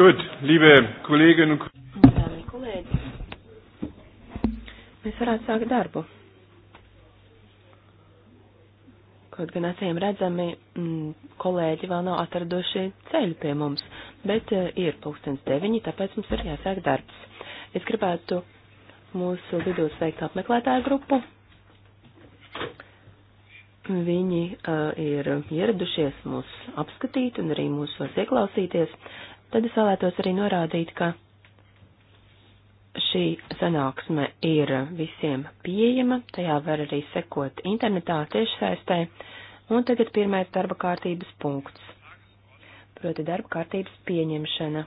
Gut, liebe Kolleginnen un Dāmi kolēģi, mēs varētu sākt darbu. Kaut gan acīm redzami, m, mm, kolēģi vēl nav atraduši ceļu pie mums, bet eh, ir pulkstens deviņi, tāpēc mums ir jāsāk darbs. Es gribētu mūsu vidū sveikt apmeklētāju grupu. Viņi uh, ir ieradušies mūs apskatīt un arī mūsos ieklausīties. Uh, Tad es vēlētos arī norādīt, ka šī sanāksme ir visiem pieejama, tajā var arī sekot internetā tiešsaistē, un tagad pirmais darba kārtības punkts, proti darba kārtības pieņemšana.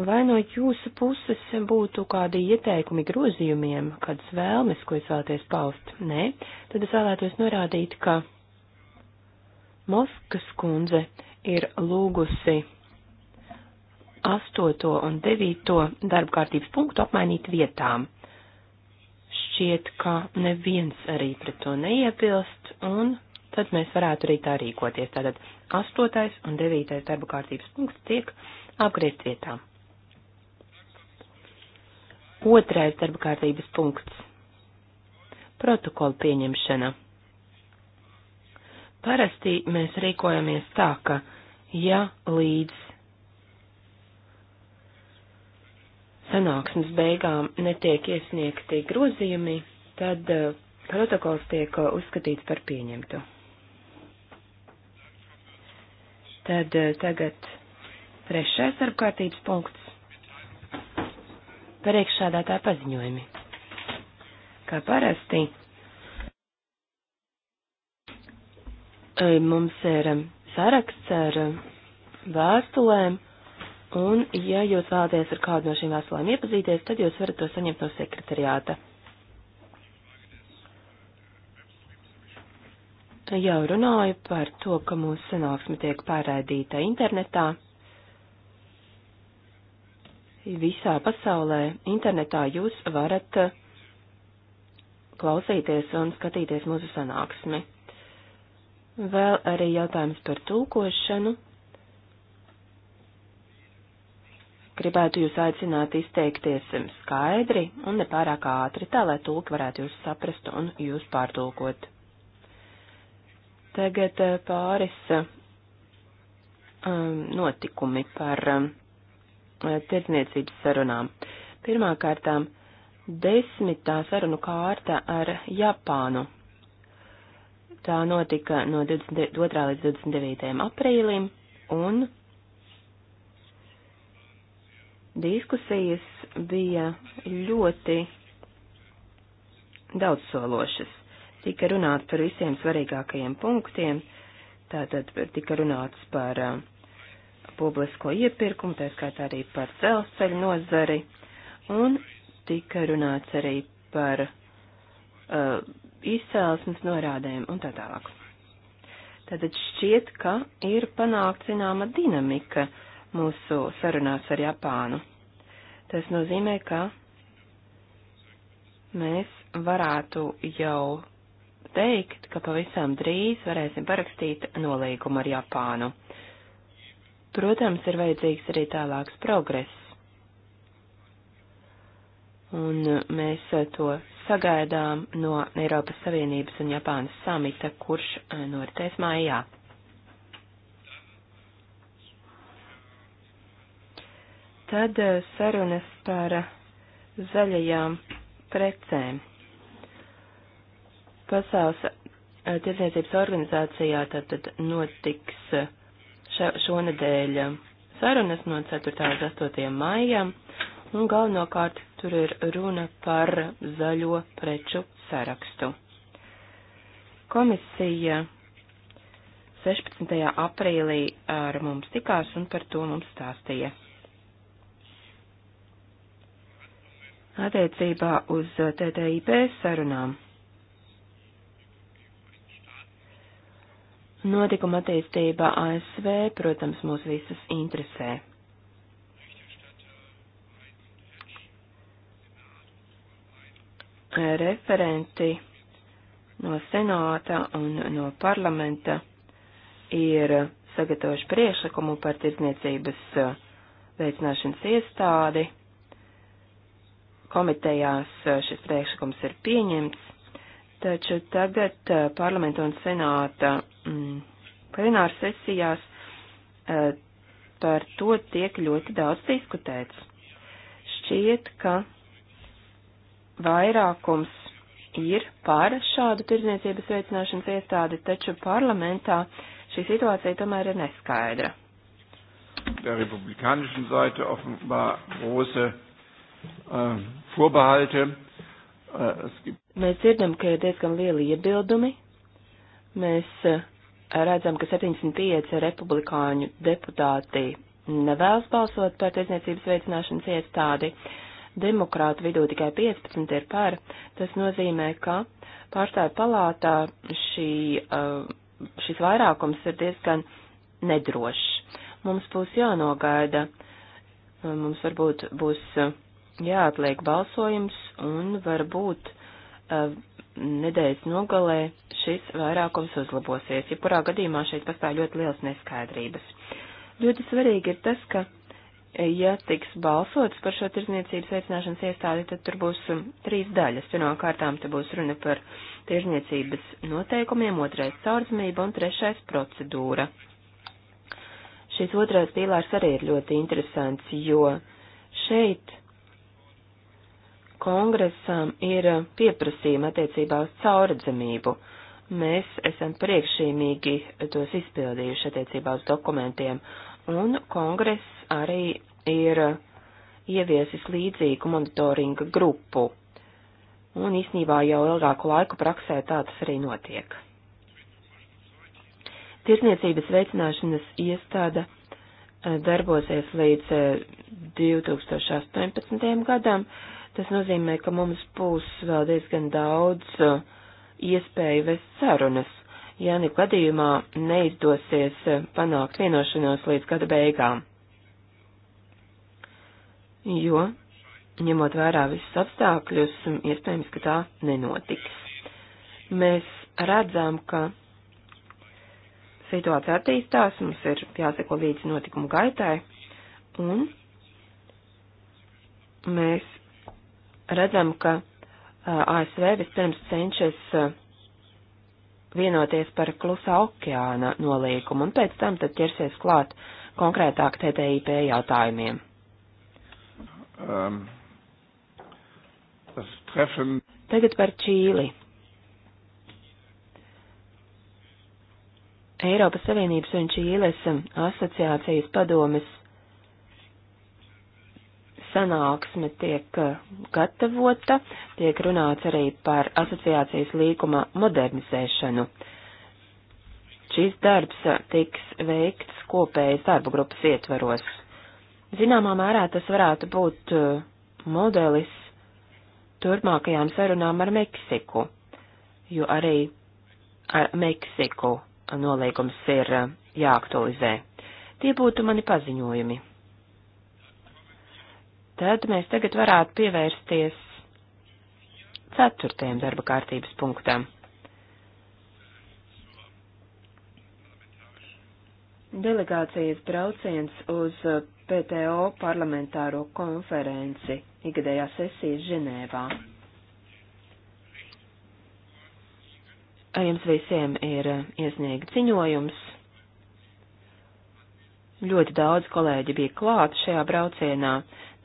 Vai no jūsu puses būtu kādi ieteikumi grozījumiem, kādas vēlmes, ko jūs vēlaties paust? Nē, tad es vēlētos norādīt, ka Moskas kundze ir lūgusi astoto un devīto darba kārtības punktu apmainīt vietām. Šķiet, ka neviens arī pret to neiebilst, un tad mēs varētu arī tā rīkoties. Tātad astotais un devītais darba kārtības punkts tiek apgriezt vietā. Otrais darba kārtības punkts - protokola pieņemšana. Parasti mēs rīkojamies tā, ka ja līdz sanāksmes beigām netiek iesniegti grozījumi, tad eh, protokols tiek eh, uzskatīts par pieņemtu. Tad eh, tagad trešais apkārtības punkts par iekšādātā paziņojumi. Kā parasti, mums ir saraksts ar vēstulēm Un, ja jūs vēlaties ar kādu no šīm vēstulēm iepazīties, tad jūs varat to saņemt no sekretariāta. Jau runāju par to, ka mūsu sanāksme tiek pārraidīta internetā. Visā pasaulē internetā jūs varat eh, klausīties un skatīties mūsu sanāksmi. Vēl arī jautājums par tulkošanu. gribētu jūs aicināt izteikties skaidri un nepārāk ātri, tā lai tulki varētu jūs saprast un jūs pārtulkot. Tagad eh, pāris um, notikumi par um, tirdzniecības sarunām. Pirmkārtām, desmitā sarunu kārta ar Japānu. Tā notika no 22. līdz 29. aprīlim un diskusijas bija ļoti daudzsološas. Tika runāts par visiem svarīgākajiem punktiem, tātad tika runāts par uh, publisko iepirkumu, tā skaitā arī par dzelzceļu nozari, un tika runāts arī par uh, izcelsmes norādēm un tā tālāk. Tātad šķiet, ka ir panākt zināma dinamika uh, mūsu sarunās ar Japānu. Tas nozīmē, ka mēs varētu jau teikt, ka pavisam drīz varēsim parakstīt nolīgumu ar Japānu. Protams, ir vajadzīgs arī tālāks progress. Un mēs to sagaidām no Eiropas Savienības un Japānas samita, kurš noritēs mājā. Tad eh, sarunas par eh, zaļajām precēm. Pasaules eh, tirdzniecības organizācijā tātad notiks šonadēļ sarunas no 4. līdz 8. maijam, un galvenokārt tur ir runa par zaļo preču sarakstu. Komisija 16. aprīlī ar mums tikās un par to mums stāstīja. attiecībā uz TTIP sarunām. Notikuma attīstība ASV, protams, mūs visas interesē. Referenti no senāta un no parlamenta ir sagatavojuši priekšlikumu par tirdzniecības veicināšanas iestādi komitejās eh, šis priekšlikums ir pieņemts, taču tagad eh, parlamenta un senāta mm, plenāra sesijās eh, par to tiek ļoti daudz diskutēts. Šķiet, ka vairākums ir par šādu tirdzniecības veicināšanas iestādi, taču parlamentā šī situācija tomēr ir neskaidra. Der republikanischen Seite offenbar große ähm, Vorbehalte. Äh, es gibt... Mēs dzirdam, ka ir diezgan lieli iebildumi. Mēs äh, redzam, ka 75 republikāņu deputāti nevēlas balsot par tiesniecības veicināšanas iestādi. Demokrātu vidū tikai 15 ir par. Tas nozīmē, ka pārstāvju palātā šī, äh, šis vairākums ir diezgan nedrošs. Mums būs jānogaida, mums varbūt būs jāatliek balsojums un varbūt uh, nedēļas nogalē šis vairākums uzlabosies. Jebkurā gadījumā šeit pastāv ļoti liels neskaidrības. Ļoti svarīgi ir tas, ka, eh, ja tiks balsots par šo tirzniecības veicināšanas iestādi, tad tur būs um, trīs daļas. Pirmkārtām te būs runa par tirzniecības noteikumiem, otrais caurzmība un trešais procedūra. Šis otrais pīlārs arī ir ļoti interesants, jo šeit kongresam ir eh, pieprasījuma attiecībā uz caurredzamību. Mēs esam priekšīmīgi tos izpildījuši attiecībā uz dokumentiem, un kongress arī ir eh, ieviesis līdzīgu monitoringa grupu. Un īsnībā jau ilgāku laiku praksē tā tas arī notiek. Tirzniecības veicināšanas iestāde eh, darbosies līdz 2018. gadam Tas nozīmē, ka mums būs vēl diezgan daudz uh, iespēju vest sarunas, ja nu gadījumā neizdosies uh, panākt vienošanos līdz gada beigām. Jo, ņemot vērā visus apstākļus, um, iespējams, ka tā nenotiks. Mēs redzam, ka situācija attīstās, mums ir jāseko līdzi notikumu gaitai, un mēs redzam, ka ASV vispirms cenšas vienoties par klusā okeāna nolīkumu un pēc tam tad ķersies klāt konkrētāk TTIP jautājumiem. Um, treffen... Tagad par Čīli. Eiropas Savienības un Čīles asociācijas padomes sanāksme tiek eh, gatavota, tiek runāts arī par asociācijas līguma modernizēšanu. Šis darbs eh, tiks veikts kopējas darba grupas ietvaros. Zināmā mērā tas varētu būt eh, modelis turpmākajām sarunām ar Meksiku, jo arī ar Meksiku nolīgums ir jāaktualizē. Tie būtu mani paziņojumi tad mēs tagad varētu pievērsties ceturtajam darba kārtības punktam. Delegācijas brauciens uz PTO parlamentāro konferenci ikgadējā sesija Ženēvā. Jums visiem ir iesniegts ziņojums. Ļoti daudz kolēģi bija klāt šajā braucienā.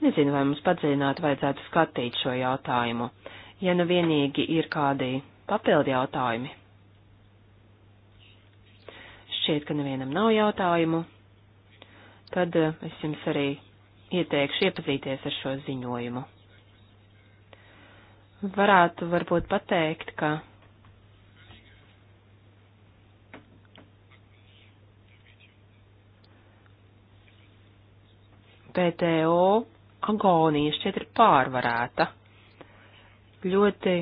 Nezinu, vai mums padziļināt vajadzētu skatīt šo jautājumu, ja nu vienīgi ir kādi papildi jautājumi. Šķiet, ka nevienam nav jautājumu. Tad eh, es jums arī ieteikšu iepazīties ar šo ziņojumu. Varētu varbūt pateikt, ka PTO agonija šķiet ir pārvarēta. Ļoti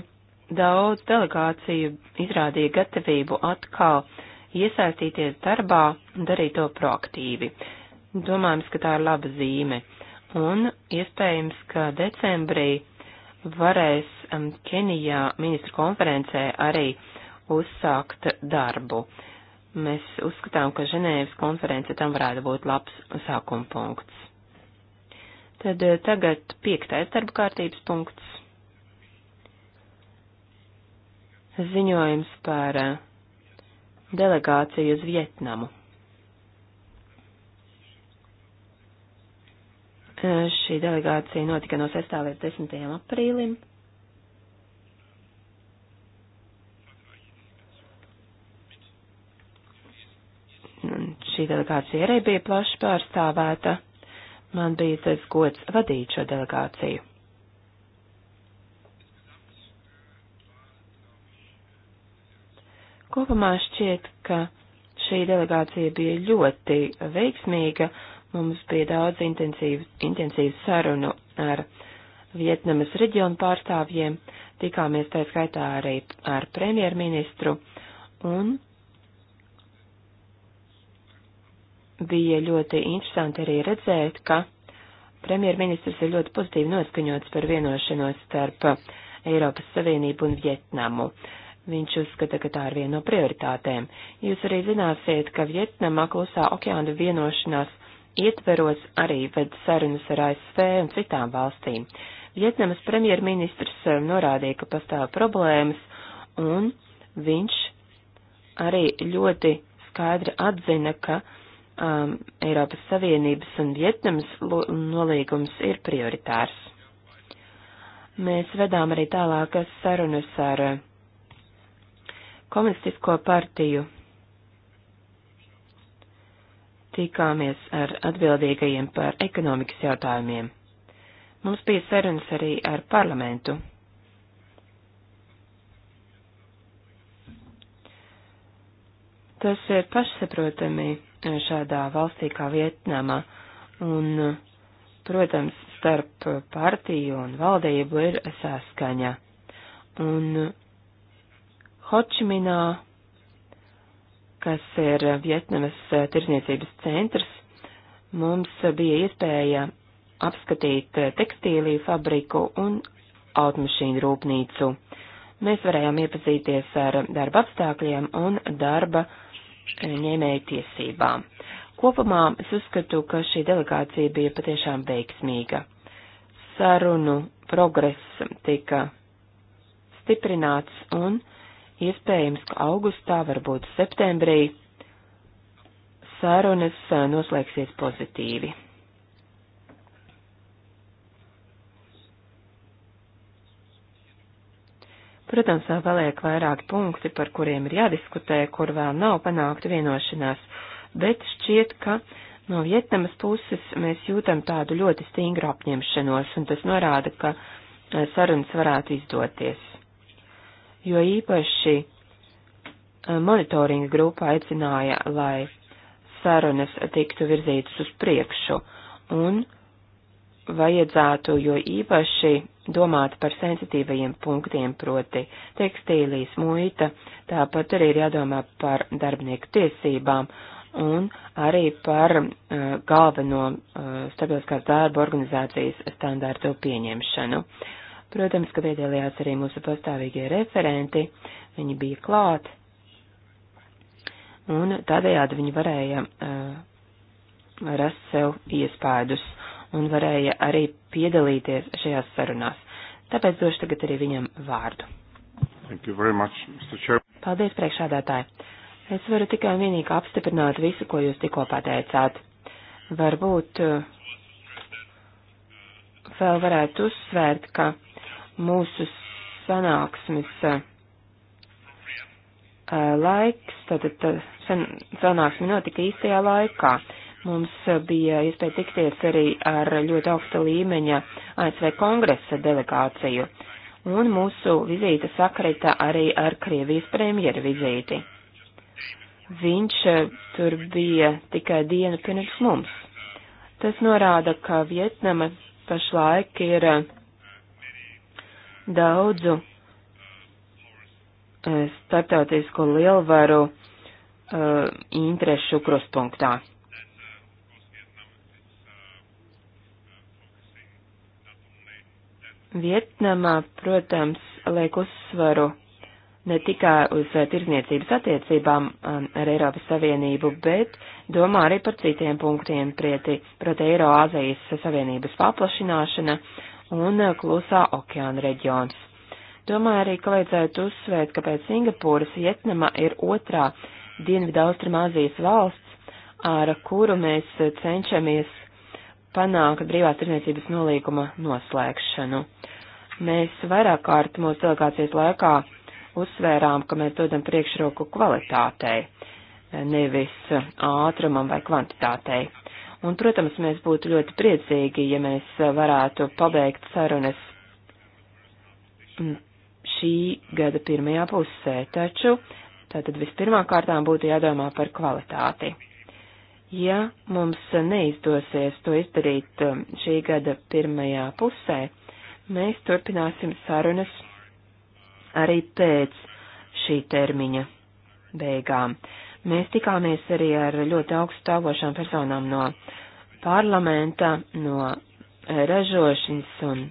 daudz delegāciju izrādīja gatavību atkal iesaistīties darbā un darīt to proaktīvi. Domājams, ka tā ir laba zīme. Un iespējams, ka decembrī varēs um, Kenijā ministru konferencē arī uzsākt darbu. Mēs uzskatām, ka Ženēvas konference tam varētu būt labs sākuma punkts. Tad eh, tagad piektais darba kārtības punkts. Ziņojums par eh, delegāciju uz Vietnamu. Eh, šī delegācija notika no 6. līdz 10. aprīlim. Un šī delegācija arī bija plaši pārstāvēta. Man bija tas gods vadīt šo delegāciju. Kopumā šķiet, ka šī delegācija bija ļoti veiksmīga. Mums bija daudz intensīvu, intensīvu sarunu ar Vietnamas reģionu pārstāvjiem, tikāmies tā skaitā arī ar premjerministru, un Bija ļoti interesanti arī redzēt, ka premjerministrs ir ļoti pozitīvi noskaņots par vienošanos starp Eiropas Savienību un Vietnamu. Viņš uzskata, ka tā ir viena no prioritātēm. Jūs arī zināsiet, ka Vietnamā klusā okeāna vienošanās ietveros arī ved sarunas ar ASV un citām valstīm. Vietnamas premjerministrs eh, norādīja, ka pastāv problēmas, un viņš arī ļoti skaidri atzina, ka um, Eiropas Savienības un Vietnams nolīgums ir prioritārs. Mēs vedām arī tālākas sarunas ar uh, komunistisko partiju. Tikāmies ar atbildīgajiem par ekonomikas jautājumiem. Mums bija sarunas arī ar parlamentu. Tas ir pašsaprotami šādā valstī kā Vietnama. Un, protams, starp partiju un valdību ir saskaņa. Un Hočiminā, kas ir Vietnamas tirzniecības centrs, mums bija iespēja apskatīt tekstīliju fabriku un automašīnu rūpnīcu. Mēs varējām iepazīties ar darba apstākļiem un darba uh, ņēmēju tiesībām. Kopumā es uzskatu, ka šī delegācija bija patiešām veiksmīga. Sarunu progress tika stiprināts un iespējams, ka augustā, varbūt septembrī, sarunas noslēgsies pozitīvi. Protams, vēl paliek vairāki punkti, par kuriem ir jādiskutē, kur vēl nav panākta vienošanās, bet šķiet, ka no Vietnamas puses mēs jūtam tādu ļoti stingru apņemšanos, un tas norāda, ka e, sarunas varētu izdoties. Jo īpaši e, monitoringa grupa aicināja, lai sarunas tiktu virzītas uz priekšu, un vajadzētu jo īpaši domāt par sensitīvajiem punktiem, proti tekstīlijas muita, tāpat arī ir jādomā par darbinieku tiesībām un arī par uh, galveno uh, starptautiskās darba organizācijas standārtu pieņemšanu. Protams, ka piedalījās arī mūsu pastāvīgie referenti, viņi bija klāt, un tādējādi viņi varēja uh, rast sev iespēdus. Uh, un varēja arī piedalīties šajās sarunās. Tāpēc došu tagad arī viņam vārdu. Much, Paldies, priekšādātāji. Es varu tikai un vienīgi apstiprināt visu, ko jūs tikko pateicāt. Varbūt eh, vēl varētu uzsvērt, ka mūsu sanāksmes eh, laiks, tātad sanāksme notika īstajā laikā. Mums eh, bija iespēja tikties arī ar ļoti augsta līmeņa ASV kongresa delegāciju, un mūsu vizīte sakrita arī ar Krievijas premjera vizīti. Viņš eh, tur bija tikai dienu pirms mums. Tas norāda, ka Vietnama pašlaik ir eh, daudzu starptautisku lielvaru uh, interešu krustpunktā. Vietnamā, protams, liek uzsvaru ne tikai uz eh, tirzniecības attiecībām um, ar Eiropas Savienību, bet domā arī par citiem punktiem, prieti, proti Eiroāzijas Savienības paplašināšana un eh, klusā okeāna reģions. Domāju arī, ka vajadzētu uzsvērt, ka pēc Singapūras Vietnama ir otrā Dienvidaustramāzijas valsts, ar kuru mēs eh, cenšamies panākt brīvās tirniecības nolīguma noslēgšanu. Mēs vairāk kārt mūsu delegācijas laikā uzsvērām, ka mēs dodam priekšroku kvalitātei, nevis ātrumam vai kvantitātei. Un, protams, mēs būtu ļoti priecīgi, ja mēs varētu pabeigt sarunas šī gada pirmajā pusē, taču tātad vispirmā kārtām būtu jādomā par kvalitāti. Ja mums neizdosies to izdarīt um, šī gada pirmajā pusē, mēs turpināsim sarunas arī pēc šī termiņa beigām. Mēs tikāmies arī ar ļoti augstu stāvošām personām no parlamenta, no eh, ražošanas un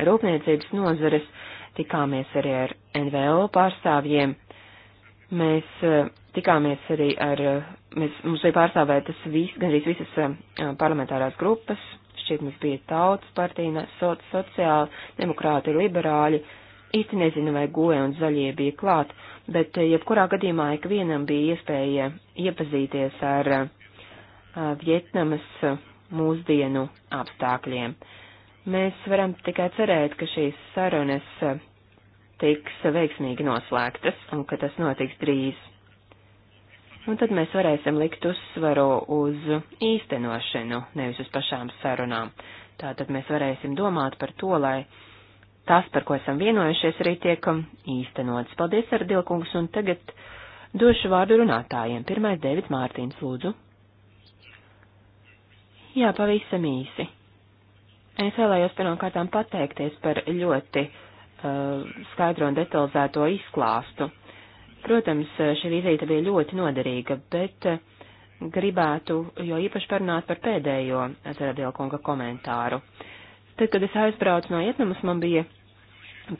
rūpniecības nozares, tikāmies arī ar NVO pārstāvjiem. Mēs eh, tikāmies arī ar eh, mēs, mums bija pārstāvētas vis, gandrīz visas um, parlamentārās grupas, šķiet mums bija tautas partija, soc, sociāli, demokrāti, liberāļi. Īsti nezinu, vai goja un zaļie bija klāt, bet eh, jebkurā gadījumā ikvienam bija iespēja iepazīties ar a, eh, Vietnamas eh, mūsdienu apstākļiem. Mēs varam tikai cerēt, ka šīs sarunas tiks veiksmīgi noslēgtas un ka tas notiks drīz. Un tad mēs varēsim likt uzsvaru uz īstenošanu, nevis uz pašām sarunām. Tātad mēs varēsim domāt par to, lai tas, par ko esam vienojušies, arī tiek īstenots. Paldies, Ardilkungs, un tagad došu vārdu runātājiem. Pirmais, Dēvids Mārtiņš, lūdzu. Jā, pavisam īsi. Es vēlējos pirmkārtām pateikties par ļoti uh, skaidro un detalizēto izklāstu. Protams, eh, šī vizīte bija ļoti noderīga, bet eh, gribētu jo īpaši parunāt par pēdējo Zeradielkonga komentāru. Tad, kad es aizbraucu no Vietnamas, man bija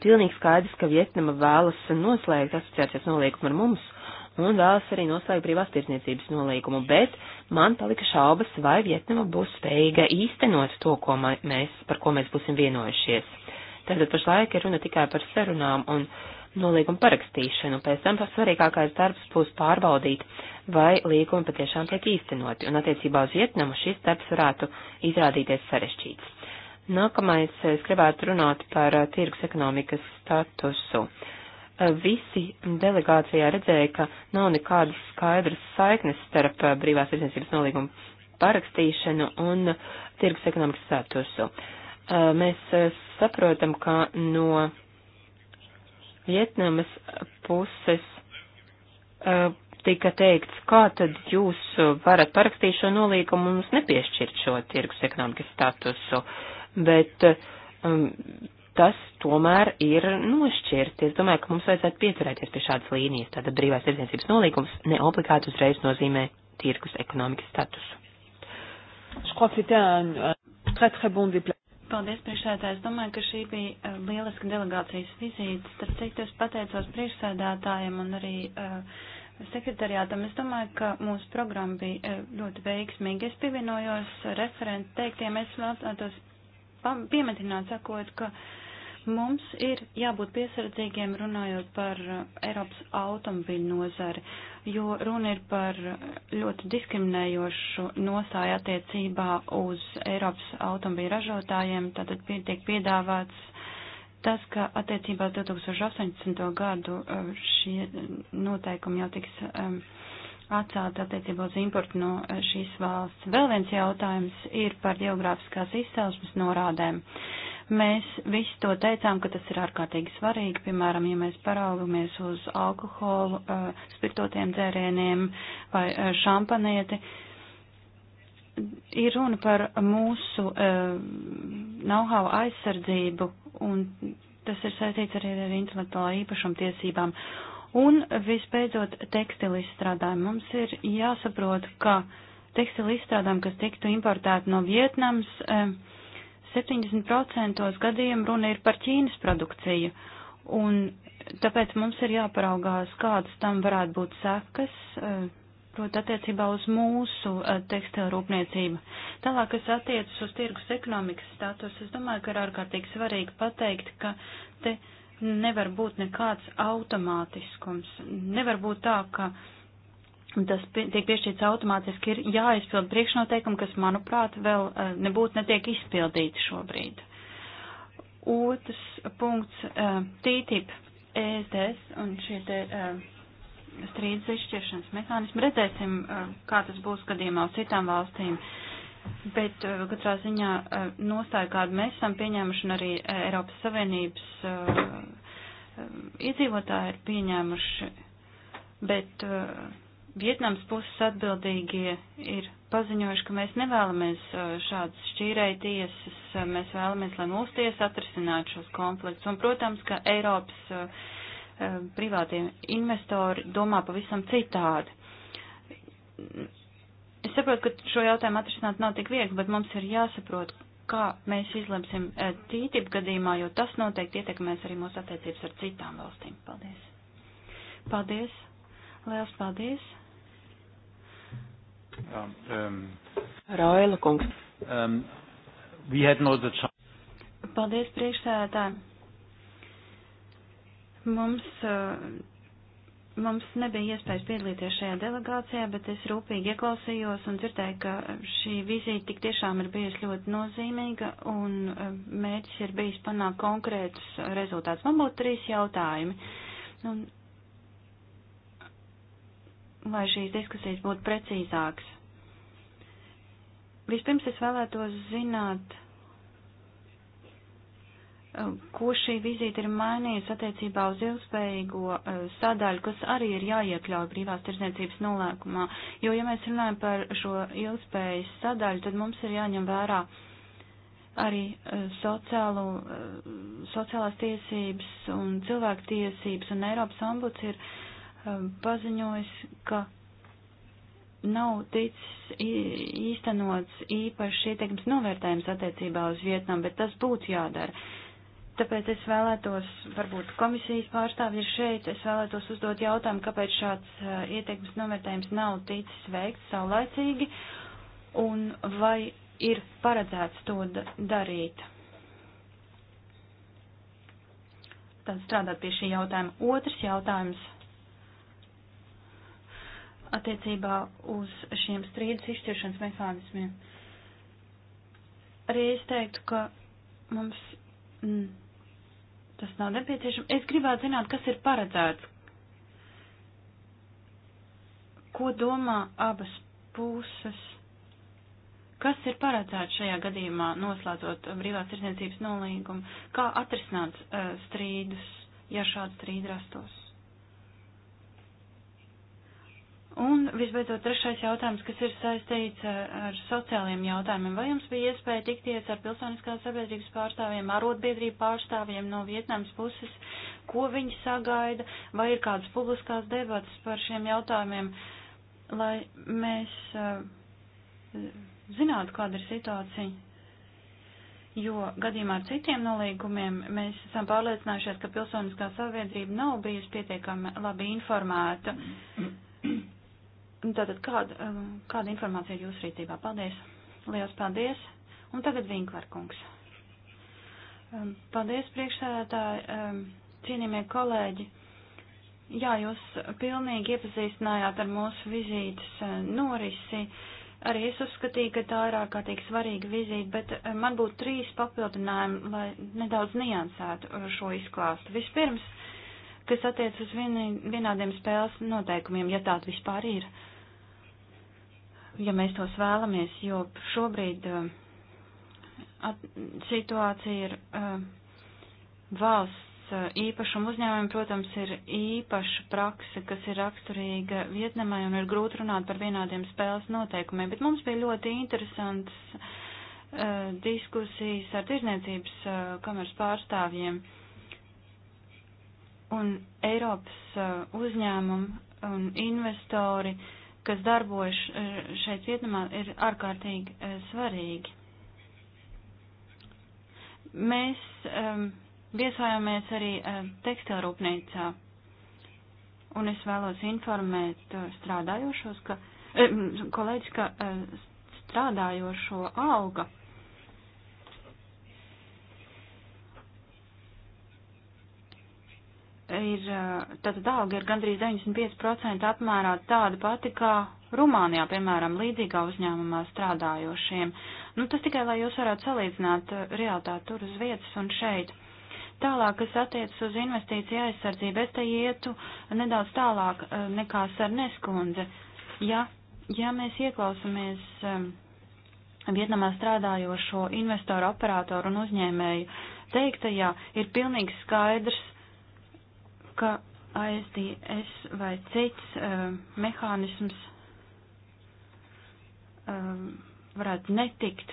pilnīgi skaidrs, ka Vietnama vēlas noslēgt asociācijas nolīgumu ar mums un vēlas arī noslēgt brīvās tirsniecības nolīgumu, bet man palika šaubas, vai Vietnama būs spējīga īstenot to, ko mēs, par ko mēs būsim vienojušies. Tātad pašlaik ir runa tikai par sarunām, un nolīguma parakstīšanu. Pēc tam pats svarīgākais darbs būs pārbaudīt, vai līgumi patiešām tiek īstenoti, un attiecībā uz Vietnamu šis darbs varētu izrādīties sarežģīts. Nākamais es gribētu runāt par eh, tirgus ekonomikas statusu. Eh, visi delegācijā redzēja, ka nav nekādas skaidras saiknes starp eh, brīvās tirdzniecības nolīgumu parakstīšanu un tirgus ekonomikas statusu. Mēs saprotam, ka no Vietnamas puses uh, tika teikts, kā tad jūs varat parakstīt šo nolīgumu un mums nepiešķirt šo tirgus ekonomikas statusu, bet um, tas tomēr ir nošķirti. Es domāju, ka mums vajadzētu pieturēties pie šādas līnijas. Tātad brīvās tirdzniecības nolīgums ne obligāti uzreiz nozīmē tirgus ekonomikas statusu. Je crois que c'était un, un très très bon déplacement. Paldies, priekšsēdētāji. Es domāju, ka šī bija eh, lieliska delegācijas vizīte. Starp citu, es pateicos priekšsēdētājiem un arī uh, sekretariātam. Es domāju, ka mūsu programma bija uh, ļoti veiksmīga. Es pievienojos referentu teiktiem. Es vēlētos piemetināt, sakot, ka uh, Mums ir jābūt piesardzīgiem runājot par uh, Eiropas automobiļu nozari, jo runa ir par uh, ļoti diskriminējošu nostāju attiecībā uz Eiropas automobīļu ražotājiem. Tātad tiek piedāvāts tas, ka attiecībā uz 2018. gadu uh, šie noteikumi jau tiks um, atcelt attiecībā uz importu no šīs valsts. Vēl viens jautājums ir par geogrāfiskās izcelsmes norādēm. Uh, Mēs visi to teicām, ka tas ir ārkārtīgi svarīgi, piemēram, ja mēs paraugamies uz alkoholu, uh, spirtotiem dzērieniem vai uh, šampanieti. Ir runa par mūsu uh, know-how aizsardzību, un tas ir saistīts arī ar intelektuālā īpašuma tiesībām. Un visbeidzot, tekstilu izstrādājumu. Mums ir jāsaprot, ka tekstilu izstrādājumu, kas tiktu importēti no Vietnams, eh, 70% gadījumu runa ir par Ķīnas produkciju, un tāpēc mums ir jāparaugās, kādas tam varētu būt sekas, eh, proti attiecībā uz mūsu eh, tekstilu rūpniecību. Tālāk, kas attiecas uz tirgus ekonomikas status, es domāju, ka ir ārkārtīgi svarīgi pateikt, ka te nevar būt nekāds automātiskums. Nevar būt tā, ka tas tiek piešķirts automātiski, ir jāizpild priekšnoteikumi, kas, manuprāt, vēl e, nebūtu netiek izpildīti šobrīd. Otrs punkts e, - TTIP, ESDS un šie te e, strīdus izšķiršanas mehānismi. Redzēsim, kā tas būs gadījumā uz citām valstīm. Bet katrā ziņā nostāja, kādu mēs esam pieņēmuši, un arī Eiropas Savienības iedzīvotāji ir pieņēmuši. Bet uh, Vietnams puses atbildīgie ir paziņojuši, ka mēs nevēlamies šādas šķīrēja tiesas, mēs vēlamies, lai mūsu tiesa atrisinātu šos konfliktus. Un, protams, ka Eiropas uh, privātie investori domā pavisam citādi. Es saprotu, ka šo jautājumu atrisināt nav tik viegli, bet mums ir jāsaprot, kā mēs izlemsim tītību gadījumā, jo tas noteikti ietekmēs arī mūsu attiecības ar citām valstīm. Paldies! Paldies! Liels paldies! Um, um, Raila kungs. Um, no the... Paldies priekšsēdētājiem. Mums, uh, mums nebija iespējas piedalīties šajā delegācijā, bet es rūpīgi ieklausījos un dzirdēju, ka šī vizīte tik tiešām ir bijusi ļoti nozīmīga un uh, mērķis ir bijis panākt konkrētus rezultātus. Man būtu trīs jautājumi. Un lai šīs diskusijas būtu precīzākas. Vispirms es vēlētos zināt, um, ko šī vizīte ir mainījusi attiecībā uz ilgspējīgo uh, sadaļu, kas arī ir jāiekļauj brīvās tirdzniecības nolēkumā. Jo, ja mēs runājam par šo ilgspējas sadaļu, tad mums ir jāņem vērā arī uh, sociālu, uh, sociālās tiesības un cilvēku tiesības, un Eiropas ombuds ir uh, Um, paziņojis, ka nav ticis īstenots īpašs ietekmes novērtējums attiecībā uz Vietnam, bet tas būtu jādara. Tāpēc es vēlētos, varbūt komisijas pārstāvji ir šeit, es vēlētos uzdot jautājumu, kāpēc šāds uh, ietekmes novērtējums nav ticis veikts saulaicīgi un vai ir paredzēts to darīt. Tad strādāt pie šī jautājuma. Otrs jautājums attiecībā uz šiem strīdus izšķiršanas mehānismiem. Arī es teiktu, ka mums mm, tas nav nepieciešams. Es gribētu zināt, kas ir paredzēts. Ko domā abas puses? Kas ir paredzēts šajā gadījumā, noslēdzot brīvās tirdzniecības nolīgumu? Kā atrisināt uh, strīdus, ja šāds strīd rastos? Un visbeidzot, trešais jautājums, kas ir saistīts ar sociāliem jautājumiem. Vai jums bija iespēja tikties ar pilsoniskās sabiedrības pārstāvjiem, arotbiedrību pārstāvjiem no Vietnams puses, ko viņi sagaida, vai ir kādas publiskās debatas par šiem jautājumiem, lai mēs eh, zinātu, kāda ir situācija? Jo gadījumā ar citiem nolīgumiem mēs esam pārliecinājušies, ka pilsoniskā sabiedrība nav bijusi pietiekami labi informēta. Tātad kāda, um, kāda informācija ir jūsu rīcībā? Paldies! Liels paldies! Un tagad Vinkvarkungs. Um, paldies, priekšsēdētāji, um, cienījamie kolēģi. Jā, jūs pilnīgi iepazīstinājāt ar mūsu vizītes uh, norisi. Arī es uzskatīju, ka tā ir ārkārtīgi svarīga vizīte, bet uh, man būtu trīs papildinājumi, lai nedaudz niansētu uh, šo izklāstu. Vispirms, kas attiec uz vienādiem spēles noteikumiem, ja tāda vispār ir. Uh, ja mēs tos vēlamies, jo šobrīd uh, at, situācija ir uh, valsts uh, īpašuma uzņēmumi, protams, ir īpaša prakse, kas ir raksturīga Vietnamai un ir grūti runāt par vienādiem spēles noteikumiem, bet mums bija ļoti interesants uh, diskusijas ar tirzniecības uh, kameras pārstāvjiem un Eiropas uh, uzņēmumu un investori uh, kas darbojas e, šeit cietumā, ir ārkārtīgi e, svarīgi. Mēs um, viesojāmies arī um, tekstilrūpnīcā, un es vēlos informēt strādājošos, ka, um, kolēģis, ka um, strādājošo alga ir, tātad alga ir gandrīz 95% apmērā tāda pati kā Rumānijā, piemēram, līdzīgā uzņēmumā strādājošiem. Nu, tas tikai, lai jūs varētu salīdzināt realitāti tur uz vietas un šeit. Tālāk, kas attiecas uz investīciju aizsardzību, es te ietu nedaudz tālāk nekā Sarneskundze. Ja, ja mēs ieklausamies Vietnamā strādājošo investoru, operātoru un uzņēmēju teiktajā, ir pilnīgi skaidrs, ka ASDS vai cits uh, mehānisms uh, varētu netikt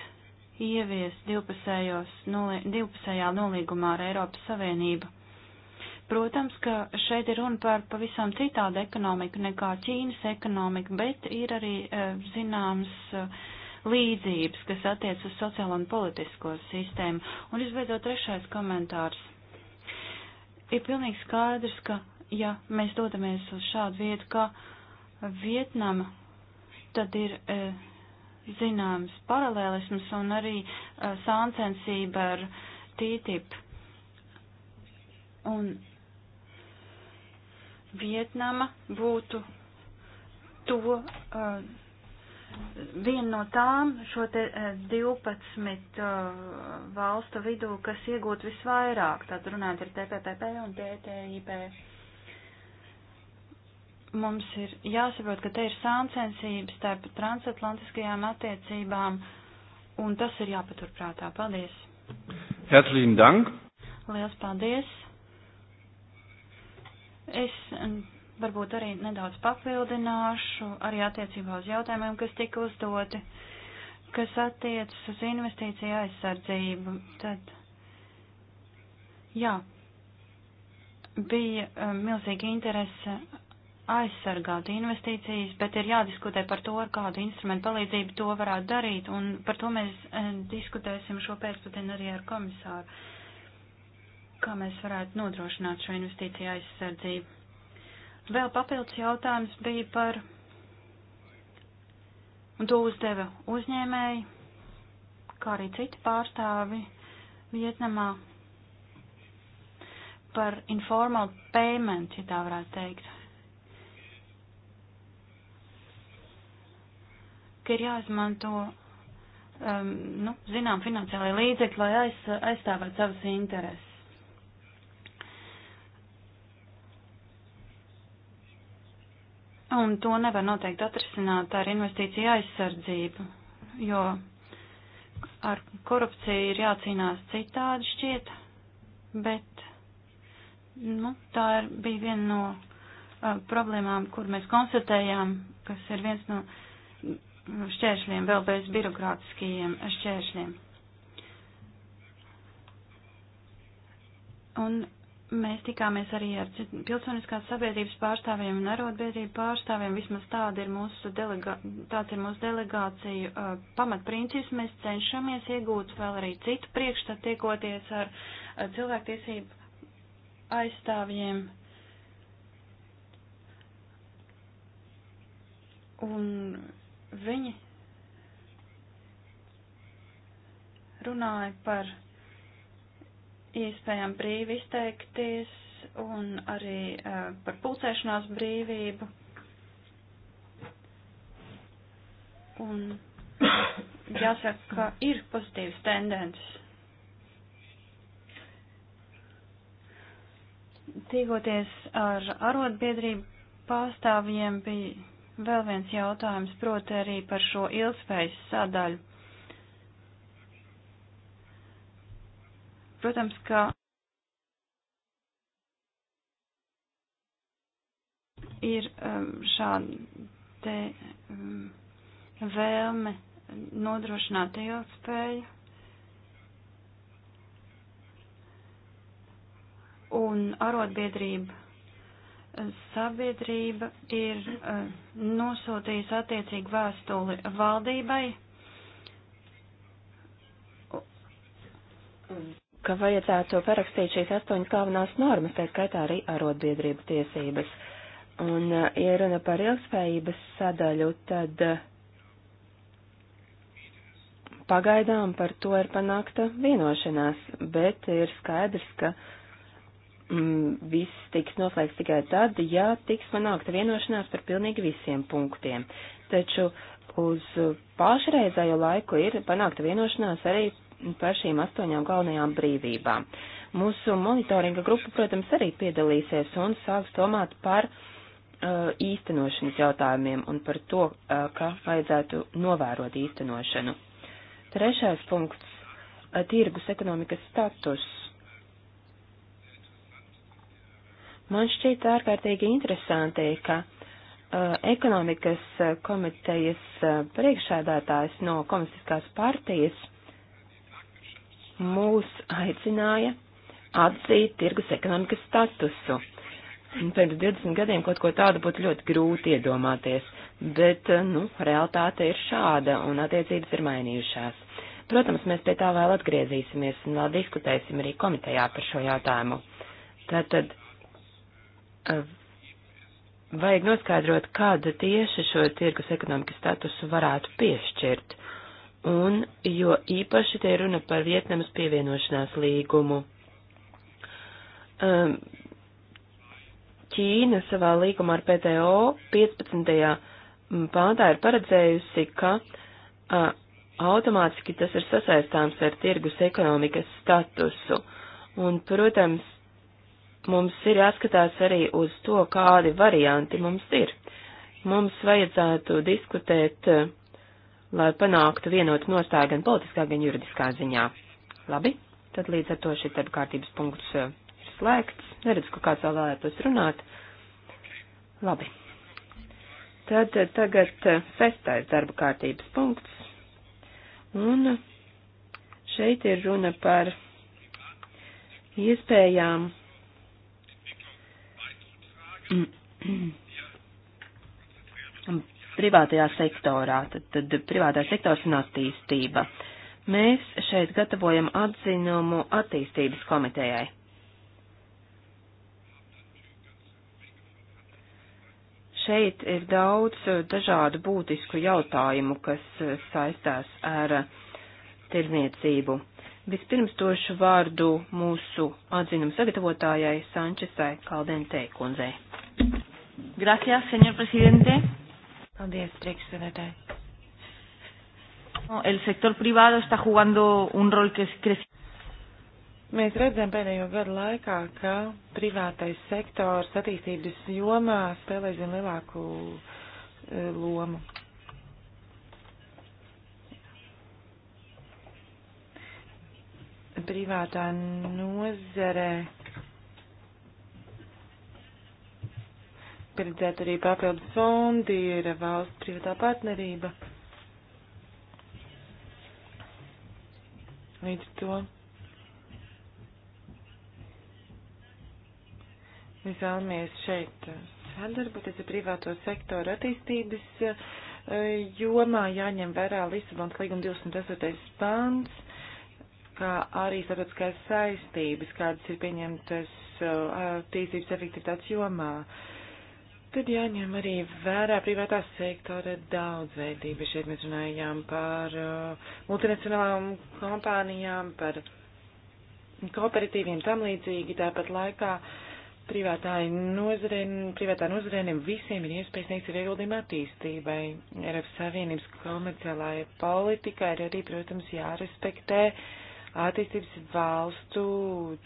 ievies nolī, divpusējā nolīgumā ar Eiropas Savienību. Protams, ka šeit ir runa par pavisam citādu ekonomiku nekā Ķīnas ekonomika, bet ir arī uh, eh, zināms uh, līdzības, kas attiec uz sociālo un politisko sistēmu. Un visbeidzot trešais komentārs ir pilnīgi skaidrs, ka ja mēs dodamies uz šādu vietu kā Vietnama, tad ir e, zināms paralēlisms un arī e, sāncensība ar TTIP. Un Vietnama būtu to. E, viena no tām šo te 12 eh, eh, valstu vidū, kas iegūt visvairāk, tad runājot ar TPPP un TTIP. Mums ir jāsaprot, ka te ir sāncensības starp transatlantiskajām attiecībām, un tas ir jāpaturprātā. Paldies! Herzlichen Dank! Liels paldies! Es mm, varbūt arī nedaudz papildināšu arī attiecībā uz jautājumiem, kas tika uzdoti, kas attiecas uz investīciju aizsardzību. Tad, jā, bija eh, milzīga interese aizsargāt investīcijas, bet ir jādiskutē par to, ar kādu instrumentu palīdzību to varētu darīt, un par to mēs eh, diskutēsim šo pēcpatienu arī ar komisāru, kā mēs varētu nodrošināt šo investīciju aizsardzību. Vēl papildus jautājums bija par, un to uzdeva uzņēmēji, kā arī citi pārstāvi Vietnamā par informal payment, ja tā varētu teikt. Ka ir jāizmanto, um, nu, zinām, finansiālai līdzekļi, lai aiz, aizstāvētu savas intereses. Un to nevar noteikti atrisināt ar investīciju aizsardzību, jo ar korupciju ir jācīnās citādi šķiet, bet nu, tā ir, bija viena no uh, problēmām, kur mēs konstatējām, kas ir viens no šķēršļiem, vēl bez birokrātiskajiem šķēršļiem. Un Mēs tikāmies arī ar pilsoniskās sabiedrības pārstāvjiem un arotbiedrību pārstāvjiem. Vismaz tāda ir mūsu, delega, tāds ir mūsu delegācija uh, pamatprincips. Mēs cenšamies iegūt vēl arī citu priekšstatu tiekoties ar uh, cilvēktiesību aizstāvjiem. Un viņi runāja par iespējām brīvi izteikties un arī uh, par pulcēšanās brīvību. Un jāsaka, ka ir pozitīvas tendences. Tīkoties ar arotbiedrību pārstāvjiem bija vēl viens jautājums, proti arī par šo ilgspējas sadaļu. Protams, ka ir um, šāda te um, vēlme nodrošināt ilgspēju. Un arotbiedrība sabiedrība ir um, nosūtījusi attiecīgu vēstuli valdībai ka vajadzētu parakstīt šīs astoņas galvenās normas, tā skaitā arī arotbiedrību tiesības. Un, eh, ja runa par ilgspējības sadaļu, tad eh, pagaidām par to ir panākta vienošanās, bet ir skaidrs, ka mm, viss tiks noslēgts tikai tad, ja tiks panākta vienošanās par pilnīgi visiem punktiem. Taču uz pašreizējo laiku ir panākta vienošanās arī par šīm astoņām galvenajām brīvībām. Mūsu monitoringa grupa, protams, arī piedalīsies un sāks domāt par uh, īstenošanas jautājumiem un par to, uh, kā vajadzētu novērot īstenošanu. Trešais punkts uh, - tirgus ekonomikas status. Man šķiet ārkārtīgi interesanti, ka uh, ekonomikas uh, komitejas uh, priekšsēdētājs no komunistiskās partijas mūs aicināja atzīt tirgus ekonomikas statusu. Pirms 20 gadiem kaut ko tādu būtu ļoti grūti iedomāties, bet, eh, nu, realitāte ir šāda un attiecības ir mainījušās. Protams, mēs pie tā vēl atgriezīsimies un vēl diskutēsim arī komitejā par šo jautājumu. Tātad eh, vajag noskaidrot, kāda tieši šo tirgus ekonomikas statusu varētu piešķirt un jo īpaši te runa par Vietnamas pievienošanās līgumu. Um, Ķīna savā līgumā ar PTO 15. Mm, pāntā ir paredzējusi, ka uh, automātiski tas ir sasaistāms ar tirgus ekonomikas statusu. Un, protams, mums ir jāskatās arī uz to, kādi varianti mums ir. Mums vajadzētu diskutēt uh, lai panāktu vienotu nostāju gan politiskā, gan juridiskā ziņā. Labi, tad līdz ar to šis darba kārtības punkts uh, ir slēgts. Neredzu, ka kāds vēl vēlētos runāt. Labi. Tad uh, tagad uh, sestais darba kārtības punkts. Un šeit ir runa par iespējām privātajā sektorā, tad, tad privātais sektors un attīstība. Mēs šeit gatavojam atzinumu attīstības komitejai. Šeit ir daudz eh, dažādu būtisku jautājumu, kas eh, saistās ar eh, tirniecību. Vispirms došu vārdu mūsu atzinumu sagatavotājai Sančesai Kaldentei kundzei. Gracias, señor presidente. Paldies, priekšsēdētāji. El sektor privādo está jugando un rol, kas kresi. Mēs redzam pēdējo gadu laikā, ka privātais sektors attīstības jomā spēlē zin lielāku e, lomu. Privātā nozare paredzēt arī papildus fondi, ir valsts privātā partnerība. Līdz to mēs vēlamies šeit sadarboties ar privāto sektoru attīstības eh, jomā, jāņem vērā Lisabonas līguma 28. pāns, kā arī starptautiskās saistības, kādas ir pieņemtas eh, attīstības efektivitātes jomā. Uh, Tad jāņem arī vērā privātā sektora daudzveidība. Šeit mēs runājām par uh, multinacionālām kompānijām, par kooperatīviem tam līdzīgi. Tāpat laikā nozarēn, privātā nozarēniem visiem ir iespējas sniegt savu ieguldījumu attīstībai. Eiropas Savienības komerciālajai politikai ir arī, protams, jārespektē attīstības valstu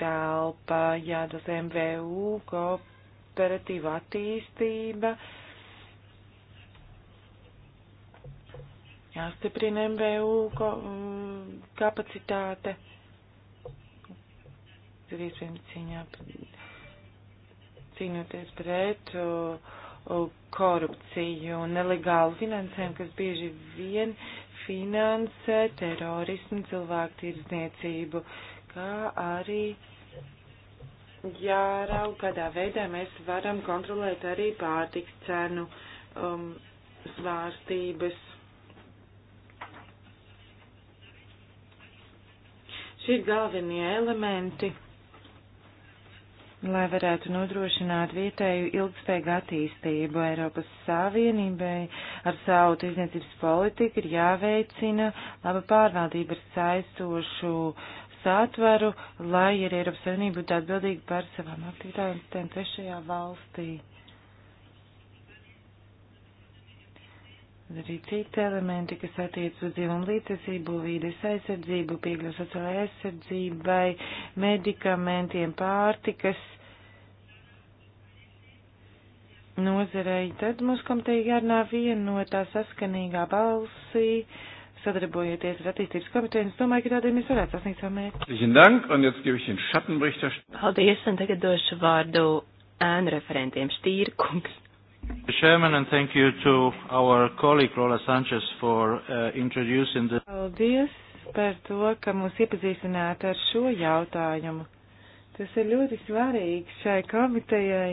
telpa, jādos MVU, kooperatīviem operatīva attīstība, jāstiprina MVU ko, um, kapacitāte, dzīvības cīņā, cīnoties pret uh, korupciju un nelegālu finansēm, kas bieži vien finansē terorismu, cilvēku tirdzniecību, kā arī uh, jāraug, kādā veidā mēs varam kontrolēt arī pārtiks cenu um, svārstības. Šie ir galvenie elementi, lai varētu nodrošināt vietēju ilgspējīgu attīstību Eiropas Savienībai. Ar savu tirdzniecības politiku ir jāveicina laba pārvaldība ar saistošu uh, satvaru, lai arī Eiropas Savienība būtu atbildīga par savām aktivitātēm trešajā valstī. Arī citi elementi, kas attiec uz dzīvumu līdzesību, vīdes aizsardzību, piegļu sociālajai aizsardzībai, medikamentiem, pārtikas nozarei, tad mums komiteja jārunā vienotā no saskanīgā balsī sadarbojoties ar attīstības komiteju. Es domāju, ka tādēļ mēs varētu sasniegt savu mērķi. Paldies, un tagad došu vārdu ēnu referentiem Štīrkungs. Chairman, and thank you to our colleague Lola Sanchez for uh, introducing the. Paldies par to, ka mūs iepazīstināt ar šo jautājumu. Tas ir ļoti svarīgi šai komitejai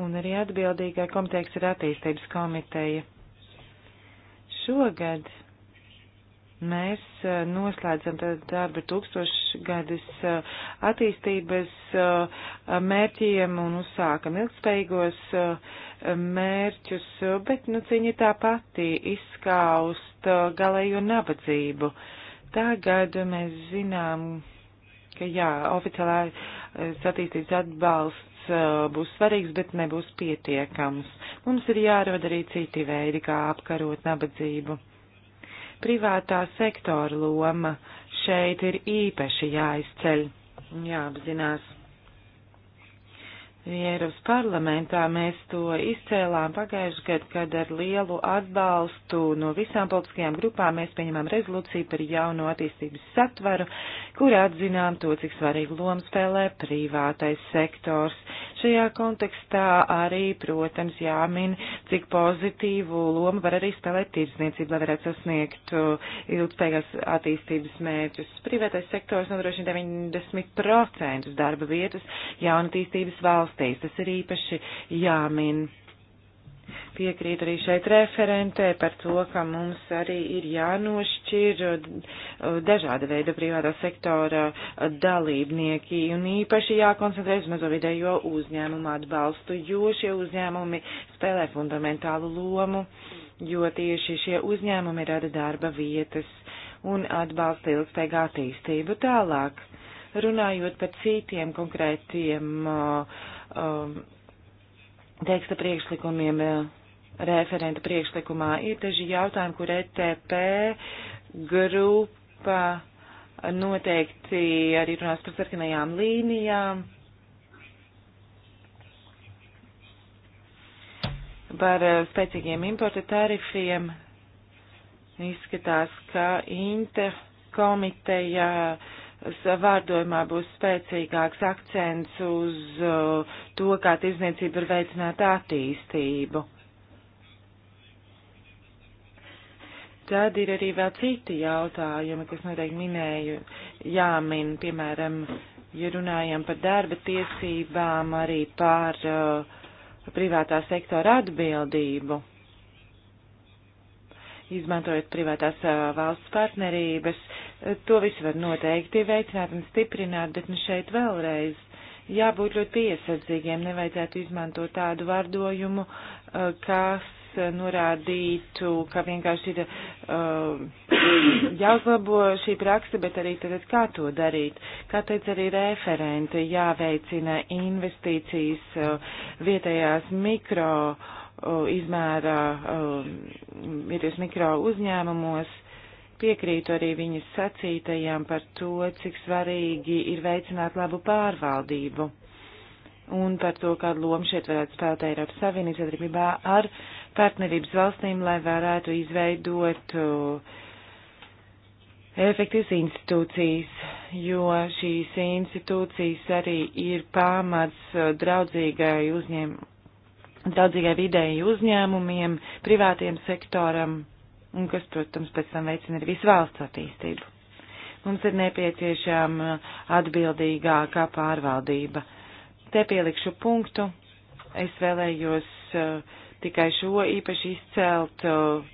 un arī atbildīgai komitejas ir attīstības komiteja. Šogad Mēs noslēdzam darbu tūkstošgadus attīstības mērķiem un uzsākam ilgspējīgos mērķus, bet, nu, cīņa ir tā pati - izskaust galējo nabadzību. Tagad mēs zinām, ka, jā, oficiālā attīstības atbalsts būs svarīgs, bet nebūs pietiekams. Mums ir jārada arī citi veidi, kā apkarot nabadzību. Privātā sektora loma šeit ir īpaši jāizceļ, jāapzinās. Eiropas parlamentā mēs to izcēlām pagājušajā gadā, kad ar lielu atbalstu no visām politiskajām grupām mēs pieņemām rezolūciju par jauno attīstības satvaru, kur atzinām to, cik svarīgu lomu spēlē privātais sektors šajā kontekstā arī, protams, jāmin, cik pozitīvu lomu var arī spēlēt tirdzniecība, lai varētu sasniegt uh, ilgspējīgās attīstības mērķus. Privātais sektors nodrošina 90% darba vietas jaunatīstības valstīs. Tas ir īpaši jāmin. Piekrīt arī šeit referentē par to, ka mums arī ir jānošķir uh, dažāda veida privātā sektora dalībnieki un īpaši jākoncentrēs mazo vidējo uzņēmumu atbalstu, jo šie uzņēmumi spēlē fundamentālu lomu, jo tieši šie uzņēmumi rada darba vietas un atbalsta ilgspējīgu attīstību tālāk. Runājot par citiem konkrētiem uh, um, teksta priekšlikumiem, uh, referenta priekšlikumā. Ir daži jautājumi, kur ETP grupa noteikti arī runās par sarkanajām līnijām. Par eh, spēcīgiem importa tarifiem izskatās, ka interkomiteja vārdojumā būs spēcīgāks akcents uz eh, to, kā tirzniecība var veicināt attīstību Tad ir arī vēl citi jautājumi, kas noteikti minēju jāmin, piemēram, ja runājam par darba tiesībām, arī par uh, privātā sektora atbildību. Izmantojot privātās uh, valsts partnerības, uh, to visu var noteikti veicināt un stiprināt, bet nu šeit vēlreiz jābūt ļoti piesardzīgiem, nevajadzētu izmantot tādu vārdojumu, uh, kas norādītu, ka vienkārši ir uh, jāuzlabo šī praksa, bet arī tad, kā to darīt. Kā teica arī referente, jāveicina investīcijas uh, vietējās mikro uh, izmērā, uh, vietējos mikro uzņēmumos. Piekrītu arī viņas sacītajām par to, cik svarīgi ir veicināt labu pārvaldību un par to, kādu lomu šeit varētu spēlēt Eiropas Savienības sadarbībā ar partnerības valstīm, lai varētu izveidot uh, efektīvas institūcijas, jo šīs institūcijas arī ir pamats uh, draudzīgai uzņēmumam draudzīgai vidēji uzņēmumiem, privātiem sektoram, un kas, protams, pēc tam veicina arī visu valsts attīstību. Mums ir nepieciešama atbildīgākā pārvaldība. Te pielikšu punktu. Es vēlējos uh, tikai šo īpaši izcelt.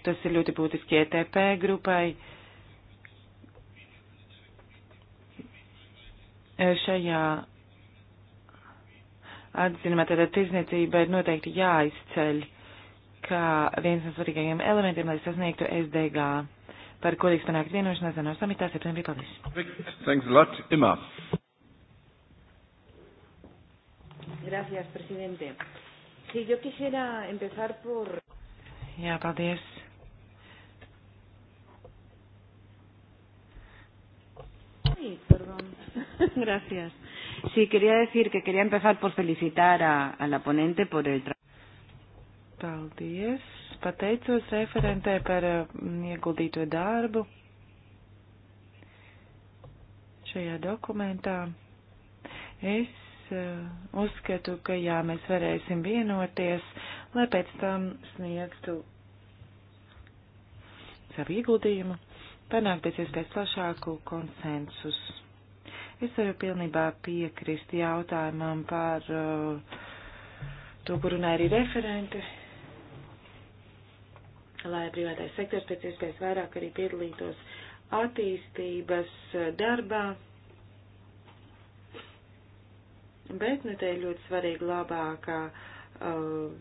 Tas ir ļoti būtiski ETP grupai. Šajā atzinumā tātad tirzniecība ir noteikti jāizceļ kā viens no svarīgākajiem elementiem, lai sasniegtu SDG, par ko tiks panākt vienošanās no samitā septembrī. Paldies! Thanks a lot, Imā! Gracias, presidente. Sí, yo quisiera empezar por. Jā, paldies. Ay, perdón. Gracias. Sí, quería decir que quería empezar por felicitar a, a la ponente por el trabajo. Paldies. Pateicos referentē par mm, ieguldīto darbu šajā dokumentā. Es Eh, uzskatu, ka jā, mēs varēsim vienoties, lai pēc tam sniegtu savu ieguldījumu, panākt pēc iespējas plašāku konsensusu. Es varu pilnībā piekrist jautājumam par uh, to, kur runāja arī referente, lai privātais sektors pēc iespējas vairāk arī piedalītos attīstības eh, darbā bet nu, te ir ļoti svarīga labākā uh,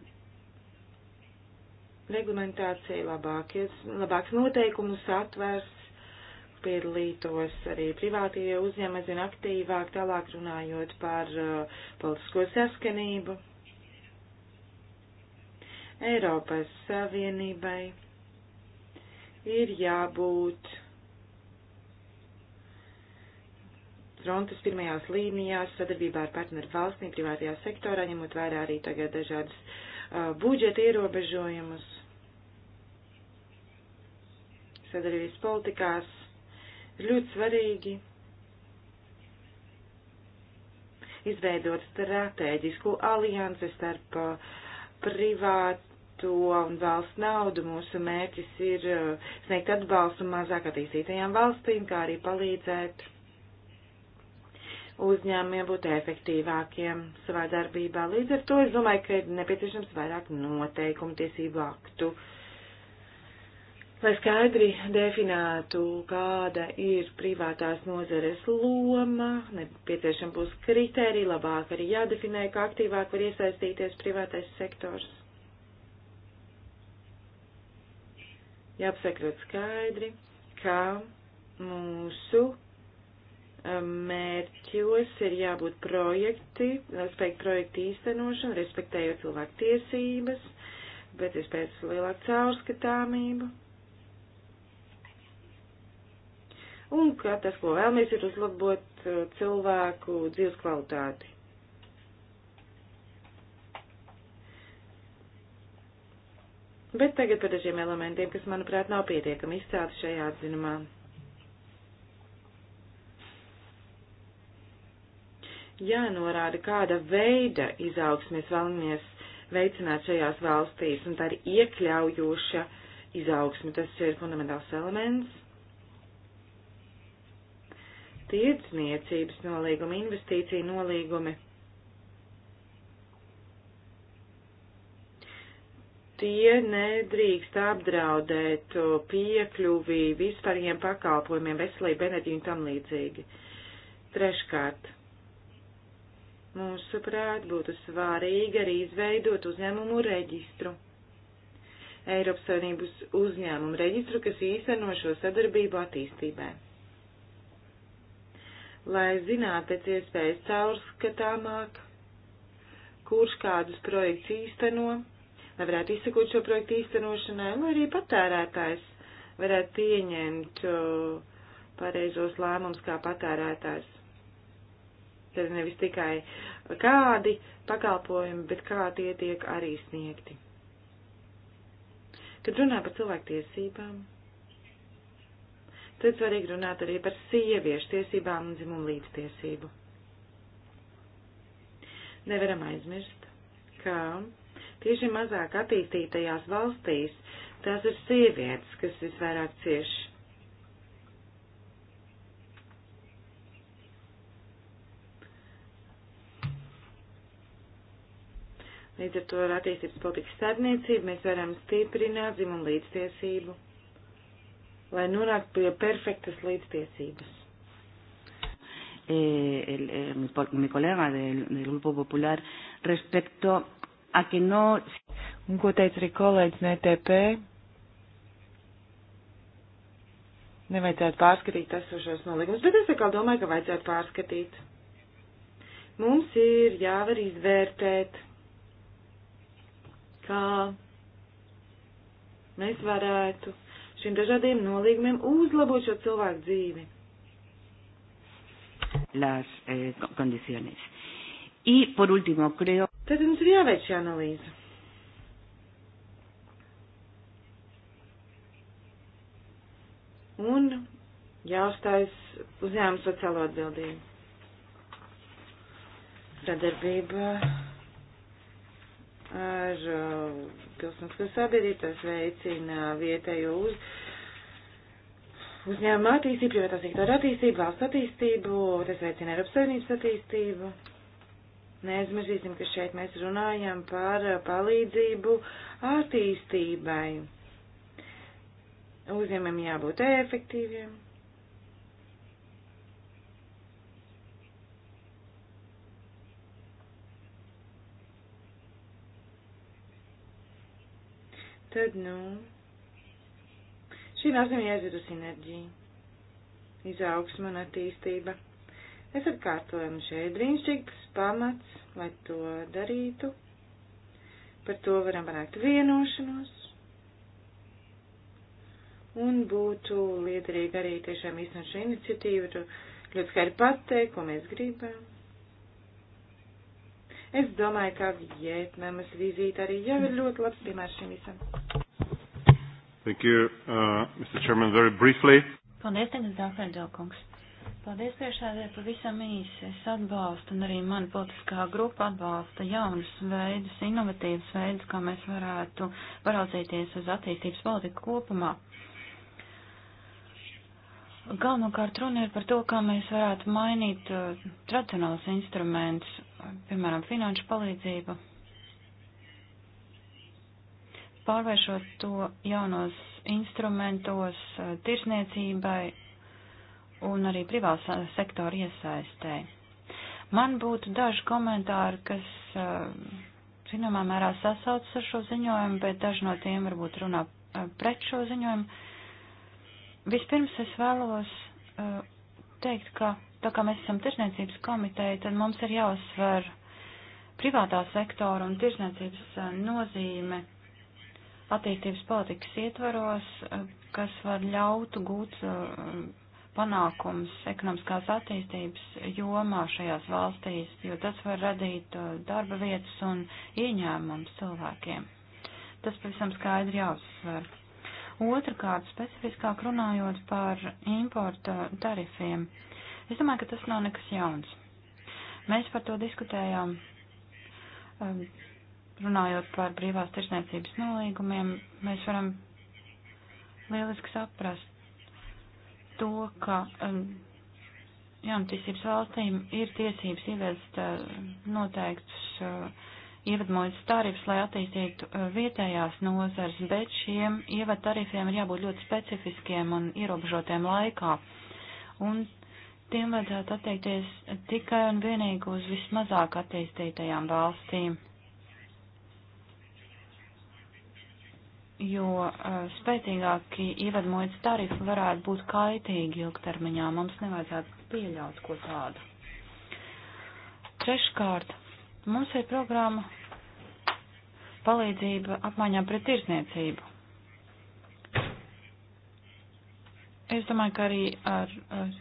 reglamentācija, labākies, labāks noteikumu satvers, piedalītos arī privātie uzņēmumi, zinu, aktīvāk, tālāk runājot par uh, politisko saskanību Eiropas Savienībai. Ir jābūt frontes pirmajās līnijās, sadarbībā ar partneru valstīm, privātajā sektorā, ņemot vērā arī tagad dažādas uh, budžeta ierobežojumus, sadarbības politikās, ir ļoti svarīgi izveidot stratēģisku aliansi starp uh, privātu to un valsts naudu. Mūsu mērķis ir uh, sniegt atbalstu mazāk attīstītajām valstīm, kā arī palīdzēt uzņēmumiem būt efektīvākiem savā darbībā. Līdz ar to es domāju, ka ir nepieciešams vairāk noteikumu tiesību aktu, lai skaidri definētu, kāda ir privātās nozares loma, nepieciešams būs kriteriji, labāk arī jādefinē, kā aktīvāk var iesaistīties privātais sektors. Jāapsakrot skaidri, kā mūsu mērķos ir jābūt projekti, spēkt projektu īstenošanu, respektējot cilvēku tiesības, bet iespējas lielāku caurskatāmību. Un kā tas, ko vēlamies, ir uzlabot uh, cilvēku dzīves kvalitāti. Bet tagad par dažiem elementiem, kas, manuprāt, nav pietiekami izcēlti šajā atzinumā. jānorāda, kāda veida izaugsmēs vēlamies veicināt šajās valstīs, un tā ir iekļaujoša izaugsme, tas ir fundamentāls elements. Tirdzniecības nolīgumi, investīcija nolīgumi. Tie nedrīkst apdraudēt piekļuvi vispāriem pakalpojumiem, veselību, enerģiju un tam līdzīgi. Treškārt, Mūsuprāt, būtu svārīgi arī izveidot uzņēmumu reģistru. Eiropas Savienības uzņēmumu reģistru, kas īsteno šo sadarbību attīstībai. Lai zinātu pēc iespējas caurskatāmāk, kurš kādus projekts īsteno, lai varētu izsekot šo projektu īstenošanai, un arī patērētājs varētu pieņemt uh, pareizos lēmumus kā patērētājs. Tad nevis tikai kādi pakalpojumi, bet kā tie tiek arī sniegti. Kad runā par cilvēktiesībām, tad svarīgi runāt arī par sieviešu tiesībām un dzimumu līdztiesību. Nevaram aizmirst, ka tieši mazāk attīstītajās valstīs tās ir sievietes, kas visvairāk cieši Līdz ar to ar attīstības politikas starpniecību mēs varam stiprināt dzimumu līdztiesību, lai nonāktu pie perfektas līdztiesības. Eh, el, eh, mi, mi colega del, del Grupo Popular respecto a que no. Un ko teica arī kolēģis no ETP? Nevajadzētu pārskatīt esošos nolīgumus, bet es atkal domāju, ka vajadzētu pārskatīt. Mums ir jāvar izvērtēt kā mēs varētu šiem dažādiem nolīgumiem uzlabot šo cilvēku dzīvi. Las eh, condiciones. Y por último, creo. Tad mums ir jāveic šī analīze. Un jāuzstājas uzņēmums sociālo atbildību. Sadarbība ar uh, pilsoniskās sabiedrības veicina vietējo uz, uzņēmumu attīstību, privātā sektora attīstību, valsts attīstību, tas veicina Eiropas Savienības attīstību. Neaizmirsīsim, ka šeit mēs runājam par uh, palīdzību attīstībai. Uzņēmumiem jābūt efektīviem, tad, nu, šī nozīmē ieziru sinerģija, izaugsma un attīstība. Es atkārtojam šeit brīnišķīgs pamats, lai to darītu. Par to varam panākt vienošanos. Un būtu liederīgi arī tiešām īstenot šo iniciatīvu, ļoti skaidri pateikt, ko mēs gribam. Es domāju, ka Vietnamas vizīte arī jau ir ļoti labs piemērs šim visam. Thank you, uh, Mr. Chairman, very briefly. Paldies, tagad Zāfērdēl kungs. Paldies, priekšādē, pavisam īsi. Es atbalstu un arī mana politiskā grupa atbalsta jaunus veidus, inovatīvus veidus, kā mēs varētu paraudzīties uz attīstības politiku kopumā. Galvenokārt runa ir par to, kā mēs varētu mainīt uh, tradicionālus instrumentus, piemēram, finanšu palīdzību, pārvēršot to jaunos instrumentos eh, tirsniecībai un arī privās sektora iesaistē. Man būtu daži komentāri, kas, eh, zināmā mērā, sasaucas ar šo ziņojumu, bet daži no tiem varbūt runā eh, pret šo ziņojumu. Vispirms es vēlos teikt, ka tā kā mēs esam tirsniecības komiteja, tad mums ir jāuzsver privātā sektora un tirsniecības nozīme attīstības politikas ietvaros, eh, kas var ļautu gūt eh, panākums ekonomiskās attīstības jomā šajās valstīs, jo tas var radīt eh, darba vietas un ieņēmumus cilvēkiem. Tas pavisam skaidri jāuzsver. Otrakārt, specifiskāk runājot par importa tarifiem, es domāju, ka tas nav nekas jauns. Mēs par to diskutējām runājot par brīvās tirsniecības nolīgumiem, mēs varam lieliski saprast to, ka um, jaunatiesības valstīm ir tiesības ieviest uh, noteiktus uh, ievadmojas tarifus, lai attīstītu uh, vietējās nozars, bet šiem ievad tarifiem ir jābūt ļoti specifiskiem un ierobežotiem laikā. Un tiem vajadzētu attiekties tikai un vienīgi uz vismazāk attīstītajām valstīm. jo uh, spēcīgāki ievadmojas tarifi varētu būt kaitīgi ilgtermiņā. Mums nevajadzētu pieļaut ko tādu. Treškārt, mums ir programma palīdzība apmaiņā pret tirsniecību. Es domāju, ka arī, ar, ar,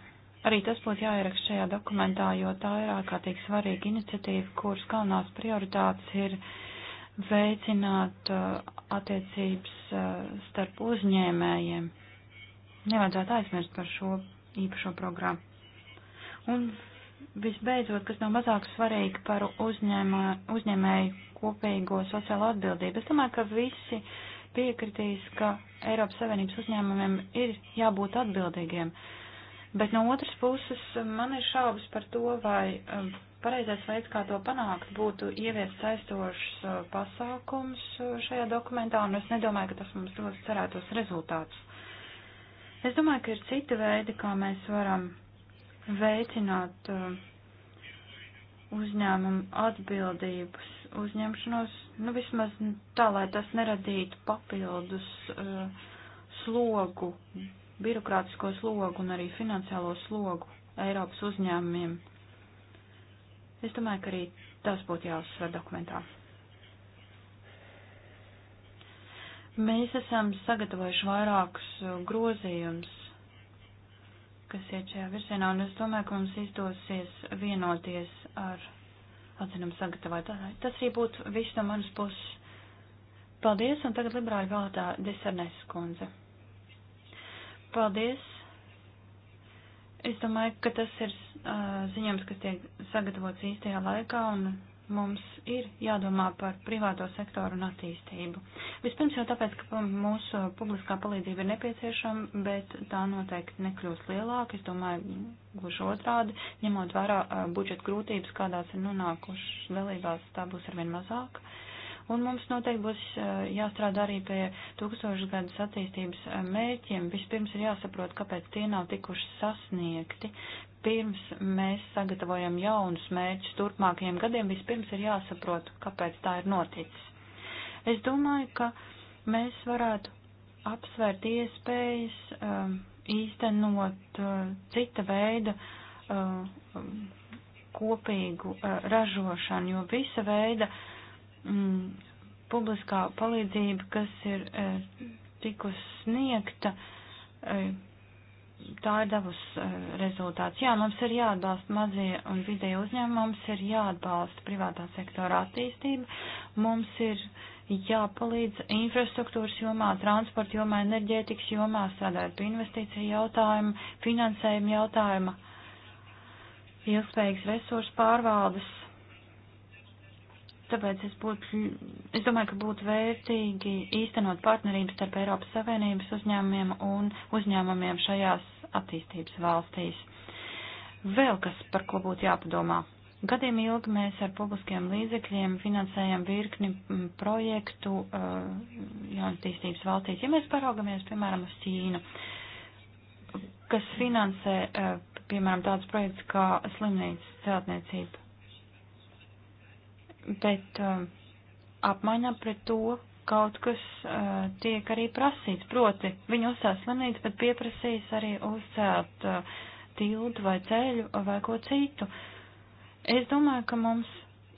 arī tas būtu jāierakst šajā dokumentā, jo tā ir ārkārtīgi svarīga iniciatīva, kuras galvenās prioritātes ir uh, veicināt uh, attiecības uh, starp uzņēmējiem. Nevajadzētu aizmirst par šo īpašo programmu. Un visbeidzot, kas nav mazāk svarīgi par uzņēmē, uzņēmēju kopīgo sociālo atbildību. Es domāju, ka visi piekritīs, ka Eiropas Savienības uzņēmumiem ir jābūt atbildīgiem. Uh, Bet no otras puses man ir šaubas par to, vai um, pareizais veids, kā to panākt, būtu ieviest saistošs uh, pasākums uh, šajā dokumentā, un es nedomāju, ka tas mums dos cerētos rezultātus. Es domāju, ka ir citi veidi, kā mēs varam veicināt uh, uzņēmumu atbildības uzņemšanos, nu vismaz tā, lai tas neradītu papildus slogu birokrātisko slogu un arī finansiālo slogu Eiropas uzņēmumiem. Es domāju, ka arī tas būtu jāuzsver dokumentā. Mēs esam sagatavojuši vairākus grozījumus, kas iet šajā virzienā, un es domāju, ka mums izdosies vienoties ar atzinumu sagatavotāju. Tas arī būtu viss no manas puses. Paldies, un tagad liberāļu vārdā Desarnes kundze. Paldies. Es domāju, ka tas ir uh, ziņojums, kas tiek sagatavots īstajā laikā un mums ir jādomā par privāto sektoru un attīstību. Vispirms jau tāpēc, ka mūsu publiskā palīdzība ir nepieciešama, bet tā noteikti nekļūs lielāka. Es domāju, gluži otrādi, ņemot vērā budžeta grūtības, kādās ir nonākušas dalībās, tā būs arvien mazāka. Uh, Un mums noteikti būs eh, jāstrādā arī pie tūkstošu gadus attīstības eh, mērķiem. Vispirms ir jāsaprot, kāpēc tie nav tikuši sasniegti. Pirms mēs sagatavojam jaunus mērķus turpmākajiem gadiem, vispirms ir jāsaprot, kāpēc tā ir noticis. Es domāju, ka mēs varētu apsvērt iespējas eh, īstenot cita veida kopīgu ražošanu, jo visa veida uh, mm, publiskā palīdzība, kas ir e, tikus sniegta, e, tā ir devus e, rezultāts. Jā, mums ir jāatbalsta mazie un vidēji uzņēmumi, mums ir jāatbalsta privātā sektora attīstība, mums ir jāpalīdz infrastruktūras jomā, transporta jomā, enerģētikas jomā, strādājot pie investīciju jautājumu, finansējumu jautājumu, ilgspējīgas resursu pārvaldes Tāpēc es, būtu, es domāju, ka būtu vērtīgi īstenot partnerības starp Eiropas Savienības uzņēmumiem un uzņēmumiem šajās attīstības valstīs. Vēl kas, par ko būtu jāpadomā. Gadiem ilgi mēs ar publiskiem līdzekļiem finansējam virkni projektu uh, jaunatīstības valstīs. Ja mēs paraugamies, piemēram, uz Ķīnu, kas finansē, uh, piemēram, tāds projekts kā slimnīcas celtniecība bet uh, apmaiņā pret to kaut kas uh, tiek arī prasīts. Proti, viņi uzsāks slimnīcu, bet pieprasīs arī uzcelt uh, tiltu vai ceļu vai ko citu. Es domāju, ka mums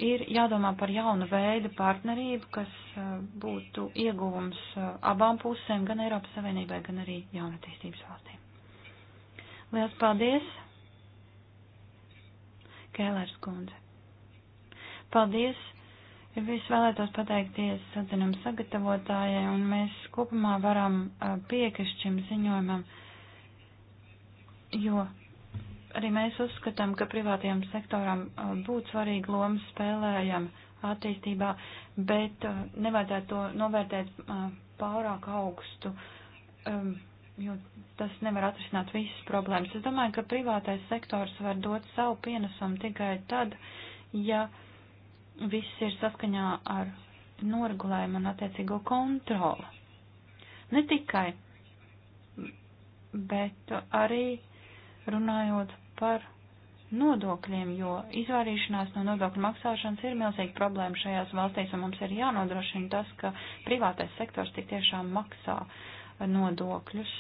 ir jādomā par jaunu veidu partnerību, kas uh, būtu ieguvums uh, abām pusēm, gan Eiropas Savienībai, gan arī jaunatīstības valstīm. Lielas paldies! Kēlērs kundze. Paldies! Ja es vēlētos pateikties atzinam sagatavotājai, un mēs kopumā varam piekrist šim ziņojumam, jo arī mēs uzskatām, ka privātajam sektoram būtu svarīga loma spēlējama attīstībā, bet nevajadzētu to novērtēt pārāk augstu, jo tas nevar atrisināt visas problēmas. Es domāju, ka privātais sektors var dot savu pienesumu tikai tad, ja viss ir saskaņā ar noregulējumu un attiecīgo kontroli. Ne tikai, bet arī runājot par nodokļiem, jo izvairīšanās no nodokļu maksāšanas ir milzīga problēma šajās valstīs, un mums ir jānodrošina tas, ka privātais sektors tik tiešām maksā nodokļus,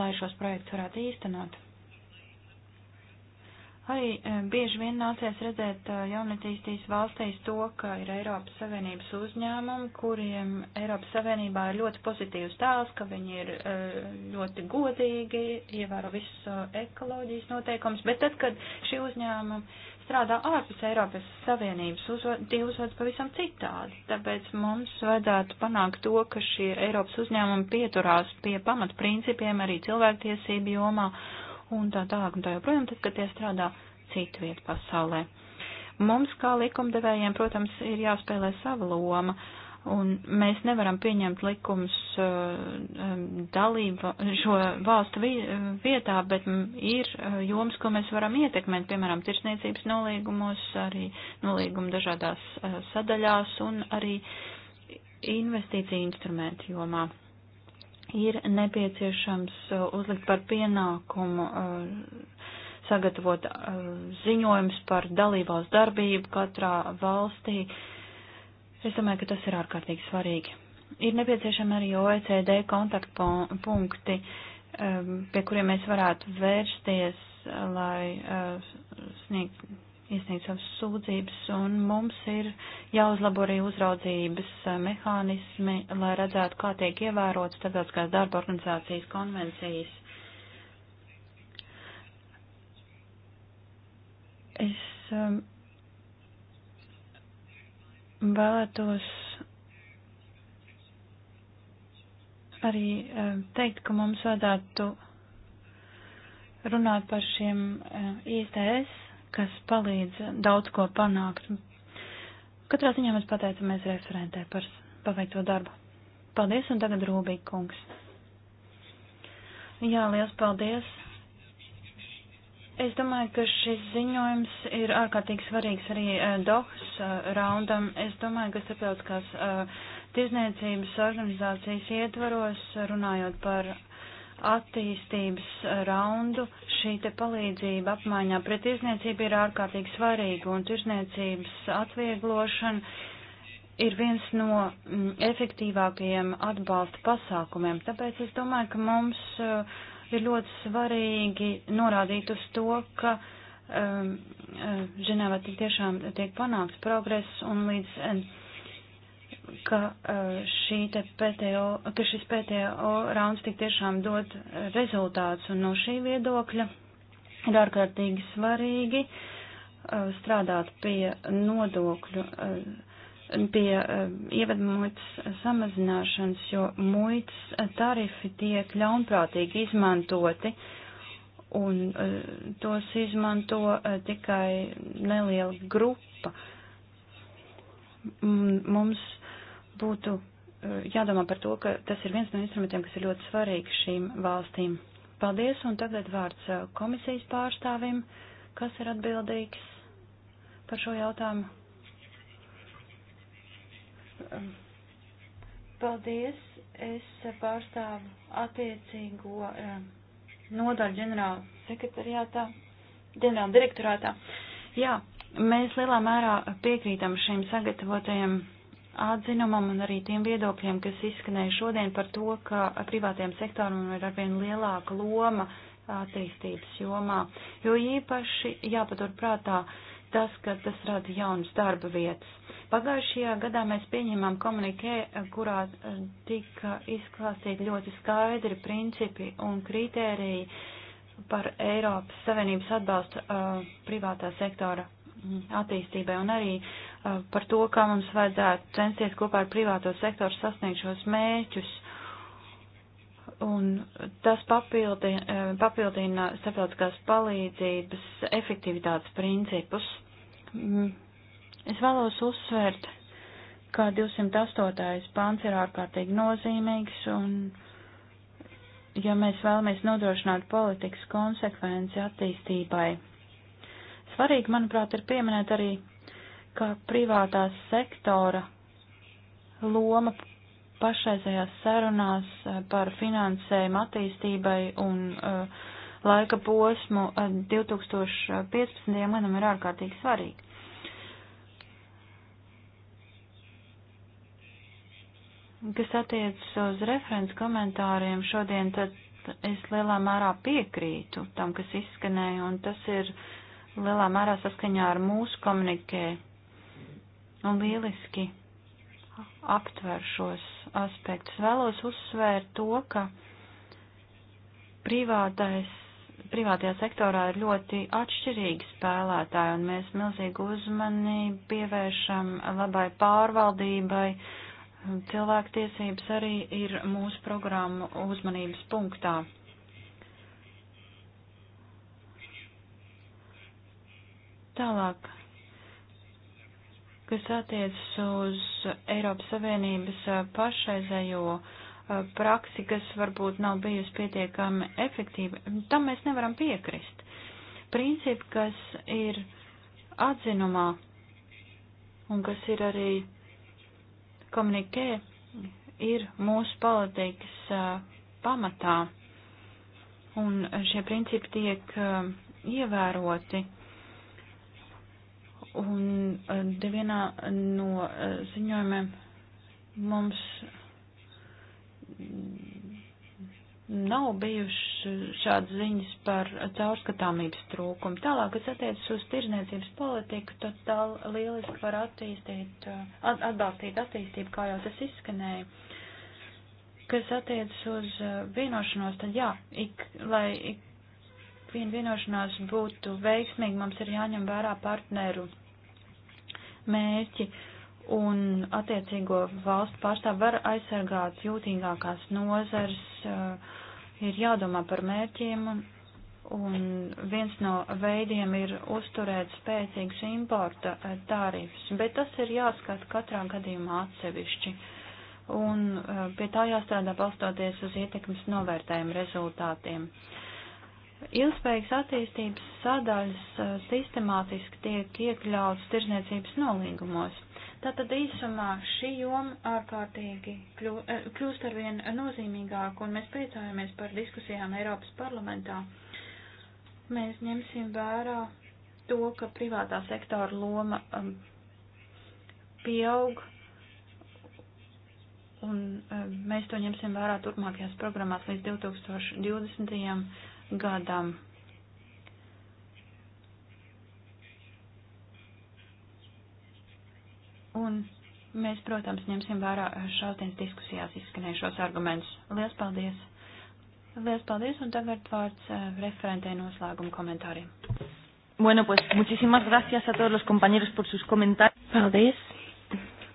lai šos projektus varētu īstenot. Arī e, bieži vien nācies redzēt e, jaunatīstīs valstīs to, ka ir Eiropas Savienības uzņēmumi, kuriem Eiropas Savienībā ir ļoti pozitīvs tēls, ka viņi ir e, ļoti godīgi, ievēro visus ekoloģijas noteikumus, bet tad, kad šie uzņēmumi strādā ārpus Eiropas Savienības, uzvod, tie uzvedas pavisam citādi. Tāpēc mums vajadzētu panākt to, ka šie Eiropas uzņēmumi pieturās pie pamatprincipiem arī cilvēktiesību jomā un tā tālāk un tā joprojām, tad, kad tie strādā citu vietu pasaulē. Mums, kā likumdevējiem, protams, ir jāspēlē sava loma, un mēs nevaram pieņemt likums eh, dalību šo valstu eh, vietā, bet ir eh, joms, ko mēs varam ietekmēt, piemēram, tirsniecības nolīgumos, arī nolīgumu dažādās sadaļās un arī investīciju instrumentu jomā ir nepieciešams uh, uzlikt par pienākumu uh, sagatavot uh, ziņojums par dalībvalsts darbību katrā valstī. Es domāju, ka tas ir ārkārtīgi svarīgi. Ir nepieciešami arī OECD kontaktpunkti, um, pie kuriem mēs varētu vērsties, lai sniegt iesniegt savas sūdzības, un mums ir jāuzlabo arī uzraudzības eh, mehānismi, lai redzētu, kā tiek ievērotas starptautiskās darba organizācijas konvencijas. Es um, vēlētos arī um, teikt, ka mums vajadzētu runāt par šiem um, ehm, ISDS kas palīdz daudz ko panākt. Katrā ziņā mēs pateicamies referentē par paveikto darbu. Paldies, un tagad Rūbīgi kungs. Jā, liels paldies. Es domāju, ka šis ziņojums ir ārkārtīgi svarīgs arī eh, Dohas eh, raundam. Es domāju, ka starptautiskās eh, tirzniecības organizācijas ietvaros, runājot par eh, attīstības raundu šī te palīdzība apmaiņā pret tirzniecību ir ārkārtīgi svarīga un tirzniecības atvieglošana ir viens no mm, efektīvākajiem atbalsta pasākumiem. Tāpēc es domāju, ka mums uh, ir ļoti svarīgi norādīt uz to, ka um, uh, Ženēvā tik tiešām tiek panākts progress un līdz um, ka, e, šī PTO, ka šis PTO rauns tik tiešām dod rezultātus, un no šī viedokļa ir ārkārtīgi svarīgi e, strādāt pie nodokļu, e, pie ievedmuitas samazināšanas, jo muitas tarifi tiek ļaunprātīgi izmantoti un tos izmanto tikai neliela grupa. Mums būtu eh, jādomā par to, ka tas ir viens no instrumentiem, kas ir ļoti svarīgs šīm valstīm. Paldies, un tagad vārds eh, komisijas pārstāvim, kas ir atbildīgs par šo jautājumu. Eh, paldies, es pārstāvu attiecīgo nodaļu ģenerāla sekretariātā, ģenerāla direktorātā. Jā, mēs lielā mērā piekrītam šiem sagatavotajiem atzinumam un arī tiem viedokļiem, kas izskanēja šodien par to, ka privātajam sektoram ir arvien lielāka loma attīstības jomā, jo īpaši jāpatur prātā tas, ka tas rada jaunas darba vietas. Pagājušajā gadā mēs pieņēmām komunikē, kurā tika izklāstīti ļoti skaidri principi un kritēriji par Eiropas Savienības atbalstu uh, privātā sektora attīstībai un arī uh, par to, kā mums vajadzētu censties kopā ar privāto sektoru sasniegt šos mēķus. Un tas papildi, uh, papildina starptautiskās palīdzības efektivitātes principus. Mm. Es vēlos uzsvērt, ka 208. pāns ir ārkārtīgi nozīmīgs un ja mēs vēlamies nodrošināt politikas konsekvenci attīstībai. Svarīgi, manuprāt, ir pieminēt arī, ka privātā sektora loma pašreizējās sarunās eh, par finansējumu attīstībai un uh, laika posmu 2015. Eh, gadam ir ārkārtīgi svarīga. Kas attiecas uz referents komentāriem šodien, tad es lielā mērā piekrītu tam, kas izskanēja, un tas ir uh, lielā mērā saskaņā ar mūsu komunikē un lieliski aptver šos aspektus. Vēlos uzsvērt to, ka privātais, privātajā sektorā ir ļoti atšķirīgi spēlētāji, un mēs milzīgu uzmanību pievēršam labai pārvaldībai. Cilvēktiesības arī ir mūsu programmu uzmanības punktā. Tālāk, kas attiecas uz Eiropas Savienības pašreizējo praksi, kas varbūt nav bijusi pietiekami efektīva, tam mēs nevaram piekrist. Principi, kas ir atzinumā un kas ir arī komunikē, ir mūsu politikas pamatā, un šie principi tiek ievēroti. Un eh, vienā no eh, ziņojumiem mums mm, nav bijuši šādas ziņas par caurskatāmības trūkumu. Tālāk, kas attiecas uz tirzniecības politiku, tad tā lieliski var attīstīt, eh, atbalstīt attīstību, kā jau tas izskanēja. Kas attiecas uz vienošanos, tad jā, ik, lai ik viena vienošanās būtu veiksmīga, mums ir jāņem vērā partneru mērķi, un attiecīgo valstu pārstāv var aizsargāt jūtīgākās nozars, eh, ir jādomā par mērķiem, un viens no veidiem ir uzturēt spēcīgus importa tārīfus, bet tas ir jāskata katrā gadījumā atsevišķi un eh, pie tā jāstrādā balstoties uz ietekmes novērtējumu rezultātiem. Ilgspējīgas attīstības sadaļas eh, sistemātiski tiek iekļautas tirzniecības nolīgumos. Tātad īsumā šī joma ārkārtīgi eh, kļūst arvien nozīmīgāk, un mēs priecājamies par diskusijām Eiropas parlamentā. Mēs ņemsim vērā to, ka privātā sektora loma um, pieaug, un um, mēs to ņemsim vērā turpmākajās programmās līdz 2020 gadam. Un mēs, protams, ņemsim vērā šodienas diskusijās izskanējušos argumentus. Lielas paldies! Lielas paldies, un tagad vārds eh, referentē noslēguma komentāriem. Bueno, pues muchísimas gracias a todos los compañeros por sus comentarios. Paldies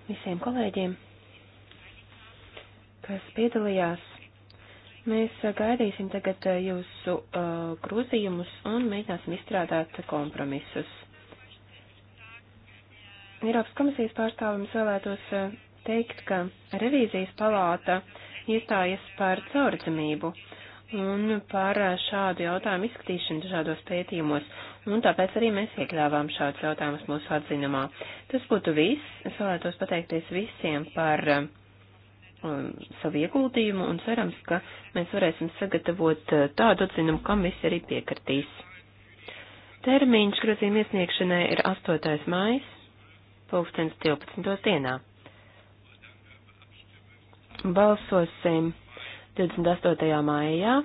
visiem kolēģiem, kas piedalījās Mēs uh, gaidīsim tagad uh, jūsu uh, grozījumus un mēģināsim izstrādāt kompromisus. Eiropas komisijas pārstāvim vēlētos uh, teikt, ka revīzijas palāta iestājas par caurdzamību un par šādu jautājumu izskatīšanu dažādos pētījumos, un tāpēc arī mēs iekļāvām šādus jautājumus mūsu atzinumā. Tas būtu viss. Es vēlētos pateikties visiem par uh, um, savu ieguldījumu un cerams, ka mēs varēsim sagatavot uh, tādu atzinumu, kam visi arī piekritīs. Termiņš grozījuma iesniegšanai ir 8. mājas, pulkstens 12. dienā. Balsosim 28. mājā.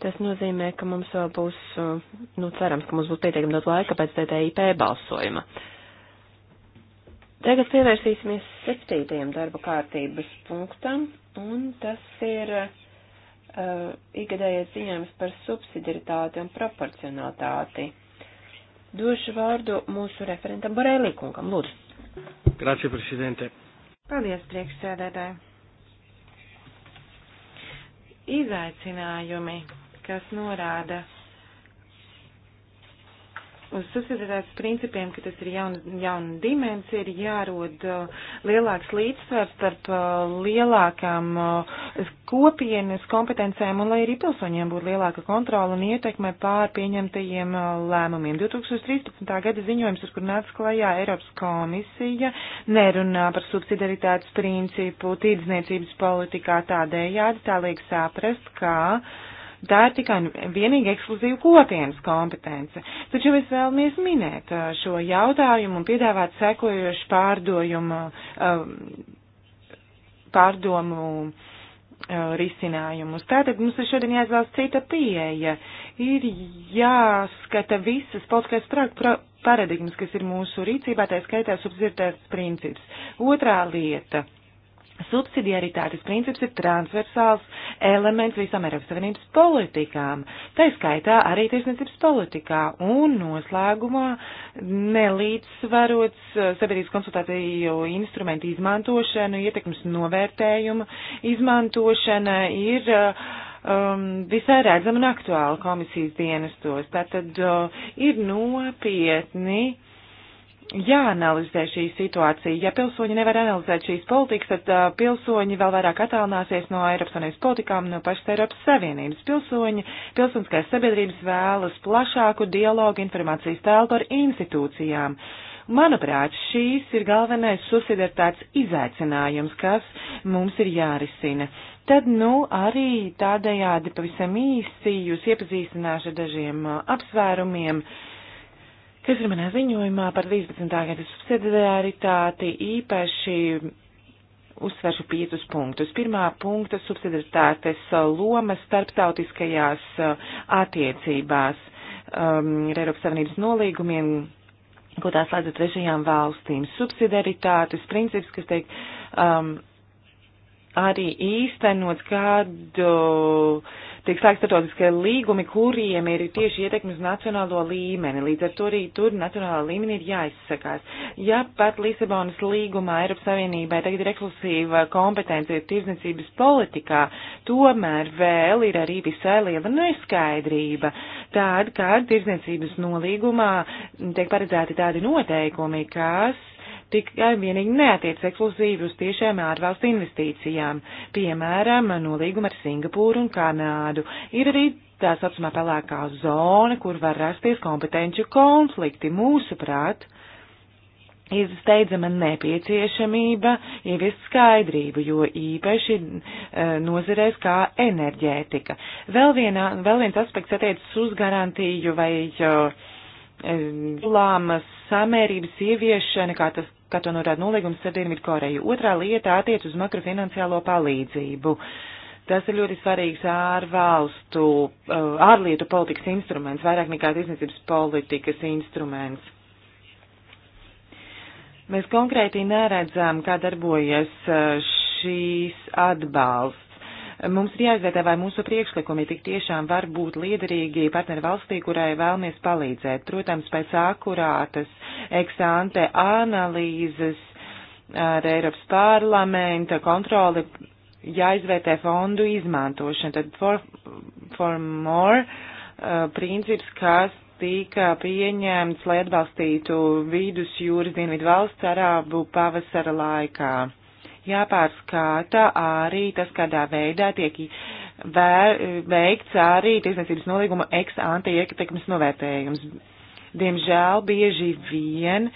Tas nozīmē, ka mums vēl būs, uh, nu cerams, ka mums būs pietiekami daudz laika pēc TTIP balsojuma. Uh, Tagad pievērsīsimies septītajam darba kārtības punktam, un tas ir uh, ikgadējais ziņojums par subsidiaritāti un proporcionalitāti. Došu vārdu mūsu referentam Barēlī kungam, lūdzu. Grācija, prezidente. Paldies, priekšsēdētāji. Izaicinājumi, kas norāda uz subsidiarās principiem, ka tas ir jauna, jauna dimensija, ir jārod uh, lielāks līdzsvars starp uh, lielākām uh, kopienas kompetencēm un lai arī pilsoņiem būtu lielāka kontrola un ietekme pār pieņemtajiem lēmumiem. 2013. gada ziņojums, uz kur nāca klajā Eiropas komisija, nerunā par subsidiaritātes principu tīdzniecības politikā tādējādi, tā liek saprast, ka Tā ir tikai vienīgi ekskluzīva kopienas kompetence. Taču mēs vēlamies minēt uh, šo jautājumu un piedāvāt sekojošu pārdojumu, uh, pārdomu uh, risinājumus. Tātad mums ir šodien jāizvēlas cita pieeja. Ir jāskata visas politiskās paradigmas, kas ir mūsu rīcībā, tā skaitā subsidiaritātes princips. Otrā lieta Subsidiaritātes princips ir transversāls elements visām Eiropas Savienības politikām, tā skaitā arī tiesniecības politikā un noslēgumā nelīdzsvarots eh, sabiedrības konsultāciju instrumentu izmantošanu, ietekmes novērtējumu izmantošana ir eh, um, visai redzama un aktuāla komisijas dienestos. Tātad uh, ir nopietni jāanalizē šī situācija. Ja pilsoņi nevar analizēt šīs politikas, tad uh, pilsoņi vēl vairāk attālināsies no Eiropas Savienības politikām, no pašas Eiropas Savienības. Pilsoņi, pilsoniskās sabiedrības vēlas plašāku dialogu informācijas telpu ar institūcijām. Manuprāt, šīs ir galvenais subsidiartāts izaicinājums, kas mums ir jārisina. Tad, nu, arī tādējādi pavisam īsi jūs iepazīstināšu ar dažiem uh, apsvērumiem. Uh, Kas ir manā ziņojumā par 13. gada subsidiaritāti īpaši uzsveršu piecus punktus. Pirmā punkta - subsidiaritātes loma starptautiskajās uh, attiecībās um, ar Eiropas Savienības nolīgumiem, ko tās slēdz ar trešajām valstīm. Subsidiaritātes princips, kas tiek um, arī īstenots kādu. Uh, tiek slēgti starptautiskie līgumi, kuriem ir tieši ietekmi uz nacionālo līmeni. Līdz ar to arī tur nacionālā līmenī ir jāizsakās. Ja pat Lisabonas līgumā Eiropas Savienībai tagad ir ekskluzīva kompetence tirdzniecības politikā, tomēr vēl ir arī visai liela neskaidrība. Tāda, kā tirdzniecības nolīgumā tiek paredzēti tādi noteikumi, kas tikai vienīgi neatiec ekskluzīvi uz tiešām ārvalstu investīcijām, piemēram, nolīguma ar Singapūru un Kanādu. Ir arī tā saucamā pelēkā zona, kur var rasties kompetenču konflikti, mūsuprāt. Ir steidzama nepieciešamība ieviest skaidrību, jo īpaši e, nozerēs kā enerģētika. Vēl, vienā, vēl viens aspekts attiecas uz garantiju vai uh, lāmas samērības ieviešana, kā, tas, kā to norāda nolīgums ar Dienvidu Koreju. Otrā lieta attiec uz makrofinanciālo palīdzību. Tas ir ļoti svarīgs ārvalstu, uh, ārlietu politikas instruments, vairāk nekā tiesniecības politikas instruments. Mēs konkrēti neredzam, kā darbojas uh, šīs atbalsts Mums ir jāizvērtē, vai mūsu priekšlikumi tik tiešām var būt liederīgi partneru valstī, kurai vēlamies palīdzēt. Protams, pēc akurātas eksante analīzes ar Eiropas parlamenta kontroli jāizvērtē fondu izmantošana. Tad for, for more uh, princips, kas tika pieņemts, lai atbalstītu vidus jūras dienvidu valsts arābu pavasara laikā jāpārskata arī tas, kādā veidā tiek veikts arī tiesnesības nolīguma ex ante ietekmes novērtējums. Diemžēl bieži vien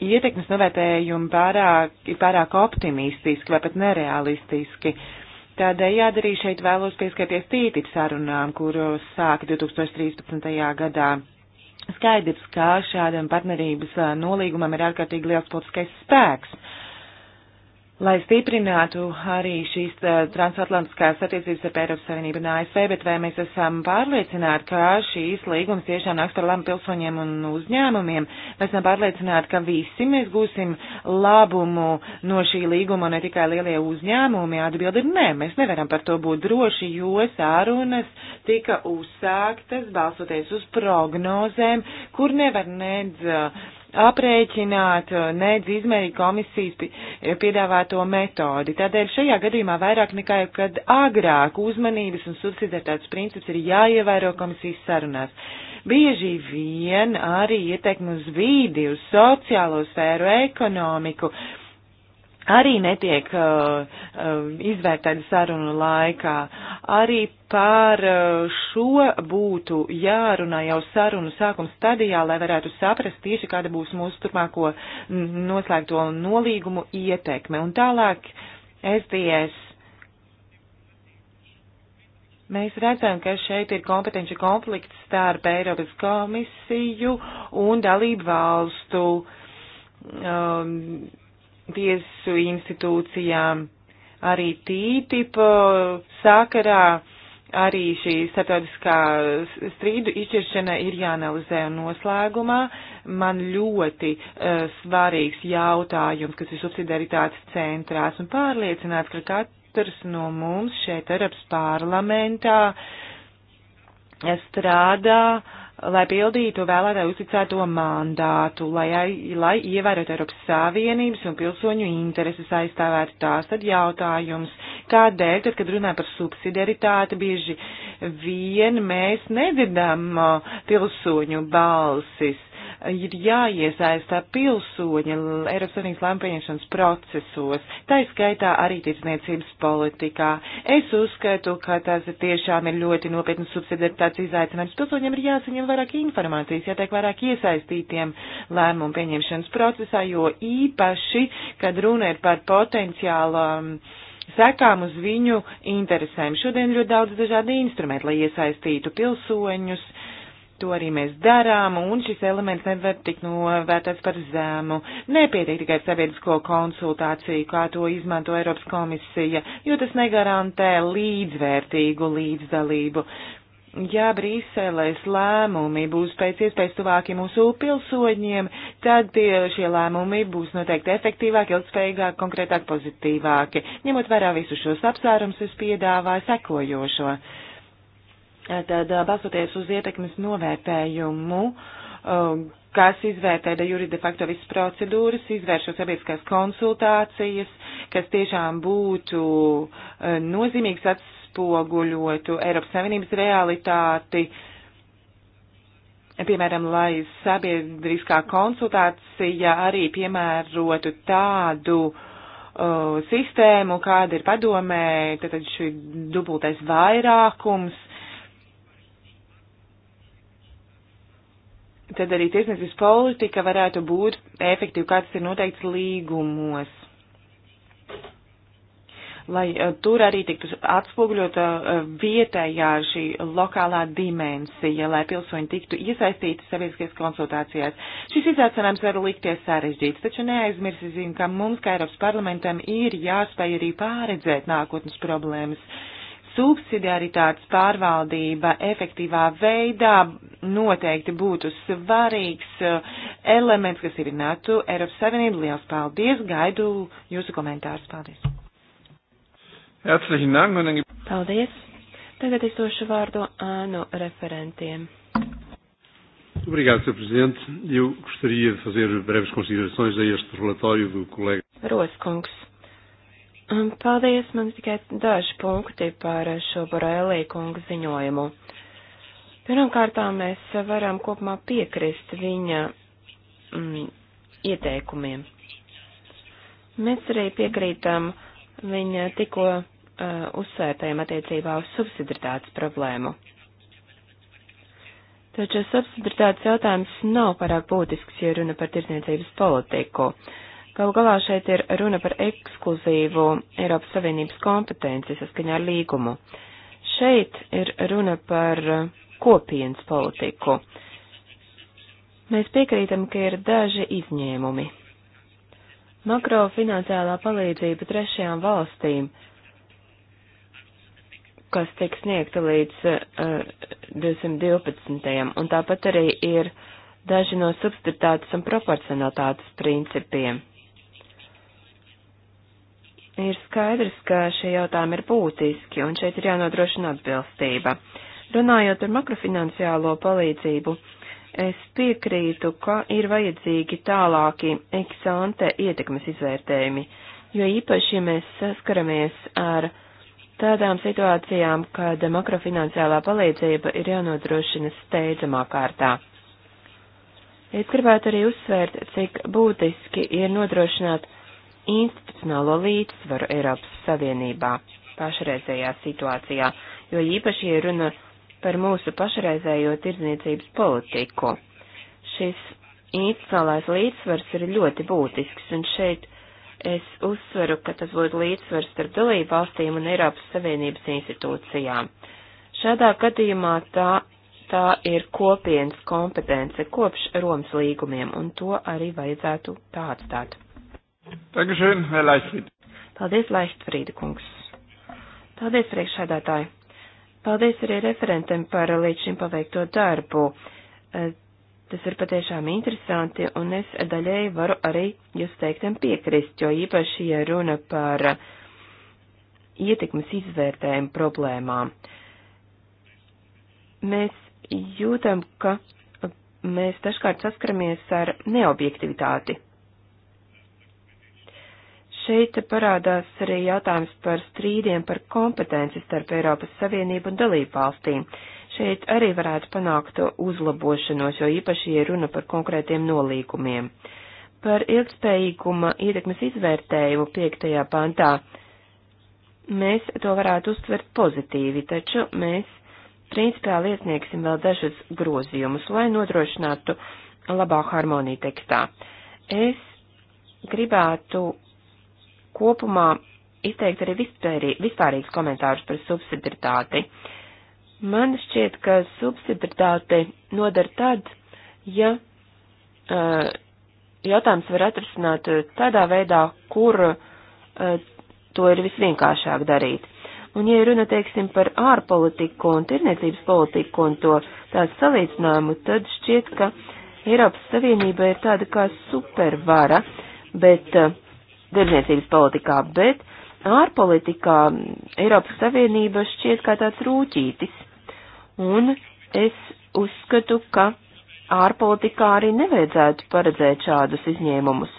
ietekmes novērtējumi pārāk, pārāk optimistiski vai pat nerealistiski. Tādējādi arī šeit vēlos pieskarties tītip sarunām, kuru sāka 2013. gadā. Skaidrs, ka šādam partnerības nolīgumam ir ārkārtīgi liels politiskais spēks lai stiprinātu arī šīs transatlantiskās attiecības ar Eiropas Savienību un ASV, bet vai mēs esam pārliecināti, ka šīs līgums tiešām nāks par labu pilsoņiem un uzņēmumiem? Mēs esam pārliecināti, ka visi mēs gūsim labumu no šī līguma, ne tikai lielie uzņēmumi. Atbildi ir nē, mēs nevaram par to būt droši, jo sārunas tika uzsāktas balsoties uz prognozēm, kur nevar nedz aprēķināt eh, nedz izmērīt komisijas eh, piedāvāto metodi. Tādēļ šajā gadījumā vairāk nekā jebkad agrāk uzmanības un subsidiaritātes princips ir jāievēro komisijas sarunās. Bieži vien arī ietekmi uz vīdi, uz sociālo sfēru, ekonomiku, uh, arī netiek uh, uh, izvērtēta sarunu laikā. Arī par uh, šo būtu jārunā jau sarunu sākuma stadijā, lai varētu saprast tieši, kāda būs mūsu turpmāko noslēgto nolīgumu ietekme. Un tālāk SDS. Mēs redzam, ka šeit ir kompetenci konflikts starp Eiropas komisiju un dalību valstu. Um, tiesu institūcijām. Arī tītipu uh, sakarā arī šī starptautiskā strīdu izšķiršana ir jāanalizē un noslēgumā. Man ļoti uh, svarīgs jautājums, kas ir subsidiaritātes centrās un pārliecināts, ka katrs no mums šeit Eiropas parlamentā strādā uh, lai pildītu vēlētāju uzticēto mandātu, lai, lai ievērotu Eiropas Savienības un pilsoņu intereses aizstāvētu tās, tad jautājums, kādēļ, tad, kad runājam par subsidiaritāti, bieži vien mēs nedzirdam pilsoņu balsis ir jāiesaistā pilsoņi Eiropas Savienības lēmpieņemšanas procesos, tā izskaitā arī tirdzniecības politikā. Es uzskatu, ka tas tiešām ir ļoti nopietnas subsidiaritātes izaicinājums. Pilsoņiem ir jāsaņem vairāk informācijas, jātiek vairāk iesaistītiem lēmumu pieņemšanas procesā, jo īpaši, kad runa ir par potenciālu um, sekām uz viņu interesēm. Šodien ļoti daudz dažādi instrumenti, lai iesaistītu pilsoņus, To arī mēs darām, un šis elements nevar tikt novērtēts par zēmu. Nepietiek tikai sabiedrisko konsultāciju, kā to izmanto Eiropas komisija, jo tas negarantē līdzvērtīgu līdzdalību. Ja Brīselēs lēmumi būs pēc iespējas tuvāki mūsu pilsoņiem, tad šie lēmumi būs noteikti efektīvāki, ilgspējīgāki, konkrētāk pozitīvāki. Ņemot vērā visus šos apsvērums, es piedāvāju sekojošo. Tad balstoties uz ietekmes novērtējumu, kas izvērtēja juri de facto visas procedūras, izvērš šo sabiedriskās konsultācijas, kas tiešām būtu nozīmīgs atspoguļotu Eiropas Savienības realitāti, piemēram, lai sabiedriskā konsultācija arī piemērotu tādu uh, sistēmu, kāda ir padomē, tad šī dubultais vairākums, tad arī tiesnesis politika varētu būt efektīva, kā tas ir noteikts līgumos. Lai uh, tur arī tiktu atspoguļota uh, vietējā šī lokālā dimensija, lai pilsoņi tiktu iesaistīti sabiedriskajās konsultācijās. Šis izaicinājums var likties sarežģīts, taču neaizmirsīsim, ka mums, kā Eiropas parlamentam, ir jāspēj arī pāredzēt nākotnes problēmas. Uh, subsidiaritātes pārvaldība efektīvā veidā noteikti būtu svarīgs eh, elements, kas ir NATO Eiropas Savienība. Liels paldies! Gaidu jūsu komentārus. Paldies! Paldies! Tagad es došu vārdu ānu referentiem. Obrigado, Sr. Presidente. Eu gostaria de fazer breves considerações a este relatório do colega. Roskungs. Um, paldies, man tikai daži punkti par šo Borelī kungu ziņojumu. Pirmkārtām mēs varam kopumā piekrist viņa mm, ieteikumiem. Mēs arī piekrītam viņa tikko uh, uzsvērtajam attiecībā uz subsidiritātes problēmu. Taču subsidiritātes jautājums nav pārāk būtisks, ja runa par tirsniecības politiku. Uh, Galu galā šeit ir runa par ekskluzīvu Eiropas Savienības kompetenci saskaņā ar līgumu. Šeit ir runa par kopienas politiku. Mēs piekrītam, ka ir daži izņēmumi. Makrofinanciālā palīdzība trešajām valstīm, kas tiek sniegta līdz uh, eh, 212. un tāpat arī ir daži no substitātes un proporcionalitātes principiem. Ir skaidrs, ka šie jautājumi ir būtiski, un šeit ir jānodrošina atbilstība. Runājot par makrofinanciālo palīdzību, es piekrītu, ka ir vajadzīgi tālāki eksante ietekmes izvērtējumi, jo īpaši, ja mēs saskaramies ar tādām situācijām, kad makrofinanciālā palīdzība ir jānodrošina steidzamā kārtā. Es gribētu arī uzsvērt, cik būtiski ir nodrošināt institucionālo līdzsvaru Eiropas Savienībā pašreizējā situācijā, jo īpaši ir runa par mūsu pašreizējo tirdzniecības politiku. Šis institucionālais līdzsvars ir ļoti būtisks, un šeit es uzsveru, ka tas būtu līdzsvars starp dalību valstīm un Eiropas Savienības institūcijām. Šādā gadījumā tā, tā ir kopienas kompetence kopš Romas līgumiem, un to arī vajadzētu tā atstāt. Dankeschön, Herr Leichtfried. Paldies, Leichtfrīda kungs. Paldies, priekšsēdētāji. Paldies arī referentiem par līdz šim paveikto darbu. Eh, tas ir patiešām interesanti, un es daļēji varu arī jūs teiktam piekrist, jo īpaši, ja runa par ietekmes izvērtējumu problēmām, mēs jūtam, ka mēs dažkārt saskaramies ar neobjektivitāti Šeit parādās arī jautājums par strīdiem par kompetenci starp Eiropas Savienību un dalību valstīm. Šeit arī varētu panākt uzlabošanos, jo īpaši ir runa par konkrētiem nolīkumiem. Par ilgspējīguma ietekmes izvērtējumu 5. pantā mēs to varētu uztvert pozitīvi, taču mēs principā iesniegsim vēl dažus grozījumus, lai nodrošinātu labā harmoniju tekstā. Es gribētu kopumā izteikt arī vispārī, vispārīgs komentārus par subsidiritāti. Man šķiet, ka subsidiritāte nodar tad, ja uh, jautājums var atrisināt tādā veidā, kur uh, to ir visvienkāršāk darīt. Un, ja runa, teiksim, par ārpolitiku un tirniecības politiku un to tādu salīdzinājumu, tad šķiet, ka Eiropas Savienība ir tāda kā supervara, bet uh, tirzniecības politikā, bet ārpolitikā Eiropas Savienība šķiet kā tāds rūķītis. Un es uzskatu, ka ārpolitikā arī nevajadzētu paredzēt šādus izņēmumus.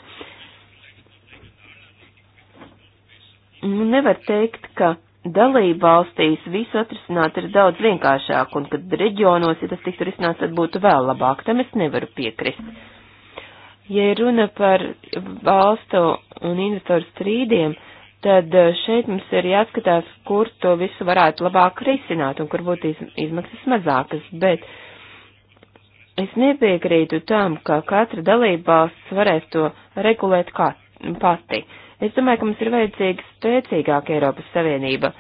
Nu, nevar teikt, ka dalību valstīs visu atrisināt ir daudz vienkāršāk, un kad reģionos, ja tas tiktu risināts, tad būtu vēl labāk. Tam es nevaru piekrist. Mm. Ja runa par valstu un investoru strīdiem, tad eh, šeit mums ir jāskatās, kur to visu varētu labāk risināt un kur būtu izmaksas mazākas, bet es nepiekrītu tam, ka katra dalībvalsts varēs to regulēt kā pati. Es domāju, ka mums ir vajadzīga spēcīgāka Eiropas Savienība,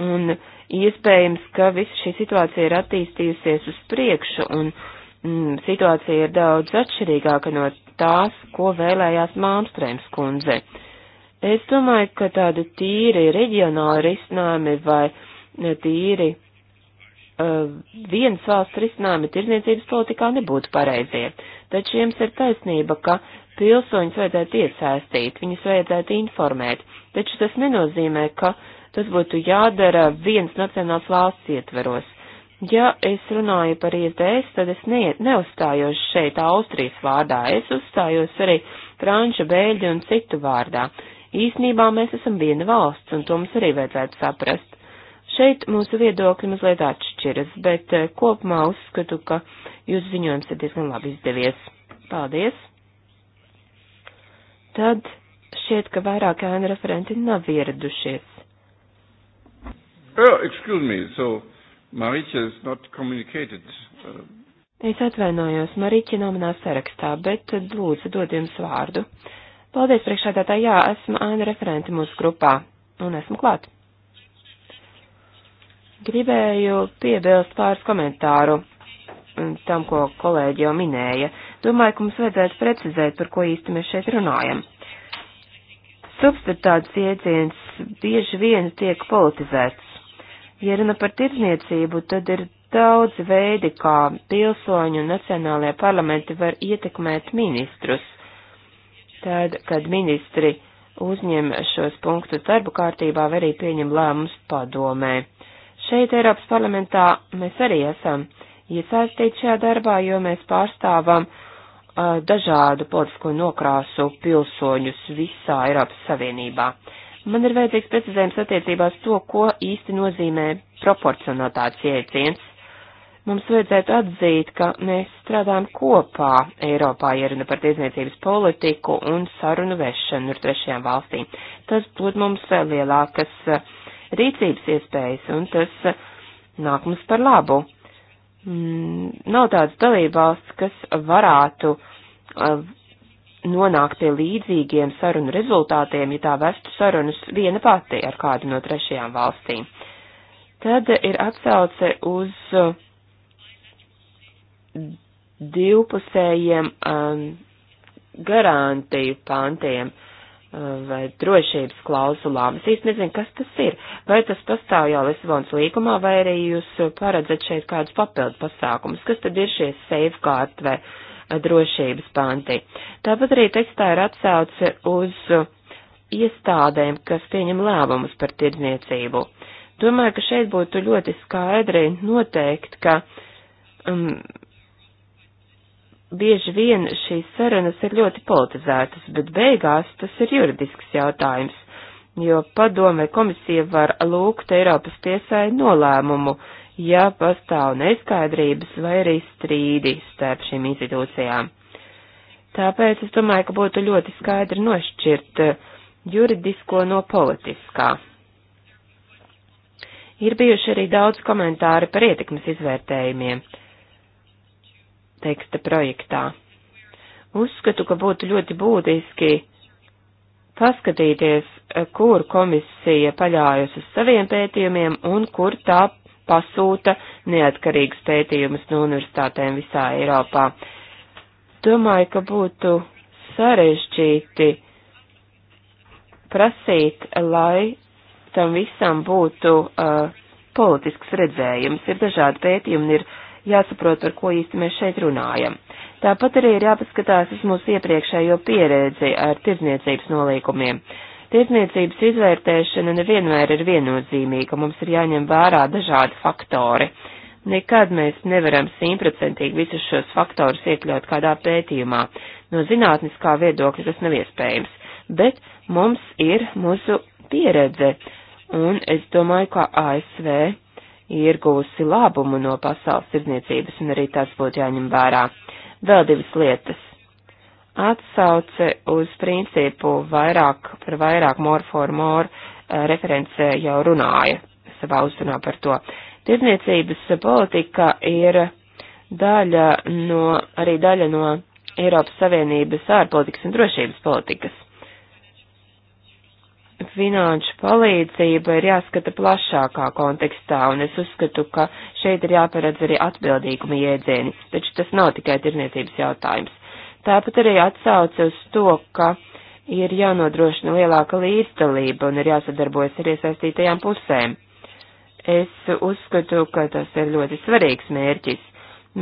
un iespējams, ka visa šī situācija ir attīstījusies uz priekšu, un mm, situācija ir daudz atšķirīgāka no tās, ko vēlējās Māmstrēms kundze. Es domāju, ka tādi tīri reģionāli risinājumi vai tīri uh, vienas valsts risinājumi tirzniecības politikā nebūtu pareizie. Taču jums ir taisnība, ka pilsoņus vajadzētu iesaistīt, viņus vajadzētu informēt, taču tas nenozīmē, ka tas būtu jādara viens nacionāls valsts ietveros. Ja es runāju par ISDS, tad es ne, neuzstājos šeit Austrijas vārdā, es uzstājos arī Franču, Bēļu un citu vārdā. Īsnībā mēs esam viena valsts, un to mums arī vajadzētu saprast. Šeit mūsu viedokļi mazliet atšķiras, bet eh, kopumā uzskatu, ka jūsu ziņojums ir diezgan labi izdevies. Paldies! Tad šķiet, ka vairāk ēna referenti nav ieradušies. Oh, excuse me, so Marīķa is not communicated. Uh, es atvainojos, Marīķa nav manā sarakstā, bet lūdzu dod jums vārdu. Paldies priekšādātā, jā, esmu Āna referenti mūsu grupā un esmu klāt. Gribēju piebilst pāris komentāru mm, tam, ko kolēģi jau minēja. Domāju, ka mums vajadzētu precizēt, par ko īsti mēs šeit runājam. Substatāts iedziens bieži vien tiek politizēts. Ja runa par tirzniecību, tad ir daudz veidi, kā pilsoņu un nacionālajie parlamenti var ietekmēt ministrus. Tad, kad ministri uzņem šos punktus darbu kārtībā, var arī pieņem lēmums padomē. Šeit Eiropas parlamentā mēs arī esam iesaistīti šajā darbā, jo mēs pārstāvam uh, dažādu politisko nokrāsu pilsoņus visā Eiropas Savienībā. Uh, Man ir vajadzīgs precizējums attiecībās to, ko īsti nozīmē proporcionatāts jēdziens. Mums vajadzētu atzīt, ka mēs strādājam kopā Eiropā, ja runa par tiesniecības politiku un sarunu vešanu ar trešajām valstīm. Tas dod mums eh, lielākas eh, rīcības iespējas un tas eh, nāk mums par labu. Mm, nav tāds dalībvalsts, kas varētu nonākt pie līdzīgiem sarunu rezultātiem, ja tā vestu sarunas viena pati ar kādu no trešajām valstīm. Tad ir atsauce uz uh, divpusējiem um, garantiju pantiem um, vai drošības klauzulām. Es īsti nezinu, kas tas ir. Vai tas pastāv jau Lisabonas līgumā, vai arī jūs paredzat šeit kādus papildu pasākumus? Kas tad ir šie safeguard vai uh, drošības panti. Tāpat arī tekstā ir atsauce uz iestādēm, kas pieņem lēmumus par tirdzniecību. Domāju, ka šeit būtu ļoti skaidri noteikt, ka um, bieži vien šīs sarunas ir ļoti politizētas, bet beigās tas ir juridisks jautājums, jo padome komisija var lūgt Eiropas tiesai nolēmumu, ja pastāv neskaidrības vai arī strīdi starp šīm institūcijām. Tāpēc es domāju, ka būtu ļoti skaidri nošķirt eh, juridisko no politiskā. Ir bijuši arī daudz komentāri par ietekmes izvērtējumiem teksta projektā. Uzskatu, ka būtu ļoti būtiski paskatīties, eh, kur komisija paļājas uz saviem pētījumiem un kur tā pasūta neatkarīgus pētījumus no universitātēm visā Eiropā. Domāju, ka būtu sarežģīti prasīt, lai tam visam būtu uh, politisks redzējums. Ir dažādi pētījumi, ir jāsaprot, par ko īsti mēs šeit runājam. Tāpat arī ir jāpaskatās uz mūsu iepriekšējo pieredzi ar tirdzniecības nolīkumiem. Uh, Tiesniecības izvērtēšana nevienmēr ir viennozīmīga, mums ir jāņem vērā dažādi faktori. Nekad mēs nevaram simtprocentīgi visus šos faktorus iekļaut kādā pētījumā. No zinātniskā viedokļa tas nav iespējams, bet mums ir mūsu pieredze, un es domāju, ka ASV ir guvusi labumu no pasaules tirdzniecības, un arī tas būtu jāņem vērā. Vēl divas lietas atsauce uz principu vairāk par vairāk, more for more, eh, reference eh, jau runāja savā uzrunā par to. Tirdzniecības politika ir daļa no, arī daļa no Eiropas Savienības ārpolitikas un drošības politikas. Finanšu palīdzība ir jāskata plašākā kontekstā, un es uzskatu, ka šeit ir jāparedz arī atbildīguma jēdzieni, taču tas nav tikai tirniecības jautājums. Tāpat arī atsauce uz to, ka ir jānodrošina lielāka līdzdalība un ir jāsadarbojas ar iesaistītajām pusēm. Es uzskatu, ka tas ir ļoti svarīgs mērķis.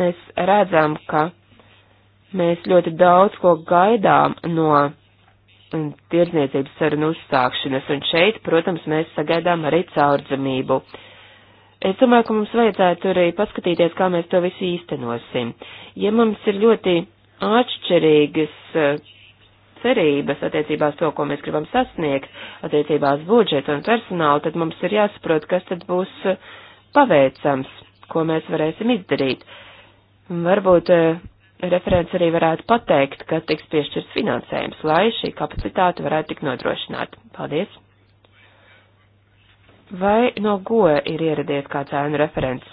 Mēs redzam, ka mēs ļoti daudz ko gaidām no tirdzniecības sarunu uzstākšanas, un šeit, protams, mēs sagaidām arī caurdzamību. Es domāju, ka mums vajadzētu arī paskatīties, kā mēs to visu īstenosim. Ja mums ir ļoti atšķirīgas eh, cerības attiecībās to, ko mēs gribam sasniegt, attiecībās budžetu un personālu, tad mums ir jāsaprot, kas tad būs eh, paveicams, ko mēs varēsim izdarīt. Varbūt eh, referents arī varētu pateikt, ka tiks piešķirts finansējums, lai šī kapacitāte varētu tik nodrošināta. Paldies! Vai no goja ir ieradies kāds ēnu referents?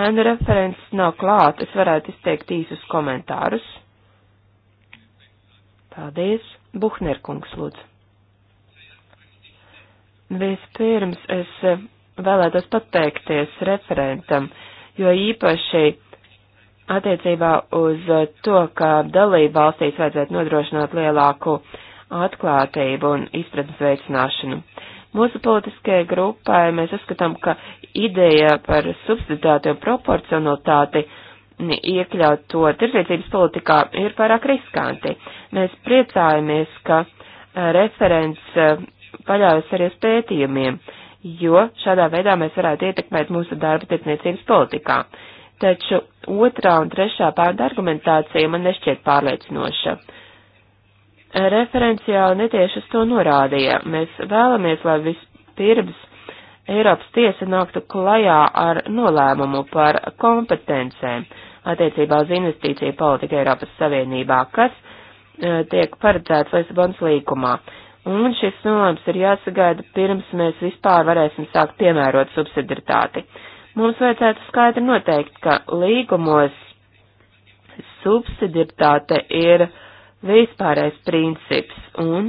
Ēnu referents nav klāt, es varētu izteikt īsus komentārus. Paldies, Buhnerkungs, lūdzu. Vispirms es vēlētos pateikties referentam, jo īpaši attiecībā uz to, ka dalību valstīs vajadzētu nodrošināt lielāku atklātību un izpratnes veicināšanu. Uh, Mūsu politiskajai grupai mēs uzskatām, ka ideja par subsidētāti un proporcionalitāti iekļaut to tirdzniecības politikā ir pārāk riskanti. Mēs priecājamies, ka eh, referents eh, paļaujas arī uz pētījumiem, jo šādā veidā mēs varētu ietekmēt mūsu darbu tirdzniecības politikā. Taču otrā un trešā pārda argumentācija man nešķiet pārliecinoša. Referents jau netieši uz to norādīja. Mēs vēlamies, lai vispirms Eiropas tiesa nāktu klajā ar nolēmumu par kompetencēm attiecībā uz investīciju politiku Eiropas Savienībā, kas e, tiek paredzēts Lisabonas līkumā. Un šis nolēms ir jāsagaida pirms mēs vispār varēsim sākt piemērot subsidiritāti. Mums vajadzētu skaidri noteikt, ka līgumos subsidiritāte ir uh, vispārējais princips, un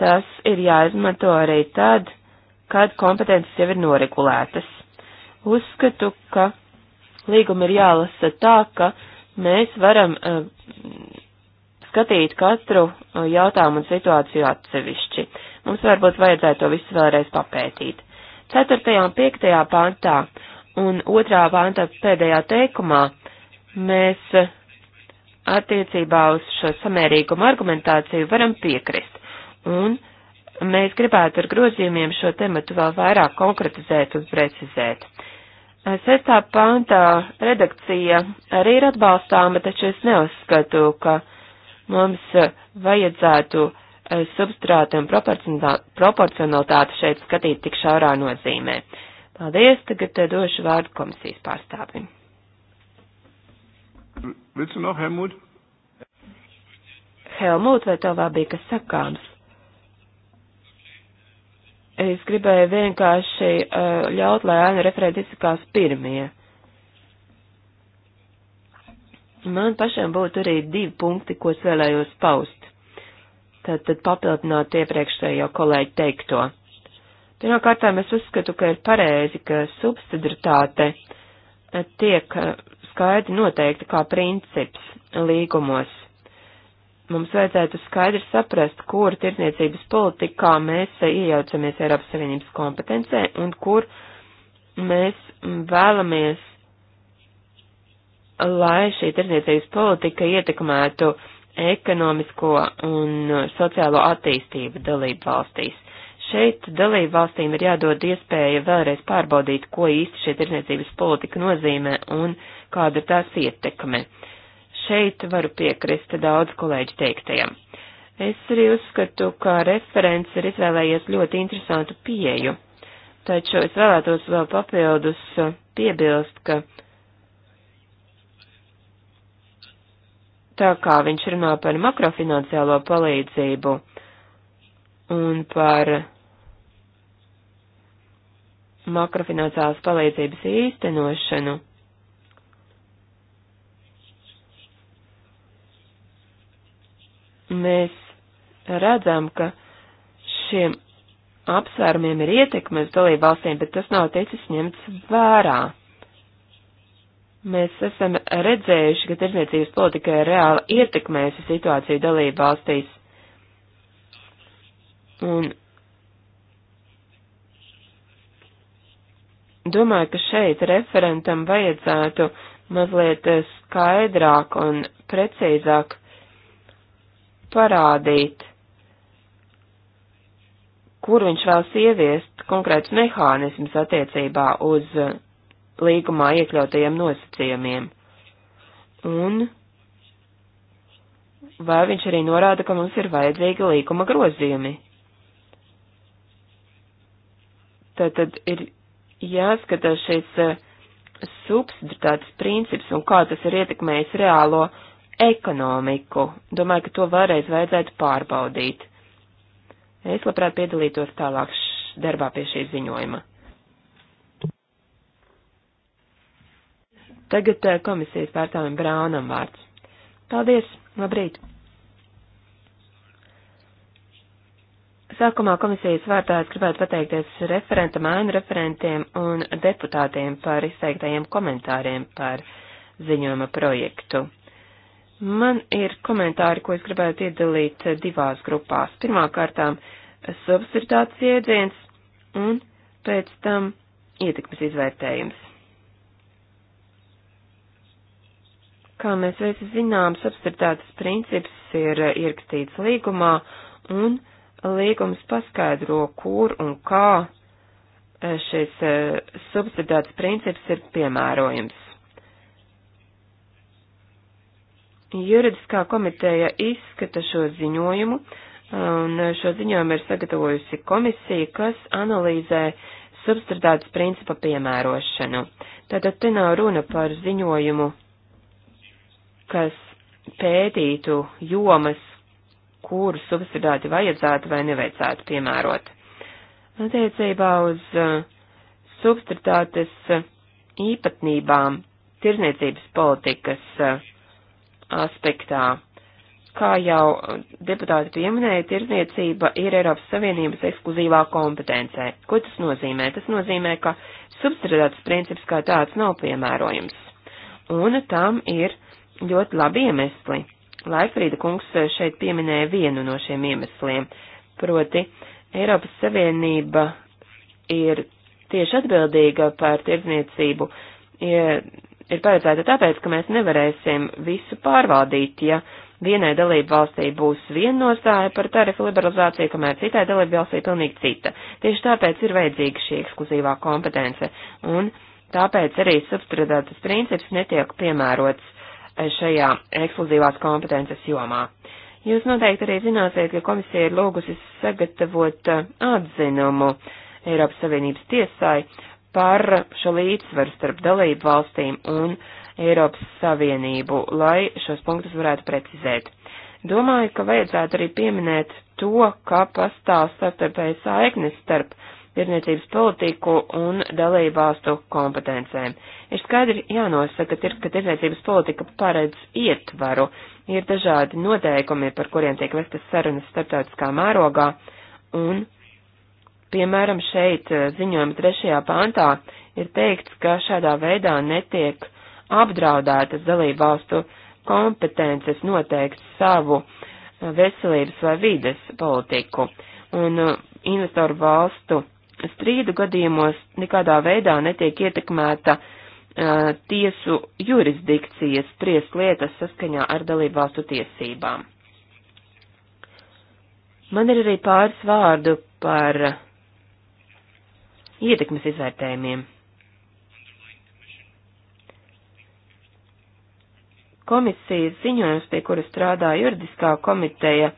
tas ir jāizmanto arī tad, kad kompetences jau ir noregulētas. Uzskatu, ka līguma ir jālasa tā, ka mēs varam uh, skatīt katru uh, jautājumu un situāciju atsevišķi. Mums varbūt vajadzētu to visu vēlreiz papētīt. 4. un 5. pantā un 2. pantā pēdējā teikumā mēs uh, attiecībā uz šo samērīgumu argumentāciju varam piekrist. Un mēs gribētu ar grozījumiem šo tematu vēl vairāk konkretizēt un precizēt. Sestā pantā redakcija arī ir atbalstāma, taču es neuzskatu, ka mums vajadzētu e, substrāta un proporcionalitāti šeit skatīt tik šaurā nozīmē. Paldies, tagad došu vārdu komisijas pārstāvim. Willst du noch, Helmut? Helmut, vai tev vēl bija kas sakāms? Es gribēju vienkārši uh, ļaut, lai Aina referenti izsakās pirmie. Man pašam būtu arī divi punkti, ko es vēlējos paust. Tad, tad papildināt iepriekšējo kolēģi teikto. Pirmkārt, es uzskatu, ka ir pareizi, ka subsidiaritāte tiek eh, skaidri noteikta kā princips līgumos. Mums vajadzētu skaidri saprast, kur tirdzniecības politikā mēs iejaucamies Eiropas Savienības kompetencē un kur mēs vēlamies, lai šī tirdzniecības politika ietekmētu ekonomisko un sociālo attīstību dalību valstīs. Šeit dalību valstīm ir jādod iespēja vēlreiz pārbaudīt, ko īsti šī tirdzniecības politika nozīmē un uh, kāda ir tās ietekme. Šeit varu piekrist daudz kolēģi teiktajam. Es arī uzskatu, ka referents ir izvēlējies ļoti interesantu pieeju, taču es vēlētos vēl papildus piebilst, ka tā kā viņš runā par makrofinanciālo palīdzību un par makrofinanciālas palīdzības īstenošanu, mēs redzam, ka šiem apsvērumiem ir ietekme uz dalību valstīm, bet tas nav ticis ņemts vērā. Mēs esam redzējuši, ka tirzniecības politika ir reāli ietekmējusi situāciju dalību valstīs. Un domāju, ka šeit referentam vajadzētu mazliet skaidrāk un precīzāk parādīt, kur viņš vēlas ieviest konkrēts mehānisms attiecībā uz uh, līgumā iekļautajiem nosacījumiem. Un vai viņš arī norāda, ka mums ir vajadzīgi līguma grozījumi? Tātad ir jāskatās šis uh, subsidiotātes princips un kā tas ir ietekmējis reālo uh, ekonomiku. Domāju, ka to vēlreiz vajadzētu pārbaudīt. Es labprāt piedalītos tālāk darbā pie šī ziņojuma. Tagad eh, komisijas pārstāvim Braunam vārds. Paldies, labrīt! Sākumā komisijas vārdā es gribētu pateikties referentam, ainu referentiem un deputātiem par izteiktajiem komentāriem par ziņojuma projektu. Man ir komentāri, ko es gribētu iedalīt eh, divās grupās. Pirmā kārtām subsidāts jēdziens un pēc tam ietekmes izvērtējums. Kā mēs visi zinām, subsidātas princips ir ierakstīts līgumā un līgums paskaidro, kur un kā eh, šis eh, subsidētas princips ir piemērojams. Juridiskā komiteja izskata šo ziņojumu, un šo ziņojumu ir sagatavojusi komisija, kas analizē substitūtātas principa piemērošanu. Tātad te nav runa par ziņojumu, kas pētītu jomas, kur subsidēti vajadzētu vai nevajadzētu piemērot. Attiecībā uz uh, subsidētas uh, īpatnībām tirzniecības politikas uh, aspektā. Kā jau deputāti pieminēja, tirzniecība ir Eiropas Savienības ekskluzīvā kompetencē. Ko tas nozīmē? Tas nozīmē, ka subsidētas princips kā tāds nav piemērojams. Un tam ir ļoti labi iemesli. Laifrīda kungs šeit pieminēja vienu no šiem iemesliem, proti Eiropas Savienība ir tieši atbildīga par tirdzniecību ja ir paredzēta tāpēc, ka mēs nevarēsim visu pārvaldīt, ja vienai dalību valstī būs viena nostāja par tarifu liberalizāciju, kamēr citai dalību valstī pilnīgi cita. Tieši tāpēc ir vajadzīga šī ekskluzīvā kompetence, un tāpēc arī substridātas princips netiek piemērots eh, šajā ekskluzīvās kompetences jomā. Jūs noteikti arī zināsiet, ka komisija ir lūgusi sagatavot eh, atzinumu Eiropas Savienības tiesai par šo līdzsvaru starp dalību valstīm un Eiropas Savienību, lai šos punktus varētu precizēt. Domāju, ka vajadzētu arī pieminēt to, kā pastāv starptautēji saiknes starp tirniecības politiku un dalību valstu kompetencēm. Ir skaidri jānosaka, ka, ka tirniecības politika paredz ietvaru, ir dažādi noteikumi, par kuriem tiek vestas sarunas starptautiskā mērogā, un Piemēram, šeit eh, ziņojuma trešajā pāntā ir teikts, ka šādā veidā netiek apdraudētas dalībvalstu kompetences noteikt savu eh, veselības vai vides politiku. Un eh, investoru valstu strīdu gadījumos nekādā veidā netiek ietekmēta uh, tiesu jurisdikcijas spriest lietas saskaņā ar dalībvalstu tiesībām. Man ir arī pāris vārdu par ietekmes izvērtējumiem. Komisijas ziņojums, pie kura strādā juridiskā komiteja,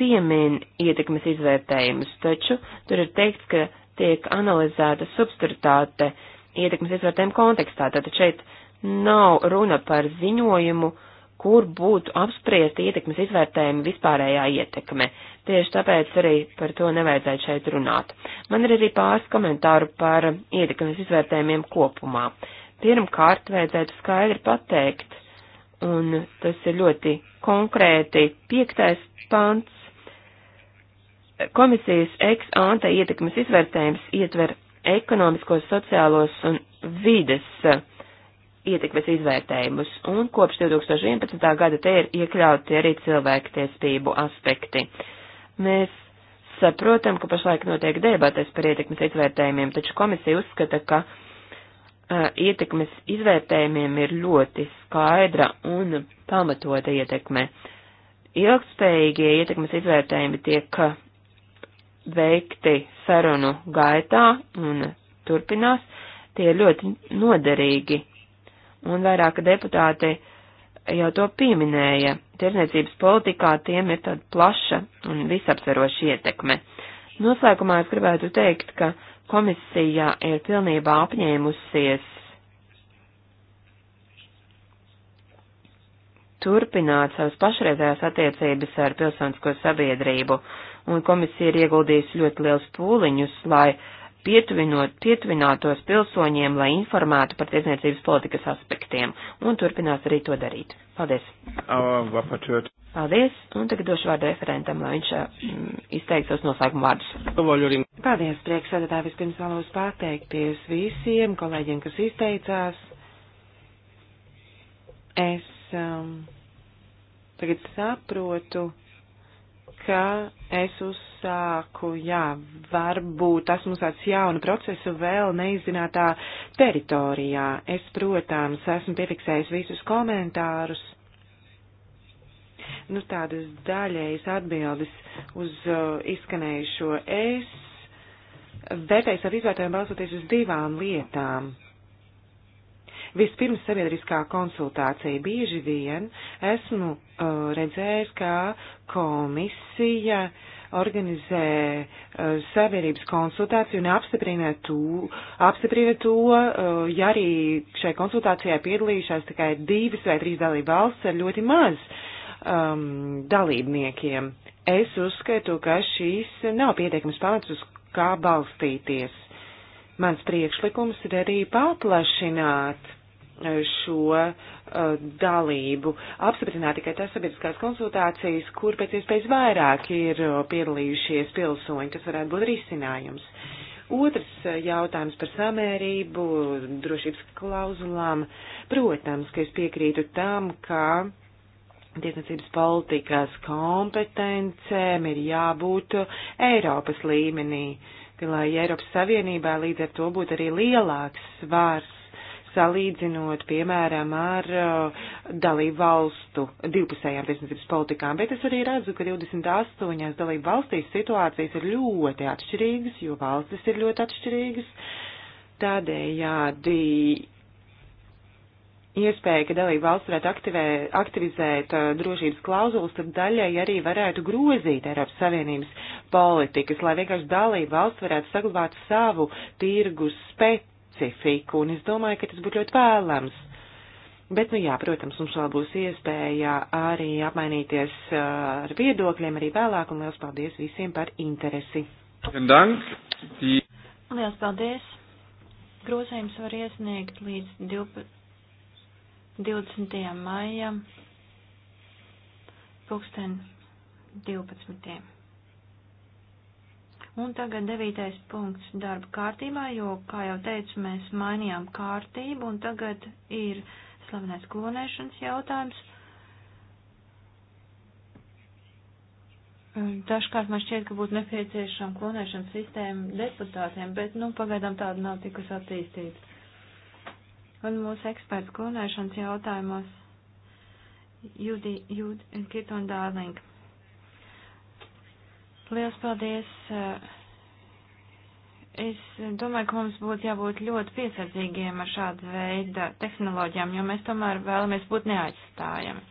piemin ietekmes izvērtējumus, taču tur ir teikts, ka tiek analizēta substitūtāte ietekmes izvērtējuma kontekstā. Tātad šeit nav runa par ziņojumu, uh, kur būtu apspriest ietekmes izvērtējumu vispārējā ietekme. Tieši tāpēc arī par to nevajadzētu šeit runāt. Man ir arī pāris komentāru par ietekmes izvērtējumiem kopumā. Pirmkārt, vajadzētu skaidri pateikt, un tas ir ļoti konkrēti piektais pants. Komisijas ex ante ietekmes izvērtējums ietver ekonomiskos, sociālos un vides uh, ietekmes izvērtējumus, un kopš 2011. gada te ir iekļauti arī cilvēktiesību aspekti. Mēs saprotam, ka pašlaik notiek debates par ietekmes izvērtējumiem, taču komisija uzskata, ka uh, ietekmes izvērtējumiem ir ļoti skaidra un pamatota ietekme. Ilgspējīgie ietekmes izvērtējumi tiek veikti sarunu gaitā un turpinās. Tie ir ļoti noderīgi un vairāki deputāti jau to pieminēja. Tirzniecības politikā tiem ir tāda plaša un visaptveroša ietekme. Noslēgumā es gribētu teikt, ka komisija ir pilnībā apņēmusies turpināt savas pašreizējās attiecības ar pilsonisko sabiedrību, un komisija ir ieguldījusi ļoti liels pūliņus, lai uh, pietuvinot, pietuvinātos pilsoņiem, lai informētu par tiesniecības politikas aspektiem, un turpinās arī to darīt. Paldies! Paldies, un tagad došu vārdu referentam, lai viņš mm, izteiks tos noslēguma vārdus. Paldies, priekšsēdētāji, vispirms vēlos pateikties visiem kolēģiem, kas izteicās. Es um, tagad saprotu ka es uzsāku, jā, varbūt esmu sācis jaunu procesu vēl neizzinātā teritorijā. Es, protams, esmu piefiksējis visus komentārus. Nu, tādas daļējas atbildes uz uh, izskanējušo es vērtēju savu izvērtējumu balsoties uz divām lietām. Vispirms sabiedriskā konsultācija. Bieži vien esmu uh, redzējis, kā komisija organizē uh, sabiedrības konsultāciju un apstiprina to, apstiprina to uh, ja arī šai konsultācijai piedalījušās tikai divas vai trīs dalība valsts ar ļoti maz um, dalībniekiem. Es uzskatu, ka šīs nav pietiekams pamats, uz kā balstīties. Mans priekšlikums ir arī paplašināt šo uh, dalību. Apstiprināt tikai tās sabiedriskās konsultācijas, kur pēc iespējas vairāk ir uh, piedalījušies pilsoņi, kas varētu būt risinājums. Otrs uh, jautājums par samērību, drošības klauzulām. Protams, ka es piekrītu tam, ka tiesniecības politikas kompetencēm ir jābūt Eiropas līmenī, lai Eiropas Savienībā līdz ar to būtu arī lielāks svars salīdzinot, piemēram, ar uh, dalību valstu divpusējām tiesnesības politikām, bet es arī redzu, ka 28 dalību valstīs situācijas ir ļoti atšķirīgas, jo valstis ir ļoti atšķirīgas. Tādējādi iespēja, ka dalību valsts varētu aktivē, aktivizēt uh, drošības klauzulas, tad daļai arī varētu grozīt Eiropas Savienības politikas, lai vienkārši dalību valsts varētu saglabāt savu tirgus spēt specifiku, un es domāju, ka tas būtu ļoti vēlams. Bet, nu jā, protams, mums vēl būs iespēja arī apmainīties uh, ar viedokļiem arī vēlāk, un liels paldies visiem par interesi. Liels paldies! Grozējums var iesniegt līdz 20. maijam, pulksten 12. Un tagad devītais punkts darba kārtībā, jo, kā jau teicu, mēs mainījām kārtību, un tagad ir slavenais klonēšanas jautājums. Dažkārt man šķiet, ka būtu nepieciešama klonēšanas sistēma deputātiem, bet, nu, pagaidām tāda nav tikus attīstīta. Un mūsu eksperts klonēšanas jautājumos Judi, Judi Kirton Dārlinga. Liels paldies! Es domāju, ka mums būtu jābūt ļoti piesardzīgiem ar šādu veidu tehnoloģijām, jo mēs tomēr vēlamies būt neaizstājami.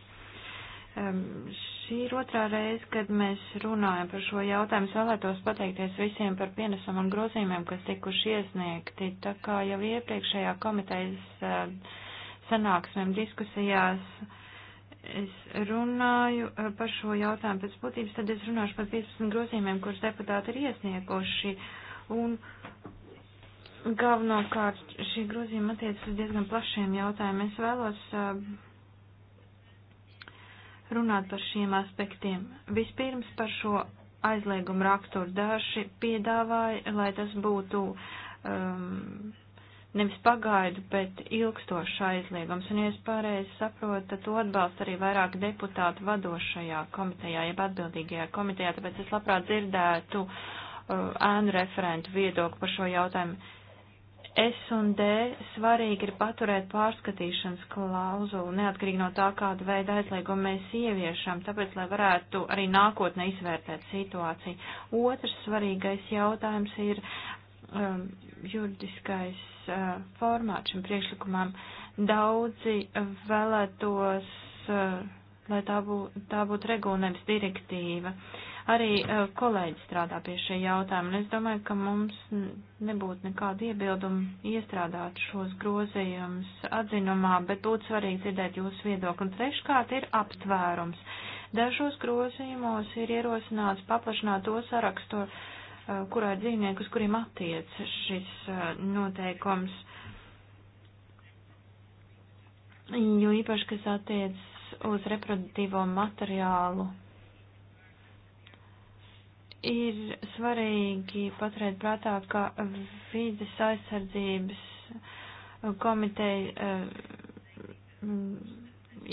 Um, šī ir otrā reize, kad mēs runājam par šo jautājumu. Es vēlētos pateikties visiem par pienesumu un grozījumiem, kas tikuši iesniegti. Tā kā jau iepriekšējā komitejas uh, sanāksmēm diskusijās uh, es runāju eh, par šo jautājumu pēc būtības, tad es runāšu par 15 grozījumiem, kurus deputāti ir iesnieguši. Un galvenokārt šī grozījuma attiecas uz diezgan plašiem jautājumiem. Es vēlos eh, runāt par šiem aspektiem. Vispirms par šo aizliegumu raksturu daži piedāvāja, lai tas būtu um, nevis pagaidu, bet ilgstošs aizliegums, un, ja es pareizi saprotu, tad to atbalsta arī vairāk deputātu vadošajā komitejā, jeb atbildīgajā komitejā, tāpēc es labprāt dzirdētu uh, ēnu referentu viedokli par šo jautājumu. S un D svarīgi ir paturēt pārskatīšanas klauzulu, neatkarīgi no tā, kādu veidu aizliegumu mēs ieviešam, tāpēc, lai varētu arī nākotnē izvērtēt situāciju. Otrs svarīgais jautājums ir um, juridiskais uh, formāts šim priekšlikumam. Daudzi vēlētos, uh, lai tā, bū, tā būtu regula, nevis direktīva. Arī uh, kolēģi strādā pie šī jautājuma, un es domāju, ka mums nebūtu nekādu iebildumu iestrādāt šos grozījumus atzinumā, bet būtu svarīgi dzirdēt jūsu viedokli. Un treškārt ir aptvērums. Dažos grozījumos ir ierosināts paplašināt to sarakstu, uh, kurā ir dzīvnieki, uz kuriem attiec šis noteikums. Jo īpaši, kas attiec uz reproduktīvo materiālu, ir svarīgi paturēt prātā, ka vīdes aizsardzības komiteja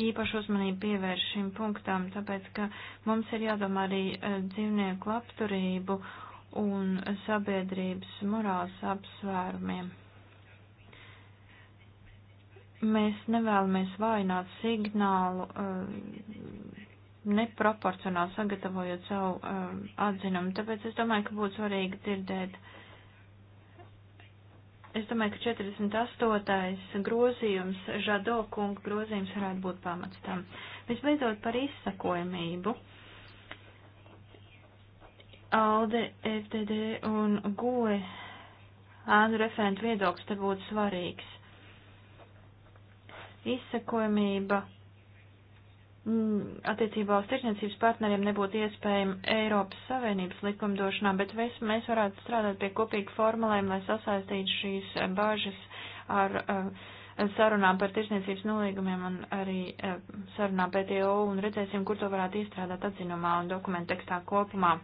īpašu uzmanību pievērš šim punktam, tāpēc, ka mums ir jādomā arī dzīvnieku labturību un sabiedrības morāls apsvērumiem. Mēs nevēlamies vainot signālu eh, neproporcionāli sagatavojot savu eh, atzinumu, tāpēc es domāju, ka būtu svarīgi dzirdēt. Es domāju, ka 48. grozījums, Žado kunga grozījums varētu būt pamats tam. Visbeidzot par izsakojamību. Uh, ALDE, FDD un GOE ēnu referentu viedoklis te būtu svarīgs. Izsekojamība mm, attiecībā uz tirsniecības partneriem nebūtu iespējama Eiropas Savienības likumdošanā, bet mēs varētu strādāt pie kopīga formulējuma, lai sasaistītu šīs bāžas ar uh, sarunām par tirsniecības nolīgumiem un arī eh, sarunām PTO un redzēsim, kur to varētu izstrādāt atzinumā un dokumentu tekstā kopumā.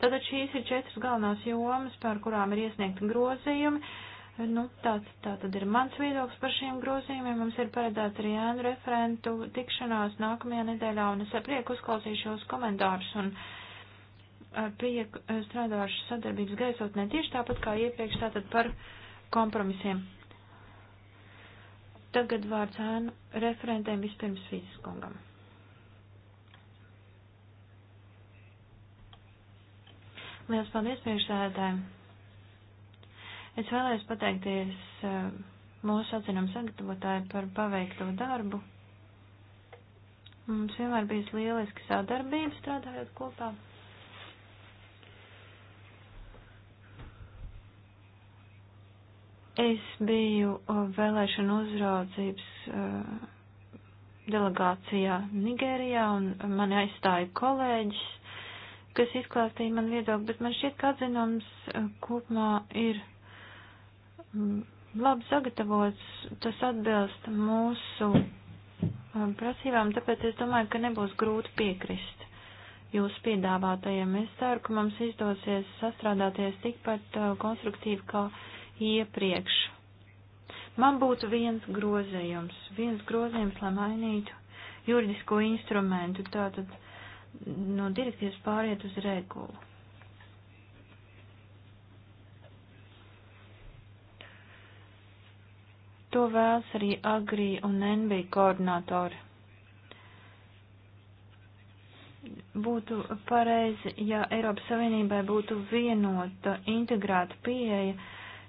Tātad šīs ir četras galvenās jomas, par kurām ir iesniegti grozījumi. Eh, nu, tāds, tā tad ir mans viedoklis par šiem grozījumiem. Mums ir paredzēts arī ēnu referentu tikšanās nākamajā nedēļā, un es ar prieku uzklausīšu jūs komentārus un ar prieku eh, strādāšu sadarbības gaisotnē tieši tāpat kā iepriekš, tātad par kompromisiem. Tagad vārds ēnu referentēm vispirms Fīziskungam. Liels paldies priekšsēdētājiem! Es vēlējos pateikties eh, mūsu atzinumu sagatavotāju par paveikto darbu. Mums vienmēr bijis lieliski sadarbība strādājot kopā. Es biju vēlēšana uzraudzības delegācijā Nigērijā un mani aizstāja kolēģis, kas izklāstīja man viedokli, bet man šķiet, ka atzinums kopumā ir labi sagatavots, tas atbilst mūsu prasībām, tāpēc es domāju, ka nebūs grūti piekrist jūsu piedāvātajiem. Es ceru, ka mums izdosies sastrādāties tikpat konstruktīvi, kā. Ka iepriekš. Man būtu viens grozījums, viens grozījums, lai mainītu juridisko instrumentu, tātad no direktīvas pāriet uz regulu. To vēlas arī Agri un NB koordinātori. Būtu pareizi, ja Eiropas Savienībai būtu vienota integrēta pieeja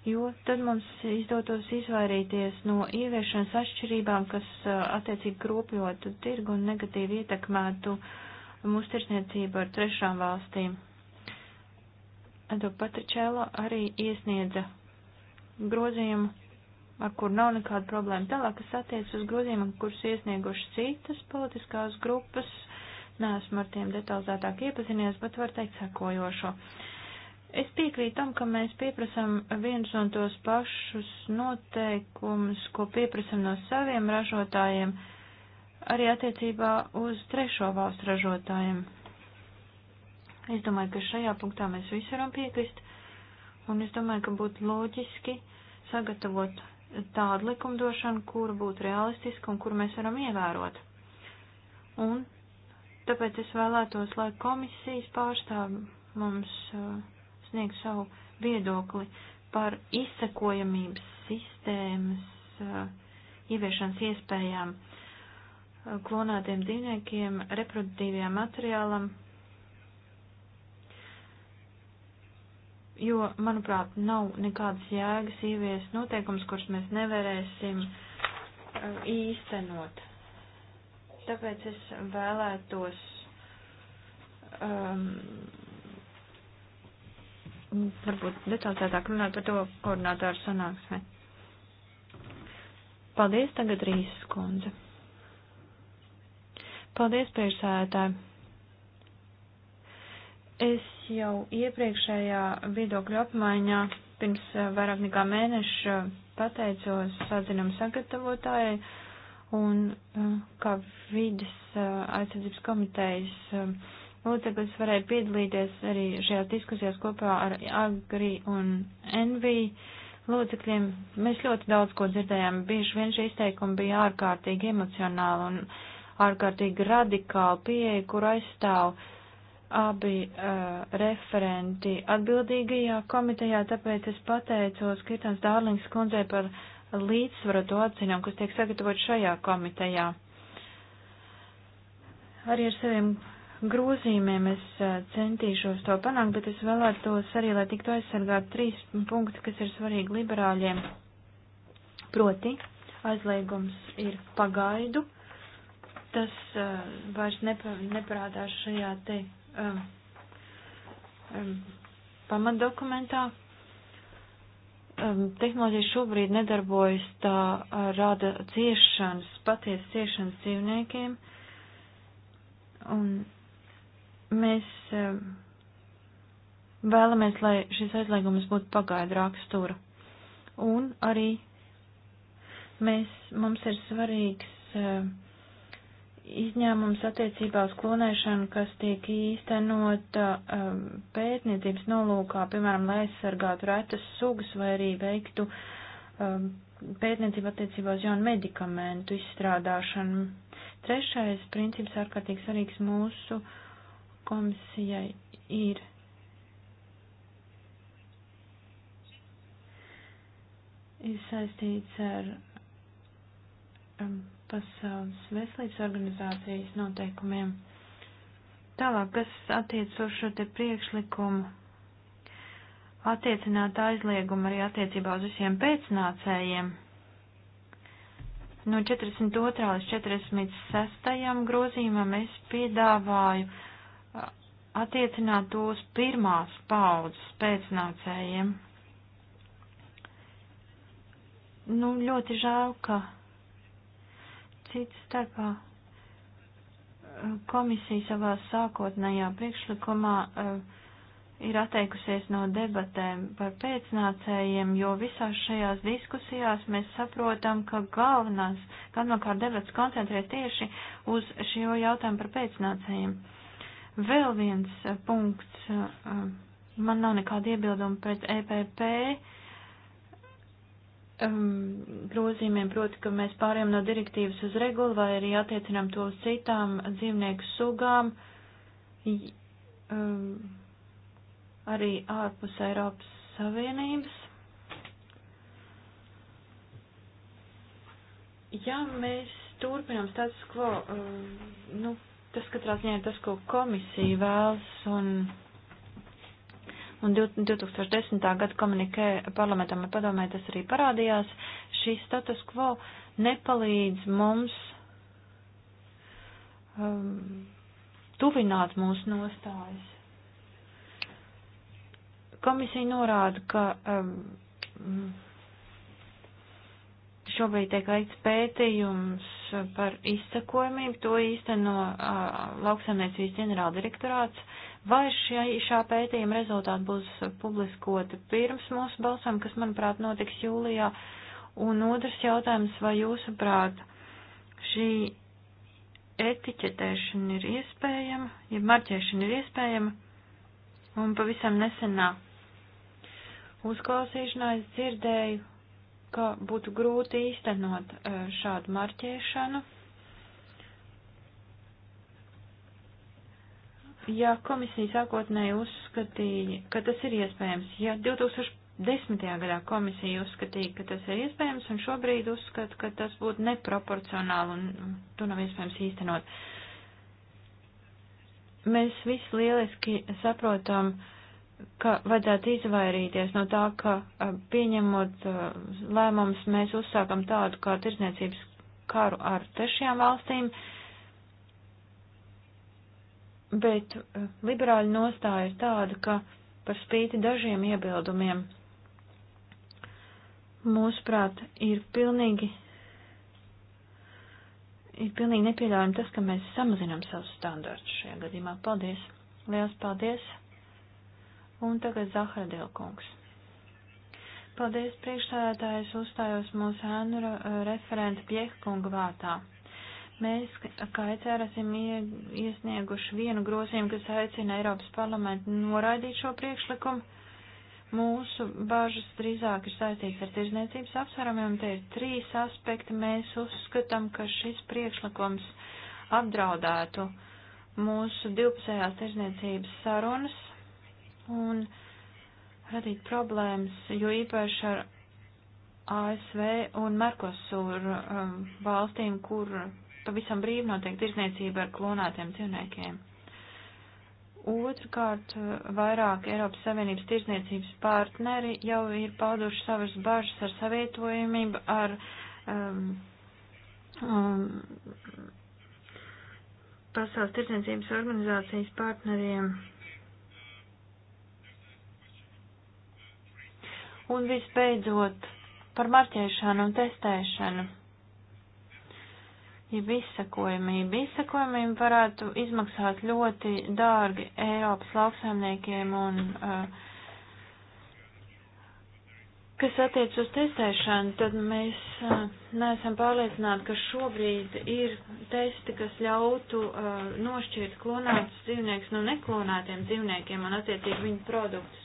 jo tad mums izdotos izvairīties no ieviešanas atšķirībām, kas attiecīgi kropļotu tirgu un negatīvi ietekmētu mūsu tirsniecību ar trešām valstīm. Ado Patričēlo arī iesniedza grozījumu, ar kur nav nekāda problēma. Tālāk, kas attiec uz grozījumam, kurus iesnieguši citas politiskās grupas, neesmu ar tiem detalizētāk iepazinies, bet var teikt sekojošo. Uh, Es piekrītu tam, ka mēs pieprasam viens un tos pašus noteikumus, ko pieprasam no saviem ražotājiem, arī attiecībā uz trešo valstu ražotājiem. Es domāju, ka šajā punktā mēs visi varam piekrist, un es domāju, ka būtu loģiski sagatavot tādu likumdošanu, kura būtu realistiska un kuru mēs varam ievērot. Un tāpēc es vēlētos, lai komisijas pārstāv mums uh, sniegt savu viedokli par izsekojamības sistēmas uh, ieviešanas iespējām uh, klonētiem dzīvniekiem, reproduktīvajam materiālam, jo, manuprāt, nav nekādas jēgas ievies noteikums, kurus mēs nevarēsim uh, īstenot. Tāpēc es vēlētos um, varbūt detalizētāk runāt par to koordinātāru sanāksmē. Paldies tagad Rīsas kundze. Paldies priekšsēdētāji. Es jau iepriekšējā viedokļu apmaiņā pirms eh, vairāk nekā mēneša pateicos sazinam sagatavotājai un eh, kā vidas eh, aizsardzības komitejas loceklis varēja piedalīties arī šajās diskusijās kopā ar Agri un Envī locekļiem. Mēs ļoti daudz ko dzirdējām. Bieži vien šie izteikumi bija ārkārtīgi emocionāli un ārkārtīgi radikāli pieeja, kur aizstāv abi uh, referenti atbildīgajā komitejā, tāpēc es pateicos Kirtans Dārlings kundzei par līdzsvarotu atziņām, kas tiek sagatavot šajā komitejā. Arī ar saviem grozījumiem es centīšos to panākt, bet es vēlētos arī, lai tiktu aizsargāt trīs punkti, kas ir svarīgi liberāļiem. Proti, aizliegums ir pagaidu, tas uh, vairs nepa, neparādās šajā te uh, um, pamatdokumentā. Um, tehnoloģija šobrīd nedarbojas, tā uh, rada ciešanas, patiesas ciešanas dzīvniekiem. Un Mēs eh, vēlamies, lai šis aizliegums būtu pagaidu rakstura. Un arī mēs, mums ir svarīgs eh, izņēmums attiecībā uz klonēšanu, kas tiek īstenota eh, pētniecības nolūkā, piemēram, lai aizsargātu retas sugas vai arī veiktu pētniecību attiecībā uz jaunu medikamentu izstrādāšanu. Trešais princips ārkārtīgi svarīgs mūsu uh, komisijai ir ir saistīts ar um, Pasaules veselības organizācijas noteikumiem. Tālāk, kas attiec uz šo te priekšlikumu, attiecināt aizliegumu arī attiecībā uz visiem pēcnācējiem. No 42. līdz 46. grozījumam es piedāvāju attiecināt to uz pirmās paudzes pēcnācējiem. Nu, ļoti žēl, ka cits starpā uh, komisija savā sākotnējā priekšlikumā uh, ir atteikusies no debatēm par pēcnācējiem, jo visās šajās diskusijās mēs saprotam, ka galvenās, galvenokārt debats koncentrē tieši uz šo jautājumu par pēcnācējiem. Uh, Vēl viens eh, punkts. Eh, man nav nekāda iebilduma pret EPP ehm, grozījumiem, proti, ka mēs pārējām no direktīvas uz regulu vai arī attiecinām to uz citām dzīvnieku sugām ehm, arī ārpus Eiropas Savienības. Ja mēs turpinām status quo, ehm, nu, Tas katrā ziņā ir tas, ko komisija vēlas, un, un 2010. gada komunikē parlamentam un padomē tas arī parādījās. Šī status quo nepalīdz mums um, tuvināt mūsu nostājas. Komisija norāda, ka um, Šobrīd tiek veikts pētījums par izsakojumību, to īsteno uh, lauksaimniecības ģenerāldirektorāts. Vai šai, šā pētījuma rezultāti būs publiskoti pirms mūsu balsām, kas, manuprāt, notiks jūlijā? Un otrs jautājums, vai jūsuprāt šī etiķetēšana ir iespējama, ja marķēšana ir iespējama? Un pavisam nesenā uzklausīšanā es dzirdēju ka būtu grūti īstenot e, šādu marķēšanu. Ja komisija sākotnēji uzskatīja, ka tas ir iespējams, ja 2010. gadā komisija uzskatīja, ka tas ir iespējams, un šobrīd uzskata, ka tas būtu neproporcionāli un to nav iespējams īstenot. Mēs visi lieliski saprotam, uh, ka vajadzētu izvairīties no tā, ka pieņemot lēmumus, mēs uzsākam tādu kā tirsniecības karu ar trešajām valstīm, bet liberāļu nostāja ir tāda, ka par spīti dažiem iebildumiem mūsuprāt ir pilnīgi, ir pilnīgi nepieļaujami tas, ka mēs samazinām savus standārtus šajā gadījumā. Paldies! Liels paldies! Un tagad Zahra Dilkungs. Paldies priekšstādātājs uzstājos mūsu ēnu eh, referenta Piehkunga vārtā. Mēs, kā ECR, esam iesnieguši vienu grozījumu, kas aicina Eiropas parlamentu noraidīt šo priekšlikumu. Mūsu bažas drīzāk ir saistīts ar tirzniecības apsvērumiem, te ir trīs aspekti. Mēs uzskatām, ka šis priekšlikums apdraudētu mūsu divpusējās tirzniecības sarunas un radīt problēmas, jo īpaši ar ASV un Merkosur um, valstīm, kur pavisam brīvi notiek tirsniecība ar klonētiem dzīvniekiem. Otrkārt, vairāk Eiropas Savienības tirsniecības partneri jau ir pauduši savas bažas ar savietojumību, ar um, um, Pasaules tirsniecības organizācijas partneriem Un visbeidzot, par marķēšanu un testēšanu. Ja izsakojamība, izsakojamība varētu izmaksāt ļoti dārgi Eiropas lauksaimniekiem un, uh, kas attiec uz testēšanu, tad mēs uh, neesam pārliecināti, ka šobrīd ir testi, kas ļautu uh, nošķirt klonētus dzīvniekus no neklonētiem dzīvniekiem un attiecīgi viņu produktus.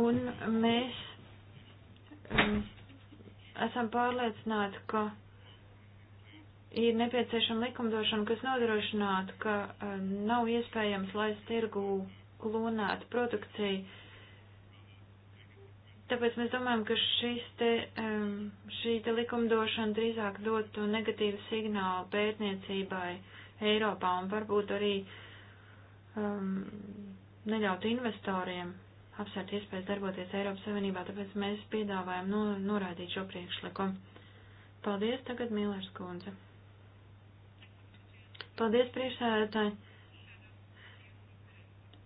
Un mēs um, esam pārliecināti, ka ir nepieciešama likumdošana, kas nodrošinātu, ka um, nav iespējams laist tirgu klonētu produkciju. Tāpēc mēs domājam, ka šis te, um, šī te likumdošana drīzāk dotu negatīvu signālu pētniecībai Eiropā un varbūt arī um, neļautu investoriem apsvērt iespējas darboties Eiropas Savienībā, tāpēc mēs piedāvājam no, noraidīt šo priekšlikumu. Paldies, tagad Mīlērs kundze. Paldies, priekšsēdētāji.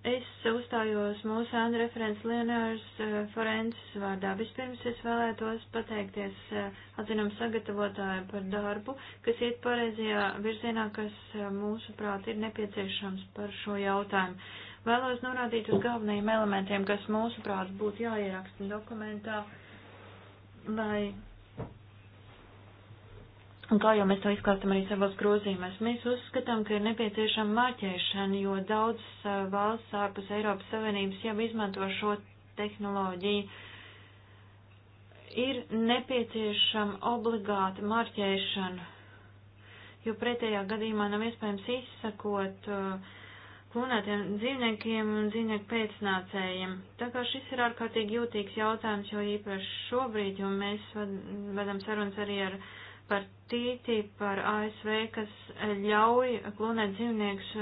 Es uzstājos mūsu Andra referents Leonārs uh, eh, Forenses vārdā. Vispirms es vēlētos pateikties uh, eh, atzinam sagatavotāju par darbu, kas iet pareizajā virzienā, kas uh, mūsuprāt ir nepieciešams par šo jautājumu. Vēlos norādīt uz galvenajiem elementiem, kas mūsuprāt būtu jāieraksta dokumentā, lai, un kā jau mēs to izklāstam arī savos grozīmēs, mēs uzskatām, ka ir nepieciešama marķēšana, jo daudz uh, valsts ārpus Eiropas Savienības jau izmanto šo tehnoloģiju. Ir nepieciešama obligāta marķēšana, jo pretējā gadījumā nav iespējams izsakot uh, klonētiem dzīvniekiem un dzīvnieku pēcnācējiem. Tā kā šis ir ārkārtīgi jūtīgs jautājums, jo īpaši šobrīd, jo mēs vedam sarunas arī ar, par tīti, par ASV, kas ļauj klonēt dzīvniekus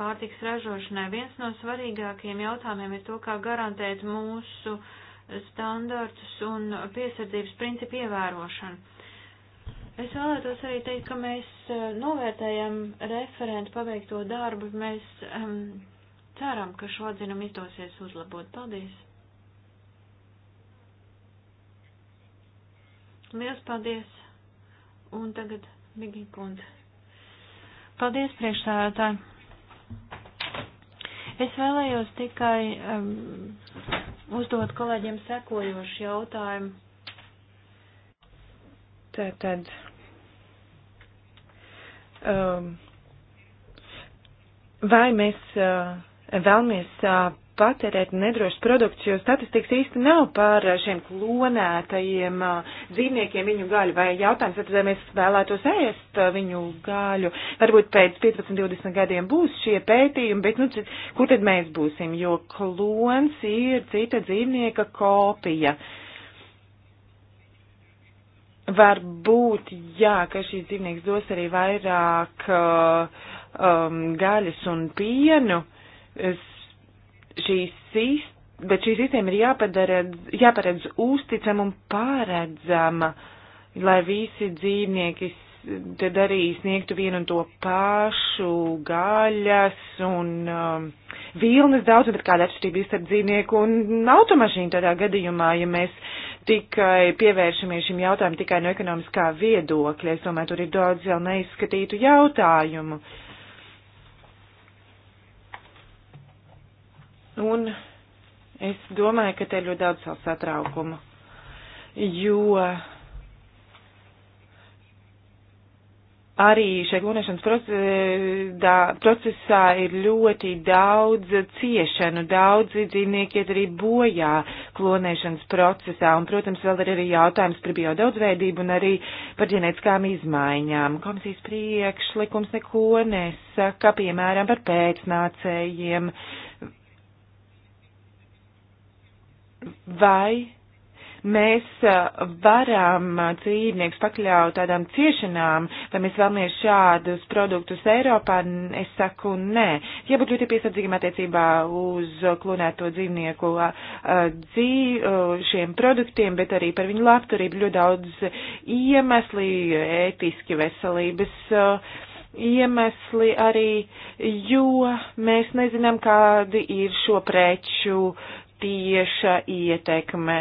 pārtiks ražošanai. Viens no svarīgākajiem jautājumiem ir to, kā garantēt mūsu standartus un piesardzības principu ievērošanu. Es vēlētos arī teikt, ka mēs eh, novērtējam referentu paveikto darbu. Mēs um, ceram, ka šo atzinumu izdosies uzlabot. Paldies! Liels paldies! Un tagad Bigī kundze. Paldies, priekšsādātāji! Es vēlējos tikai um, uzdot kolēģiem sekojošu jautājumu. Tātad. Eh, um, vai mēs uh, vēlamies uh, patērēt nedrošas produktus, jo statistikas īsti nav par šiem klonētajiem dzīvniekiem viņu gaļu, vai jautājums, vai mēs vēlētos ēst viņu gaļu. Varbūt pēc 15-20 gadiem būs šie pētījumi, bet, nu, kur tad mēs būsim, jo klons ir cita dzīvnieka kopija. Uh, Varbūt, jā, ka šīs dzīvnieks dos arī vairāk uh, um, gaļas un pienu. Es, šīs sist, bet šī sistēma ir jāparedz, jāparedz uzticama un pāredzama, lai visi dzīvnieki tad arī sniegtu vienu un to pašu gaļas un um, vilnas daudz, bet kāda atšķirība ir starp dzīvnieku un automašīnu tādā gadījumā, ja mēs uh, tikai pievēršamies šim jautājumam tikai no ekonomiskā viedokļa. Es domāju, tur ir daudz vēl neizskatītu jautājumu. Un es domāju, ka te ir ļoti daudz savu satraukumu, jo arī šeit klonēšanas procesā ir ļoti daudz ciešanu, daudzi dzīvnieki iet arī bojā klonēšanas procesā, un, protams, vēl ir arī jautājums par biodaudzveidību un arī par ģenētiskām izmaiņām. Komisijas priekšlikums neko nesaka, piemēram, par pēcnācējiem. Vai mēs uh, varam uh, dzīvniekus pakļaut tādām ciešanām, vai mēs vēlamies šādus produktus Eiropā, es saku nē. Jābūt ļoti piesardzīgiem attiecībā uz klonēto dzīvnieku uh, dzīv, šiem produktiem, bet arī par viņu labturību ļoti daudz iemesli, ētiski veselības iemesli arī, jo mēs nezinām, kādi ir šo preču tieša ietekme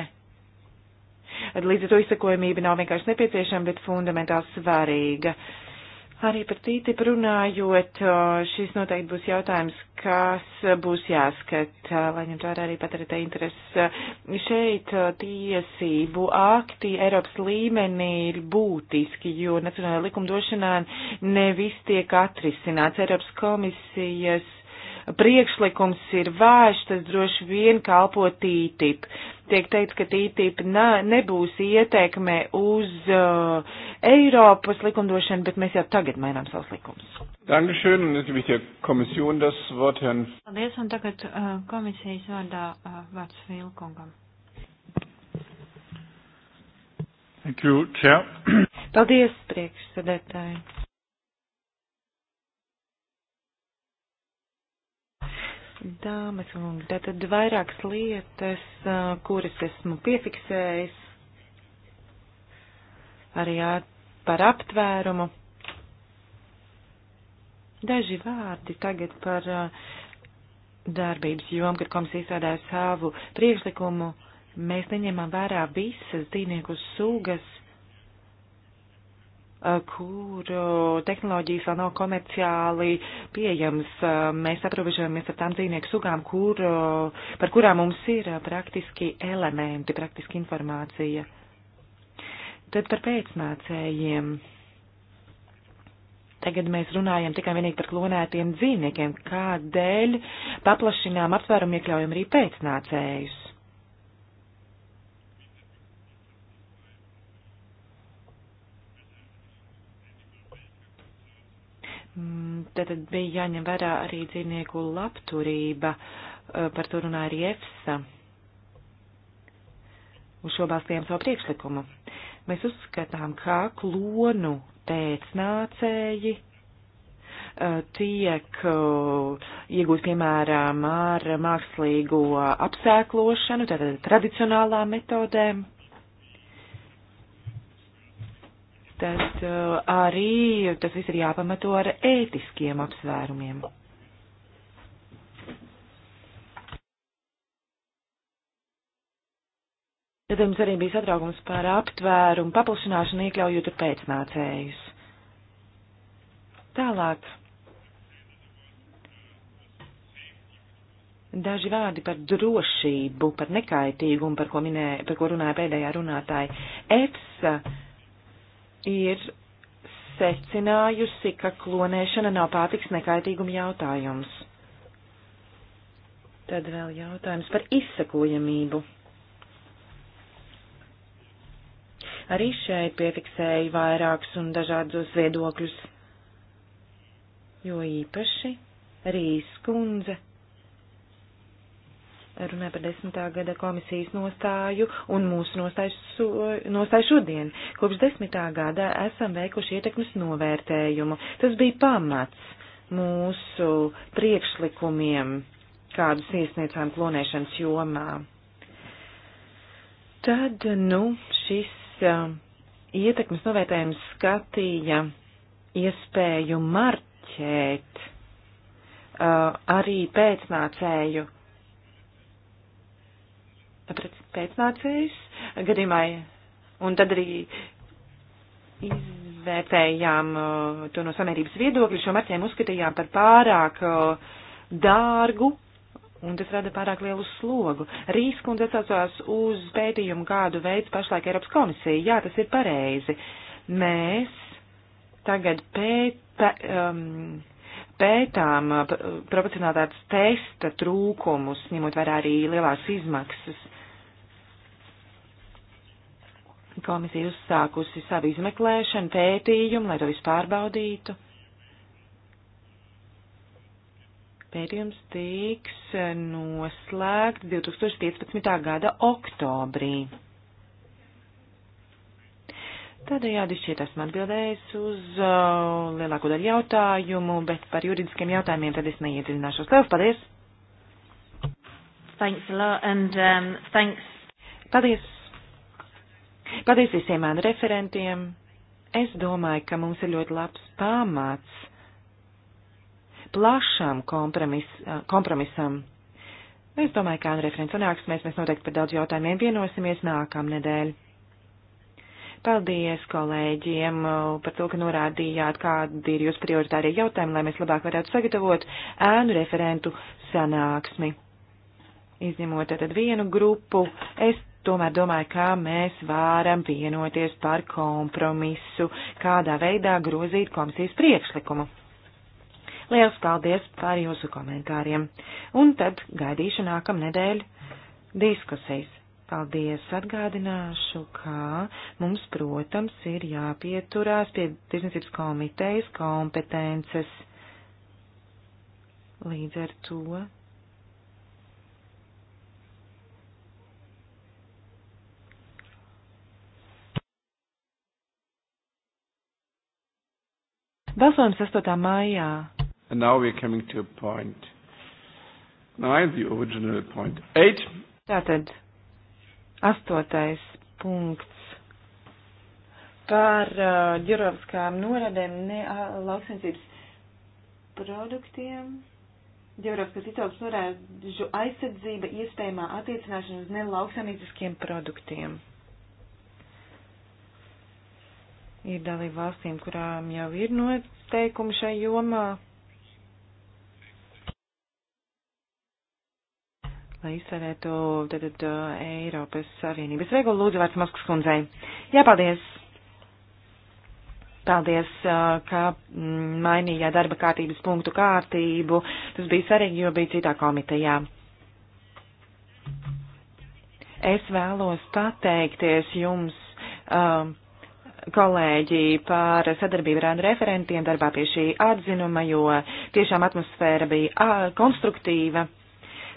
Līdz ar to izsakojamība nav vienkārši nepieciešama, bet fundamentāli svarīga. Arī par TTIP runājot, šis noteikti būs jautājums, kas būs jāskata, lai ņemt vērā arī patērētā interesi. Šeit tiesību akti Eiropas līmenī ir būtiski, jo nacionālajā likumdošanā nevis tiek atrisināts. Eiropas komisijas priekšlikums ir vērš, tas droši vien kalpo TTIP. Tiek teikt, ka TTIP nebūs ietekme uz uh, Eiropas likumdošanu, bet mēs jau tagad mainām savus likumus. Dankeschön, un es gebe der Kommission das Wort Herrn. Paldies, un tagad uh, komisijas vārdā uh, vārds Vilkungam. Thank you, Chair. Paldies, priekšsēdētāji. Dāmas un kungi, tātad vairākas lietas, kuras esmu piefiksējis, arī par aptvērumu. Daži vārdi tagad par darbības jomu, kad komisija izstrādāja savu priekšlikumu. Mēs neņemam vērā visas dzīvnieku sugas, Eh, kur tehnoloģijas vēl nav komerciāli pieejamas. Eh, mēs aprobežojamies ar tām dzīvnieku sugām, kur, eh, par kurām mums ir praktiski elementi, praktiski informācija. Tad par pēcnācējiem. Tagad mēs runājam tikai vienīgi par klonētiem dzīvniekiem, kādēļ paplašinām aptvērumu iekļaujam arī pēcnācējus. Mm, tad bija jāņem vērā arī dzīvnieku labturība, eh, par to runāja arī EFSA. Uz šo balstījām savu priekšlikumu. Mēs uzskatām, kā klonu pēcnācēji eh, tiek eh, iegūt, piemēram, ar mākslīgo apsēklošanu, tātad tradicionālām metodēm, tad eh, arī tas viss ir jāpamato ar ētiskiem apsvērumiem. Tad mums arī bija satraukums par aptvērumu paplašināšanu, iekļaujot tur pēcnācējus. Tālāk. Daži vārdi par drošību, par nekaitīgumu, par ko, minē, par ko runāja pēdējā runātāja. EFSA ir secinājusi, ka klonēšana nav pārtiks nekaitīguma jautājums. Tad vēl jautājums par izsekojamību. Arī šeit piefiksēju vairākus un dažādus viedokļus, jo īpaši Rīs kundze runāja par desmitā gada komisijas nostāju un mūsu nostāju, so, nostāju šodien. Kopš desmitā gada esam veikuši ietekmes novērtējumu. Tas bija pamats mūsu priekšlikumiem, kādus iesniedzām klonēšanas jomā. Tad, nu, šis uh, ietekmes novērtējums skatīja iespēju marķēt uh, arī pēcnācēju pēcnācējs gadījumā, un tad arī izvērtējām uh, to no samērības viedokļa, šo marķējumu uzskatījām par pārāk uh, dārgu, un tas rada pārāk lielu slogu. Rīsku un atsaucās uz pētījumu, kādu veids pašlaik Eiropas komisija. Jā, tas ir pareizi. Mēs tagad pēta, um, pētām uh, proporcionātātes testa trūkumus, ņemot vērā arī lielās izmaksas. Komisija uzsākusi savu izmeklēšanu, pētījumu, lai to visu pārbaudītu. Pētījums tiks noslēgts 2015. gada oktobrī. Tādējādi šķiet esmu atbildējis uz uh, lielāko daļu jautājumu, bet par juridiskiem jautājumiem tad es neiedziļināšos. Lielas paldies! Thanks a lot and um, thanks. Paldies Paldies visiem man referentiem. Es domāju, ka mums ir ļoti labs pamats plašam kompromis, kompromisam. Es domāju, ka ar referents sanāksmēs mēs noteikti par daudz jautājumiem vienosimies nākamnedēļ. Paldies kolēģiem par to, ka norādījāt, kādi ir jūsu prioritārie jautājumi, lai mēs labāk varētu sagatavot ēnu referentu sanāksmi. Izņemot tad vienu grupu, es tomēr domāju, kā mēs varam vienoties par kompromisu, kādā veidā grozīt komisijas priekšlikumu. Liels paldies par jūsu komentāriem, un tad gaidīšu nākamnedēļ diskusijas. Paldies, atgādināšu, ka mums, protams, ir jāpieturās pie tirsniecības komitejas kompetences. Līdz ar to Balsojums 8. maijā. And now we are coming to point 9, the original point 8. Tātad, 8. punkts par uh, ģerovskām norādēm ne uh, lauksensības produktiem. Ģeogrāfiskas izcelsmes norāžu aizsardzība iespējamā attiecināšana uz nelauksaimnieciskiem produktiem. Ir dalība valstīm, kurām jau ir noteikumi šai jomā, lai izsvērētu tātad uh, Eiropas Savienības regulu. Lūdzu, vārds Maskas kundzei. Jā, paldies! Paldies, uh, ka mm, mainījāt darba kārtības punktu kārtību. Tas bija svarīgi, jo bija citā komitejā. Es vēlos pateikties jums um, kolēģi par sadarbību ar referentiem darbā pie šī atzinuma, jo tiešām atmosfēra bija konstruktīva.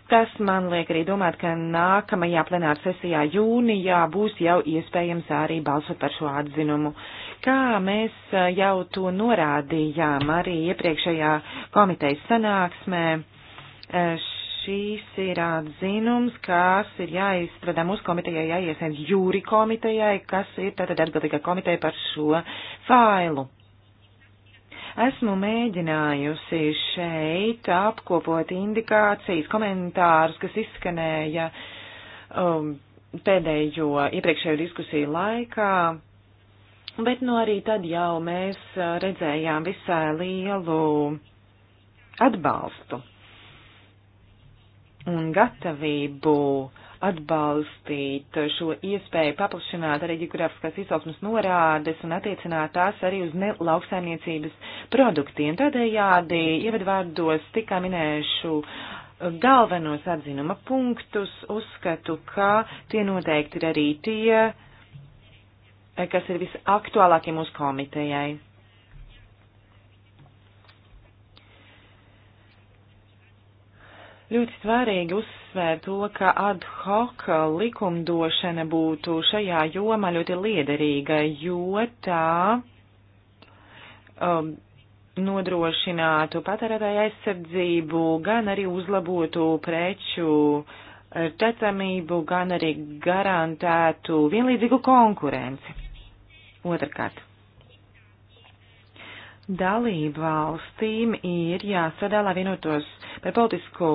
Tas man liek arī domāt, ka nākamajā plenāra sesijā jūnijā būs jau iespējams arī balsot par šo atzinumu. Kā mēs jau to norādījām arī iepriekšējā komitejas sanāksmē, Šīs ir atzinums, kas ir jāizstrādā mūsu komitejai, jāiesniedz jūri komitejai, kas ir tātad atbildīga komiteja par šo failu. Esmu mēģinājusi šeit apkopot indikācijas, komentārus, kas izskanēja um, pēdējo iepriekšējo diskusiju laikā, bet nu arī tad jau mēs redzējām visai lielu atbalstu un gatavību atbalstīt šo iespēju paplašināt arī geogrāfiskās izaugsmas norādes un attiecināt tās arī uz lauksaimniecības produktiem. Tādējādi ievadvārdos tikai minēšu galvenos atzinuma punktus. Uzskatu, ka tie noteikti ir arī tie, kas ir visaktuālākie mūsu komitejai. ļoti svarīgi uzsvērt to, ka ad hoc likumdošana būtu šajā jomā ļoti liederīga, jo tā um, nodrošinātu patērētāju aizsardzību, gan arī uzlabotu preču eh, tecamību, gan arī garantētu vienlīdzīgu konkurenci. Otrakārt dalību valstīm ir jāsadā, lai vienotos par politisku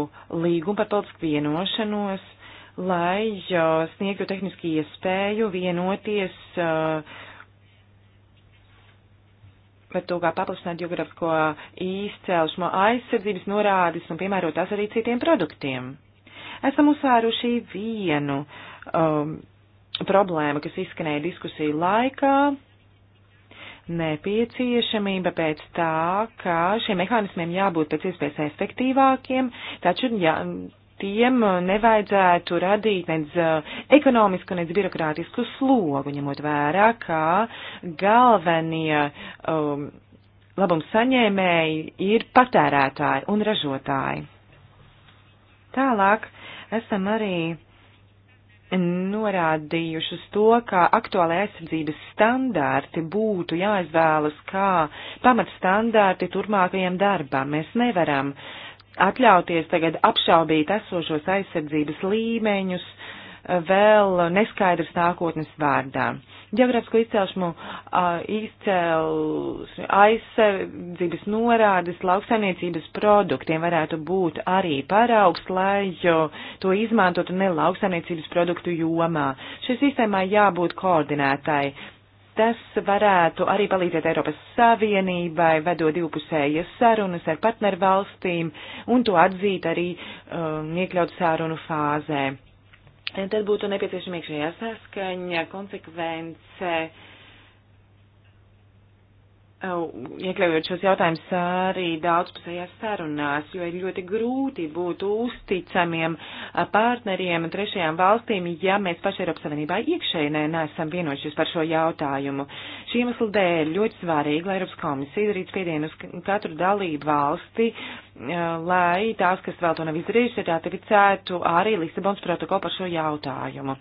līgumu, par politisku vienošanos, lai sniegtu tehniski iespēju vienoties par to, kā paplašināt geogrāfisko izcēlšanu aizsardzības norādes un piemērot tās arī citiem produktiem. Esam uzsvēruši vienu um, problēmu, kas izskanēja diskusiju laikā nepieciešamība pēc tā, ka šiem mehānismiem jābūt pēc iespējas efektīvākiem, taču jā, tiem nevajadzētu radīt nec uh, ekonomisku, nec birokrātisku slogu, ņemot vērā, ka galvenie um, labums saņēmēji ir patērētāji un ražotāji. Tālāk esam arī norādījuši uz to, ka aktuālai aizsardzības standārti būtu jāizvēlas kā pamatstandārti turpmākajam darbam. Mēs nevaram atļauties tagad apšaubīt esošos aizsardzības līmeņus, uh, vēl neskaidrs nākotnes vārdā. Geogrāfisko izcelšanu izcēl aizsardzības norādes lauksaimniecības produktiem varētu būt arī paraugs, lai to izmantotu ne lauksaimniecības produktu jomā. Šai sistēmai jābūt koordinētai tas varētu arī palīdzēt Eiropas Savienībai, vedot divpusējas sarunas ar partnervalstīm un to atzīt arī um, iekļaut sārunu fāzē. Tad būtu nepieciešama iekšējā saskaņa, konsekvence, Eh, iekļaujot šos jautājumus arī daudzpusējās sarunās, jo ir ļoti grūti būt uzticamiem eh, partneriem un trešajām valstīm, ja mēs paši Eiropas Savienībā iekšēnē neesam vienojušies par šo jautājumu. Šī iemesla dēļ ļoti svarīgi, lai Eiropas komisija darītu spiedienu uz katru dalību valsti, eh, lai tās, kas vēl to nav izdarījuši, ratificētu arī Lisabons protokolu par šo jautājumu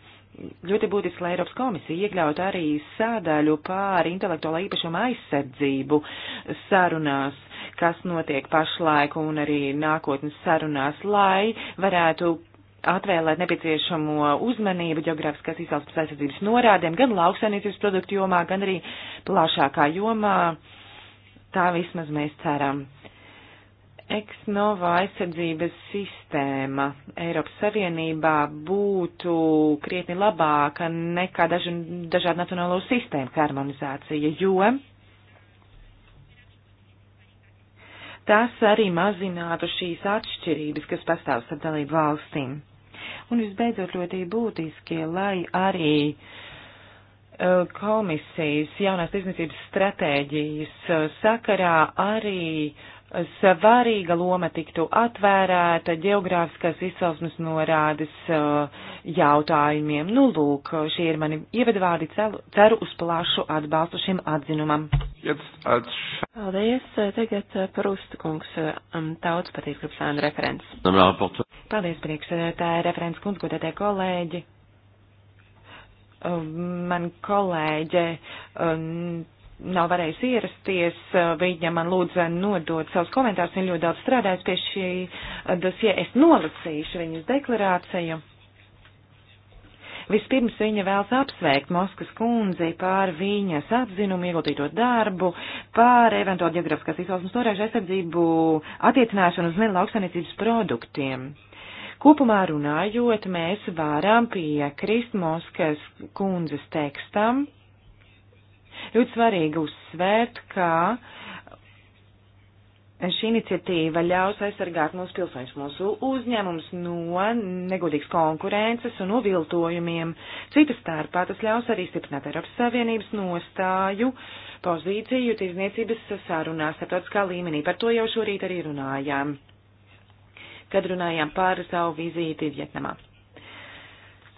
ļoti būtiski, lai Eiropas komisija iekļautu arī sādaļu pār intelektuālā īpašuma aizsardzību sarunās, kas notiek pašlaik un arī nākotnes sarunās, lai varētu atvēlēt nepieciešamo uzmanību geogrāfiskās izcelsmes aizsardzības norādēm gan lauksainīcības produktu jomā, gan arī plašākā jomā. Tā vismaz mēs ceram. Eksnova aizsardzības sistēma Eiropas Savienībā būtu krietni labāka nekā dažu, dažādu nacionālo sistēmu harmonizācija, jo tas arī mazinātu šīs atšķirības, kas pastāv starp dalību valstīm. Un visbeidzot ļoti būtiski, lai arī uh, komisijas jaunās izniecības stratēģijas uh, sakarā arī uh, svarīga loma tiktu atvērēta geogrāfiskās izcelsmes norādes eh, jautājumiem. Nu, lūk, šie ir mani ievadvārdi, ceru uz plašu atbalstu šim atzinumam. Paldies, tagad eh, par uztukungs eh, mm, tautas patīk grupsēnu referents. Paldies, priekšsēdētāji, referents kundz, godētie kolēģi. Man kolēģe. Um, nav varējis ierasties. Viņa man lūdza nodot savus komentārus. Viņa ļoti daudz strādājas pie šī dosie. Es nolasīšu viņas deklarāciju. Vispirms viņa vēlas apsveikt Moskvas kundzi par viņas atzinumu, ieguldīto darbu, par eventuālu geogrāfiskās izcelsmes norēžu aizsardzību, attiecināšanu uz nelauksainicības produktiem. Kopumā runājot, mēs varam piekrist Moskvas kundzes tekstam Ļoti svarīgi uzsvērt, ka šī iniciatīva ļaus aizsargāt mūsu pilsoņus, mūsu uzņēmumus no negodīgas konkurences un noviltojumiem. Cita starpā tas ļaus arī stiprināt Eiropas Savienības nostāju pozīciju tirzniecības sarunās starptautiskā līmenī. Par to jau šorīt arī runājām, kad runājām par savu vizīti Vietnamā.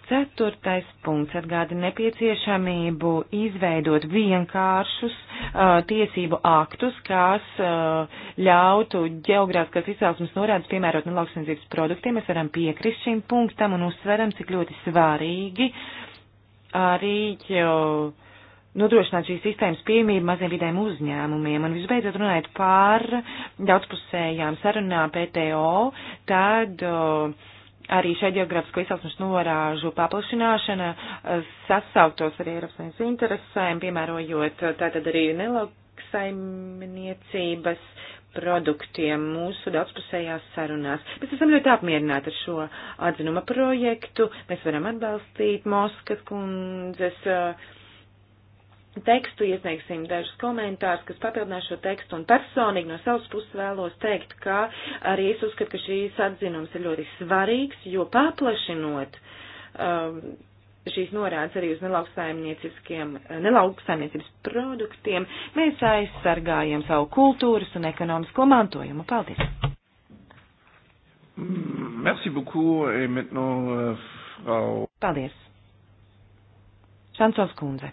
Ceturtais punkts atgāda nepieciešamību izveidot vienkāršus uh, tiesību aktus, kas uh, ļautu ģeogrāfiskās izcelsmes norādes piemērot no lauksniecības produktiem. Mēs varam piekrist šim punktam un uzsveram, cik ļoti svarīgi arī jau nodrošināt šīs sistēmas piemību maziem vidējiem uzņēmumiem. Un visbeidzot runājot par daudzpusējām sarunām PTO, tad uh, arī šeit geogrāfisko izcelsmes norāžu paplašināšana eh, sasauktos ar Eiropas Savienības interesēm, piemērojot eh, tātad arī nelauksaimniecības produktiem mūsu daudzpusējās sarunās. Mēs esam ļoti apmierināti ar šo atzinuma projektu. Mēs varam atbalstīt Moskas kundzes uh, tekstu, iesniegsim dažus komentārus, kas papildinās šo tekstu, un personīgi no savas puses vēlos teikt, ka arī es uzskatu, ka šīs atzinums ir ļoti svarīgs, jo paplašinot um, šīs norādes arī uz nelauksaimniecības produktiem, mēs aizsargājam savu kultūras un ekonomisko mantojumu. Paldies! Merci beaucoup, et maintenant, euh, Frau. Paldies. Šansons kundze.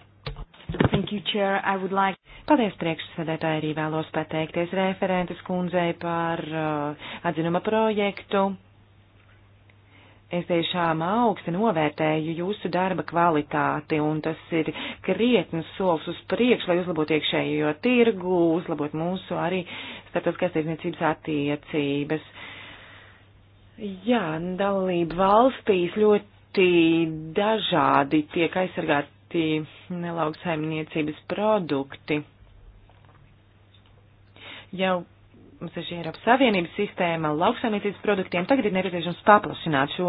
Thank you, Chair. I would like. Paldies priekšsēdētāji, arī vēlos pateikties referentes kundzei par uh, atzinuma projektu. Es tiešām augsti novērtēju jūsu darba kvalitāti, un tas ir krietns solis uz priekšu, lai uzlabotu iekšējo tirgu, uzlabot mūsu arī starptautiskās tirdzniecības attiecības. Jā, dalība valstīs ļoti dažādi tiek aizsargāti citi nelauksaimniecības produkti. Jau mums ir šī Eiropas Savienības sistēma lauksaimniecības produktiem, tagad ir nepieciešams paplašināt šo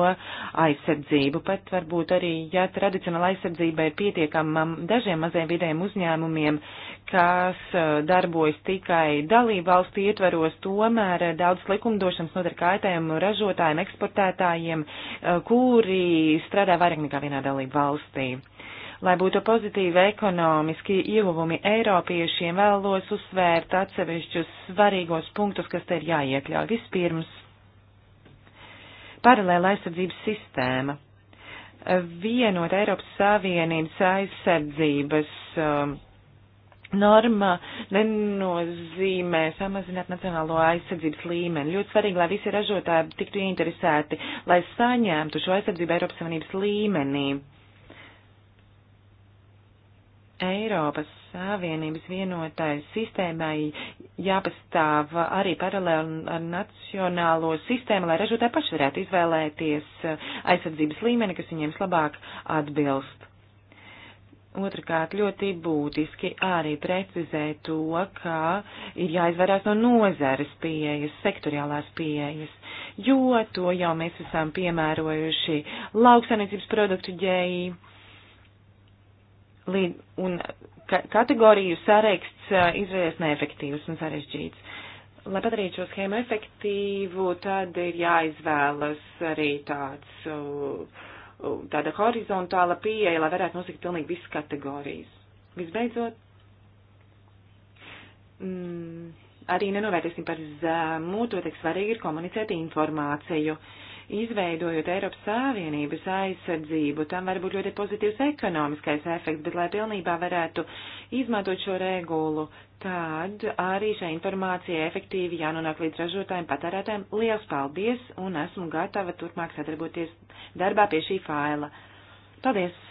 aizsardzību, pat varbūt arī, ja tradicionāla aizsardzība ir pietiekama dažiem maziem vidējiem uzņēmumiem, kas uh, darbojas tikai dalību valstu ietveros, tomēr uh, daudz likumdošanas nodara kaitējumu ražotājiem, eksportētājiem, uh, kuri strādā vairāk nekā vienā dalību valstī. Lai būtu pozitīvi ekonomiski ieguvumi Eiropiešiem, vēlos uzsvērt atsevišķus svarīgos punktus, kas te ir jāiekļauj. Vispirms, paralēla aizsardzības sistēma. Vienot Eiropas Savienības aizsardzības um, norma nenozīmē samazināt nacionālo aizsardzības līmeni. Ļoti svarīgi, lai visi ražotāji tiktu interesēti, lai saņemtu šo aizsardzību Eiropas Savienības līmenī. Eiropas Savienības vienotai sistēmai jāpastāv arī paralēli ar nacionālo sistēmu, lai ražotāji paši varētu izvēlēties uh, aizsardzības līmeni, kas viņiem labāk atbilst. Otrakārt, ļoti būtiski arī precizēt to, ka ir jāizvairās no nozares pieejas, sektoriālās pieejas, jo to jau mēs esam piemērojuši lauksaimniecības produktu ģēju un ka kategoriju saraksts izrādās neefektīvs un sarežģīts. Lai padarītu šo schēmu efektīvu, tad ir jāizvēlas arī tāds, tāda horizontāla pieeja, lai varētu nosakt pilnīgi visas kategorijas. Visbeidzot, mm, arī nenovērtēsim par zemu, to tiek svarīgi ir komunicēt informāciju. Uh, izveidojot Eiropas Savienības aizsardzību, tam var būt ļoti pozitīvs ekonomiskais efekts, bet lai pilnībā varētu izmantot šo regulu, tad arī šai informācijai efektīvi jānonāk līdz ražotājiem, patērētājiem. Lielas paldies un esmu gatava turpmāk sadarboties darbā pie šī faila. Paldies!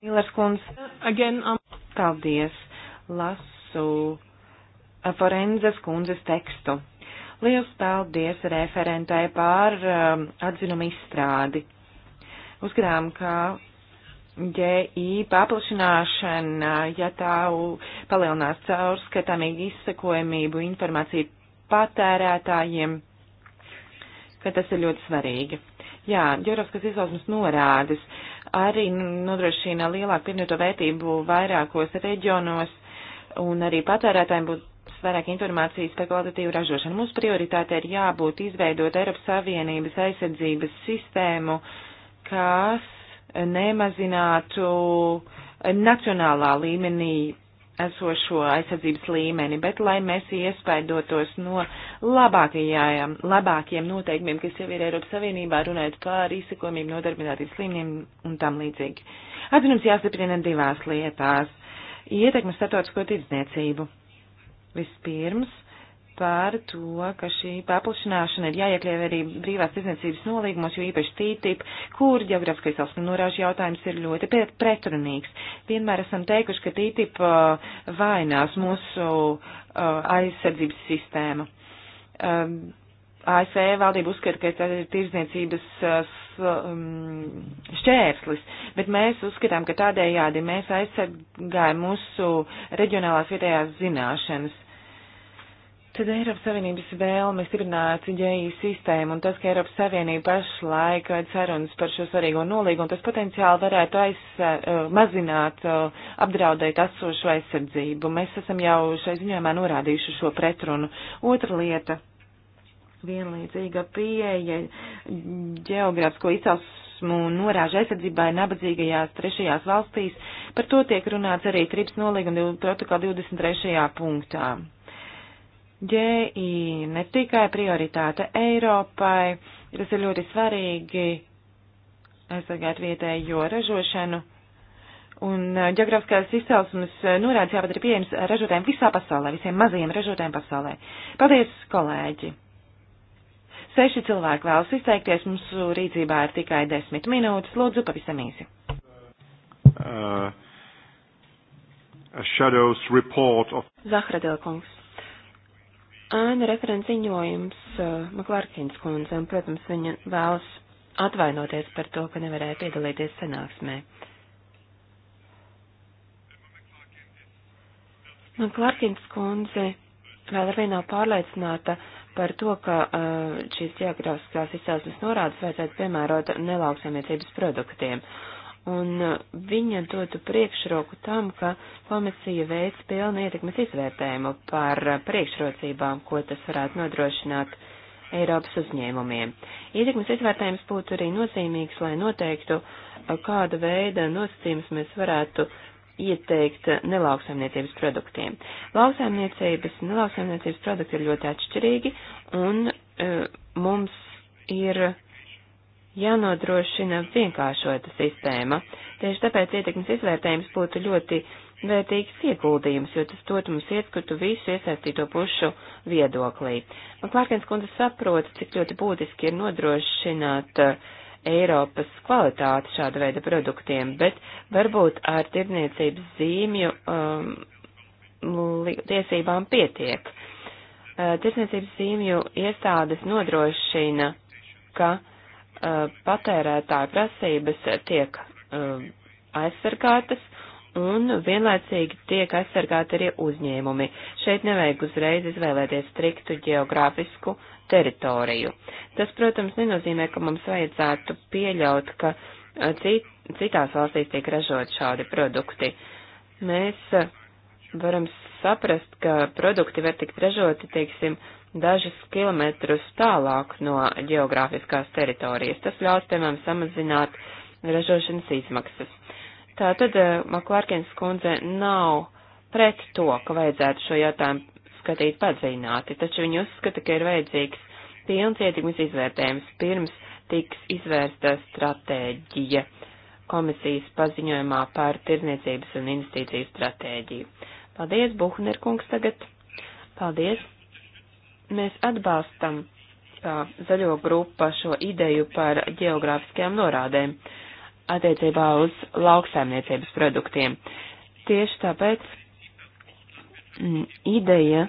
Milers kundz. Again, um... Paldies. Lasu Forenzas kundzes tekstu. Liels paldies referentai par um, atzinumu izstrādi. Uzskatām, ka GI paplašināšana, ja tā palielinās caurskatāmīgu izsakojamību informāciju patērētājiem, ka tas ir ļoti svarīgi. Jā, ģeogrāfiskas izpausmes norādes arī nodrošina lielāku pievienoto vērtību vairākos reģionos, un arī patērētājiem būtu vairāk informācijas par kvalitatīvu ražošanu. Mūsu prioritāte ir jābūt izveidot Eiropas Savienības aizsardzības sistēmu, kas nemazinātu nacionālā līmenī esošo aizsardzības līmeni, bet lai mēs iespaidotos no labākajām, labākajiem noteikumiem, kas jau ir Eiropas Savienībā, runājot par izsekojumiem, nodarbinātības līmeņiem un tam līdzīgi. Atzinums jāstiprina divās lietās - ietekmes starptautisko tirdzniecību. Vispirms par to, ka šī paplašināšana ir jāiekļiev arī brīvās tirdzniecības nolīgumos, jo īpaši TTIP, kur geogrāfiskais valsts norāžu jautājums ir ļoti pretrunīgs. Vienmēr esam teikuši, ka TTIP uh, vainās mūsu uh, aizsardzības sistēmu. Um, ASV e valdība uzskata, ka tas ir tirzniecības eh, um, šķērslis, bet mēs uzskatām, ka tādējādi mēs aizsargājam mūsu reģionālās vietējās zināšanas. Tad Eiropas Savienības vēlme stiprināt ģeju sistēmu un tas, ka Eiropas Savienība pašlaik ved sarunas par šo svarīgo nolīgumu, tas potenciāli varētu aiz, eh, mazināt, eh, apdraudēt atsošu aizsardzību. Mēs esam jau šai ziņojumā norādījuši šo pretrunu. Otra lieta vienlīdzīga pieeja geogrāfisko izcelsmu norāžu aizsardzībai nabadzīgajās trešajās valstīs. Par to tiek runāts arī trips nolīguma protokola 23. punktā. GI ne tikai prioritāte Eiropai, tas ir ļoti svarīgi aizsargāt vietējo ražošanu. Un uh, geogrāfiskās izcelsmes uh, norādes jāpadara pieejams ražotājiem visā pasaulē, visiem mazajiem ražotājiem pasaulē. Paldies, kolēģi! Seši cilvēki vēlas izteikties, mums rīcībā ir tikai desmit minūtes. Lūdzu, pavisam īsi. Uh, of... Zahradelkungs. Ēna referents ziņojums uh, Maklārkins kundze, un, protams, viņa vēlas atvainoties par to, ka nevarēja piedalīties sanāksmē. Maklārkins kundze vēl ar vienu nav pārliecināta, uh, par to, ka eh, šīs geogrāfiskās izcelsmes norādes vajadzētu piemērot nelauksēmniecības produktiem. Un eh, viņa dotu priekšroku tam, ka komisija veids pilnu ietekmes izvērtējumu par eh, priekšrocībām, ko tas varētu nodrošināt Eiropas uzņēmumiem. Ietekmes izvērtējums būtu arī nozīmīgs, lai noteiktu, kāda veida nosacījumus mēs varētu uh, ieteikt nelauksaimniecības produktiem. Lauksaimniecības un nelauksaimniecības produkti ir ļoti atšķirīgi, un uh, mums ir jānodrošina vienkāršota sistēma. Tieši tāpēc ietekmes izvērtējums būtu ļoti vērtīgs ieguldījums, jo tas dot mums ieskatu visu iesaistīto pušu viedoklī. Maklārkens kundze saprot, cik ļoti būtiski ir nodrošināt uh, Eiropas kvalitāti šāda veida produktiem, bet varbūt ar tirniecības zīmju um, tiesībām pietiek. Uh, tirniecības zīmju iestādes nodrošina, ka uh, patērētāja prasības tiek uh, aizsargātas un vienlaicīgi tiek aizsargāti arī uzņēmumi. Šeit nevajag uzreiz izvēlēties striktu geogrāfisku teritoriju. Tas, protams, nenozīmē, ka mums vajadzētu pieļaut, ka cit, citās valstīs tiek ražot šādi produkti. Mēs varam saprast, ka produkti var tikt ražoti, teiksim, dažus kilometrus tālāk no geogrāfiskās teritorijas. Tas ļaus, piemēram, samazināt ražošanas izmaksas. Tātad Maklārkins kundze nav pret to, ka vajadzētu šo jautājumu skatīt padziļināti, taču viņi uzskata, ka ir vajadzīgs pilns ietekmes izvērtējums pirms tiks izvērsta stratēģija komisijas paziņojumā par tirniecības un investīciju stratēģiju. Paldies, Buhner kungs, tagad. Paldies. Mēs atbalstam tā, zaļo grupa šo ideju par geogrāfiskajām norādēm attiecībā uz lauksaimniecības produktiem. Tieši tāpēc, Mm, ideja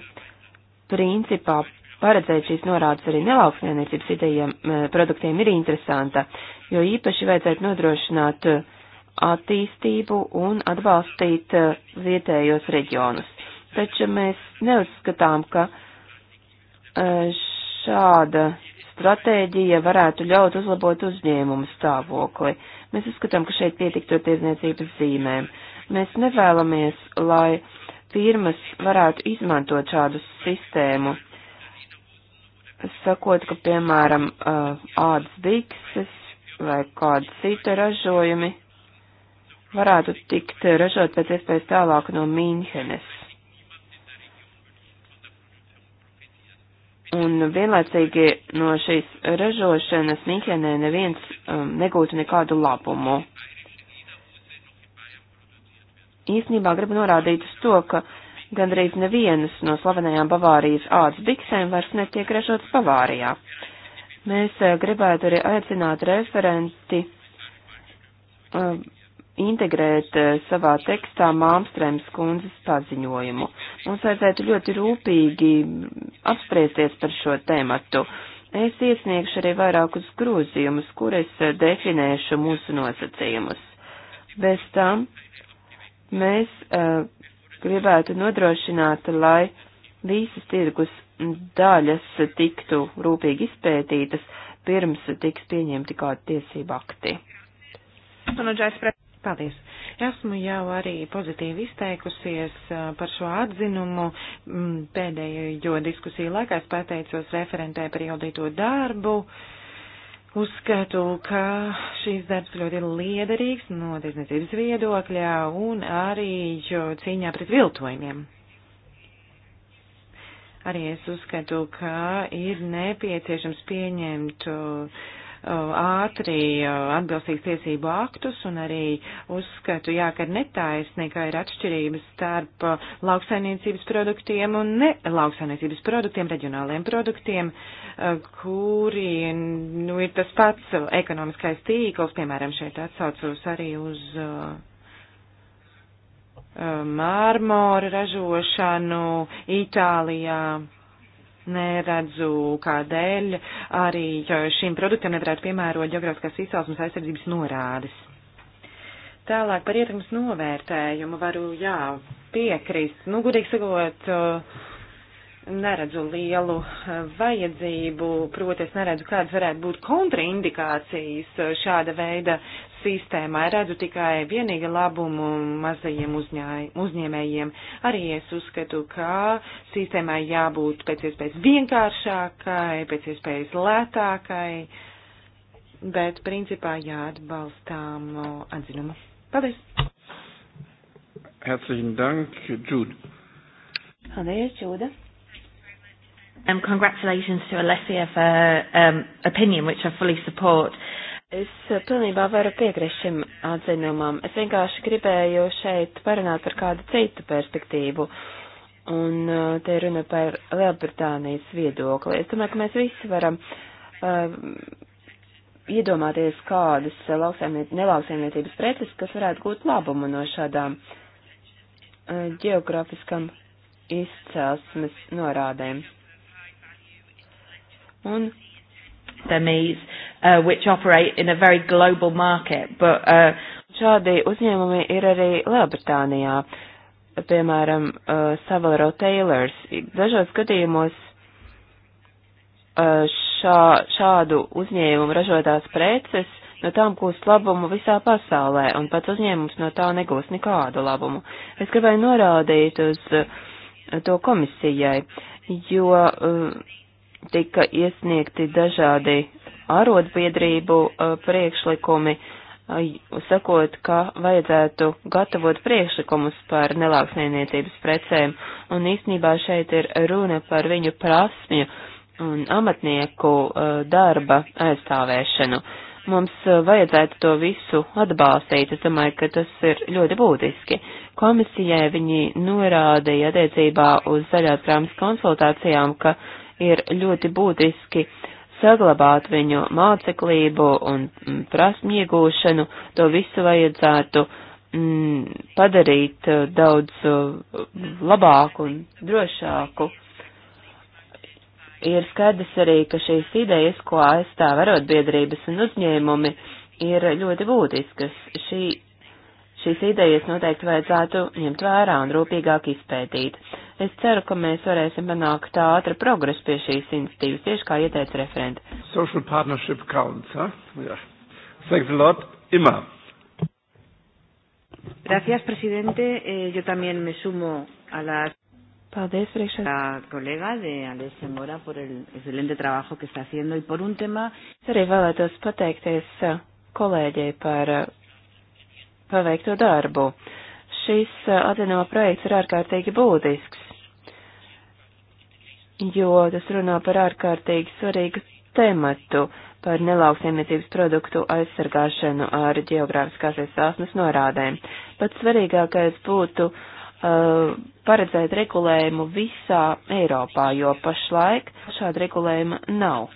principā paredzēt šīs norādes arī nelauksmēniecības idejiem, e, produktiem ir interesanta, jo īpaši vajadzētu nodrošināt e, attīstību un atbalstīt e, vietējos reģionus. Taču mēs neuzskatām, ka šāda stratēģija varētu ļaut uzlabot uzņēmumu stāvokli. Mēs uzskatām, ka šeit pietiktu tirzniecības zīmēm. Mēs nevēlamies, lai uh, firmas varētu izmantot šādu sistēmu, sakot, ka, piemēram, ādas dikses vai kāda cita ražojumi varētu tikt ražot pēc iespējas tālāk no Mīnhenes. Un vienlaicīgi no šīs ražošanas Mīnhenē neviens um, negūtu nekādu labumu. Uh, īsnībā gribu norādīt uz to, ka gandrīz nevienas no slavenajām Bavārijas ādas biksēm vairs netiek ražotas Bavārijā. Mēs eh, gribētu arī aicināt referenti uh, integrēt uh, savā tekstā Māmstrēms kundzes paziņojumu. Mums vajadzētu ļoti rūpīgi apspriesties par šo tēmatu. Es iesniegšu arī vairākus grozījumus, kur es definēšu mūsu nosacījumus. Bez tam Mēs uh, gribētu nodrošināt, lai visas tirgus daļas tiktu rūpīgi izpētītas, pirms tiks pieņemti kādi tiesību akti. Paldies! Esmu jau arī pozitīvi izteikusies eh, par šo atzinumu. Mm, pēdējo diskusiju laikā es pateicos referentē par jaudīto darbu. Uh, Uzskatu, ka šīs darbs ļoti liederīgs no tiesniecības viedokļā un arī cīņā pret viltojumiem. Arī es uzskatu, ka ir nepieciešams pieņemt uh, ātri atbilstīgs tiesību aktus un arī uzskatu, jā, ka netaisnīgā ir atšķirības starp lauksainiecības produktiem un ne lauksainiecības produktiem, reģionāliem produktiem, kuri, nu, ir tas pats ekonomiskais tīkls, piemēram, šeit atsaucos arī uz mārmora ražošanu Itālijā neredzu, kādēļ arī šim produktam nevarētu piemērot geogrāfiskās izcelsmes aizsardzības norādes. Tālāk par ietekmes novērtējumu varu, jā, piekrist. Nu, gudīgi sakot, neredzu lielu eh, vajadzību, proti es neredzu, kādas varētu būt kontraindikācijas eh, šāda veida sistēmai redzu tikai vienīgi labumu mazajiem uzņēj, uzņēmējiem. Arī es uzskatu, ka sistēmai jābūt pēc iespējas vienkāršākai, pēc iespējas lētākai, bet principā jāatbalstām atzinumu. Paldies! Herzlichen Dank, Jude. Paldies, Jude. Um, congratulations to Alessia for um, opinion, which I fully support. Es pilnībā varu piekrist šim atzinumam. Es vienkārši gribēju šeit parunāt par kādu citu perspektīvu. Un uh, te runa par Lielbritānijas viedokli. Es domāju, ka mēs visi varam uh, iedomāties kādas nelauksaimniecības preces, kas varētu gūt labumu no šādām uh, geogrāfiskam izcelsmes norādēm. Un. That means uh, which operate in a very global market. But, uh, Šādi uzņēmumi ir arī Lielbritānijā, piemēram, uh, Savalro Taylors. Dažos gadījumos uh, šā, šādu uzņēmumu ražotās preces no tām gūst labumu visā pasaulē, un pats uzņēmums no tā negūst nekādu labumu. Es gribēju norādīt uz uh, to komisijai, jo uh, tika iesniegti dažādi arotbiedrību uh, priekšlikumi, uh, sakot, ka vajadzētu gatavot priekšlikumus par nelāksniecības precēm, un īstenībā šeit ir runa par viņu prasmju un amatnieku uh, darba aizstāvēšanu. Mums vajadzētu to visu atbalstīt, es domāju, ka tas ir ļoti būtiski. Komisijai viņi norādīja attiecībā uz zaļās grāmatas konsultācijām, ka ir ļoti būtiski uh, saglabāt viņu māceklību un mm, prasmju iegūšanu, to visu vajadzētu mm, padarīt eh, daudz eh, labāku un drošāku. Ir skaidrs arī, ka šīs idejas, ko aizstāv arotbiedrības un uzņēmumi, ir ļoti būtiskas. Šī Šīs idejas noteikti vajadzētu ņemt vērā un rūpīgāk izpētīt. Es ceru, ka mēs varēsim panākt ātru progresu pie šīs institīvas, tieši kā ieteica referenta. Social partnership counts, ha? Huh? Yeah. Thanks a lot, Ima. Gracias, presidente. Eh, yo también me sumo a las Paldies, priekšā. La kolega de Alessia Mora por el excelente trabajo que está haciendo y por un tema. Es arī vēlētos pateikties eh, kolēģei par eh, paveikto darbu. Šis uh, atzinuma projekts ir ārkārtīgi būtisks, jo tas runā par ārkārtīgi svarīgu tematu par nelauksiemniecības produktu aizsargāšanu ar geogrāfiskās izsāsnes norādēm. Pats svarīgākais būtu uh, paredzēt regulējumu visā Eiropā, jo pašlaik šāda regulējuma nav.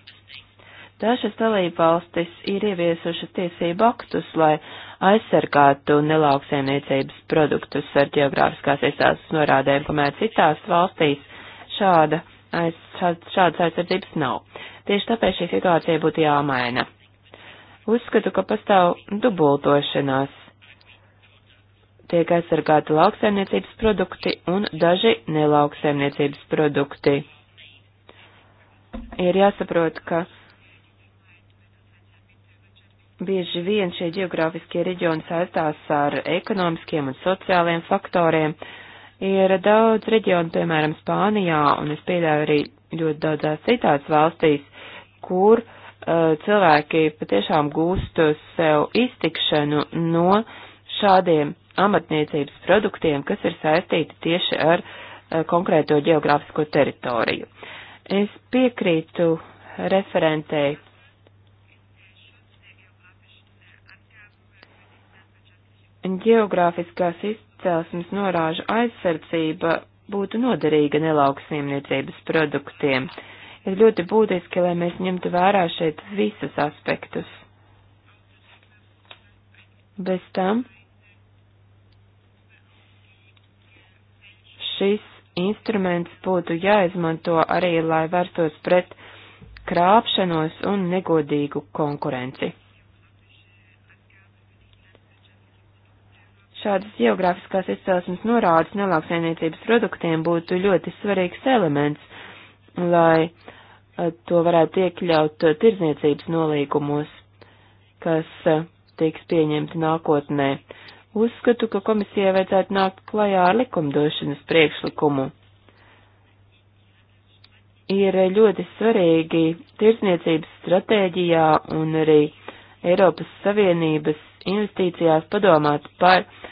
Dažas dalībvalstis ir ieviesušas tiesību aktus, lai aizsargātu nelauksaimniecības produktus ar geogrāfiskās iestādes norādēm, kamēr citās valstīs šāda aiz, šādas aizsardzības nav. Tieši tāpēc šī situācija būtu jāmaina. Uzskatu, ka pastāv dubultošanās. Tiek aizsargāti lauksaimniecības produkti un daži nelauksaimniecības produkti. Ir jāsaprot, ka Bieži vien šie geogrāfiskie reģioni saistās ar ekonomiskiem un sociāliem faktoriem. Ir daudz reģionu, piemēram, Spānijā, un es pieļauju arī ļoti daudzās citās valstīs, kur uh, cilvēki patiešām gūst sev iztikšanu no šādiem amatniecības produktiem, kas ir saistīti tieši ar uh, konkrēto geogrāfisko teritoriju. Es piekrītu referentei Geogrāfiskās izcelsmes norāžu aizsardzība būtu noderīga nelauksaimniecības produktiem. Ir ļoti būtiski, lai mēs ņemtu vērā šeit visus aspektus. Bez tam šis instruments būtu jāizmanto arī, lai vērstos pret krāpšanos un negodīgu konkurenci. šādas geogrāfiskās izcelsmes norādes nelāksainiecības produktiem būtu ļoti svarīgs elements, lai e, to varētu iekļaut e, tirzniecības nolīgumos, kas e, tiks pieņemti nākotnē. Uzskatu, ka komisijai vajadzētu nākt klajā ar likumdošanas priekšlikumu. Ir ļoti svarīgi tirzniecības stratēģijā un arī Eiropas Savienības investīcijās padomāt par uh,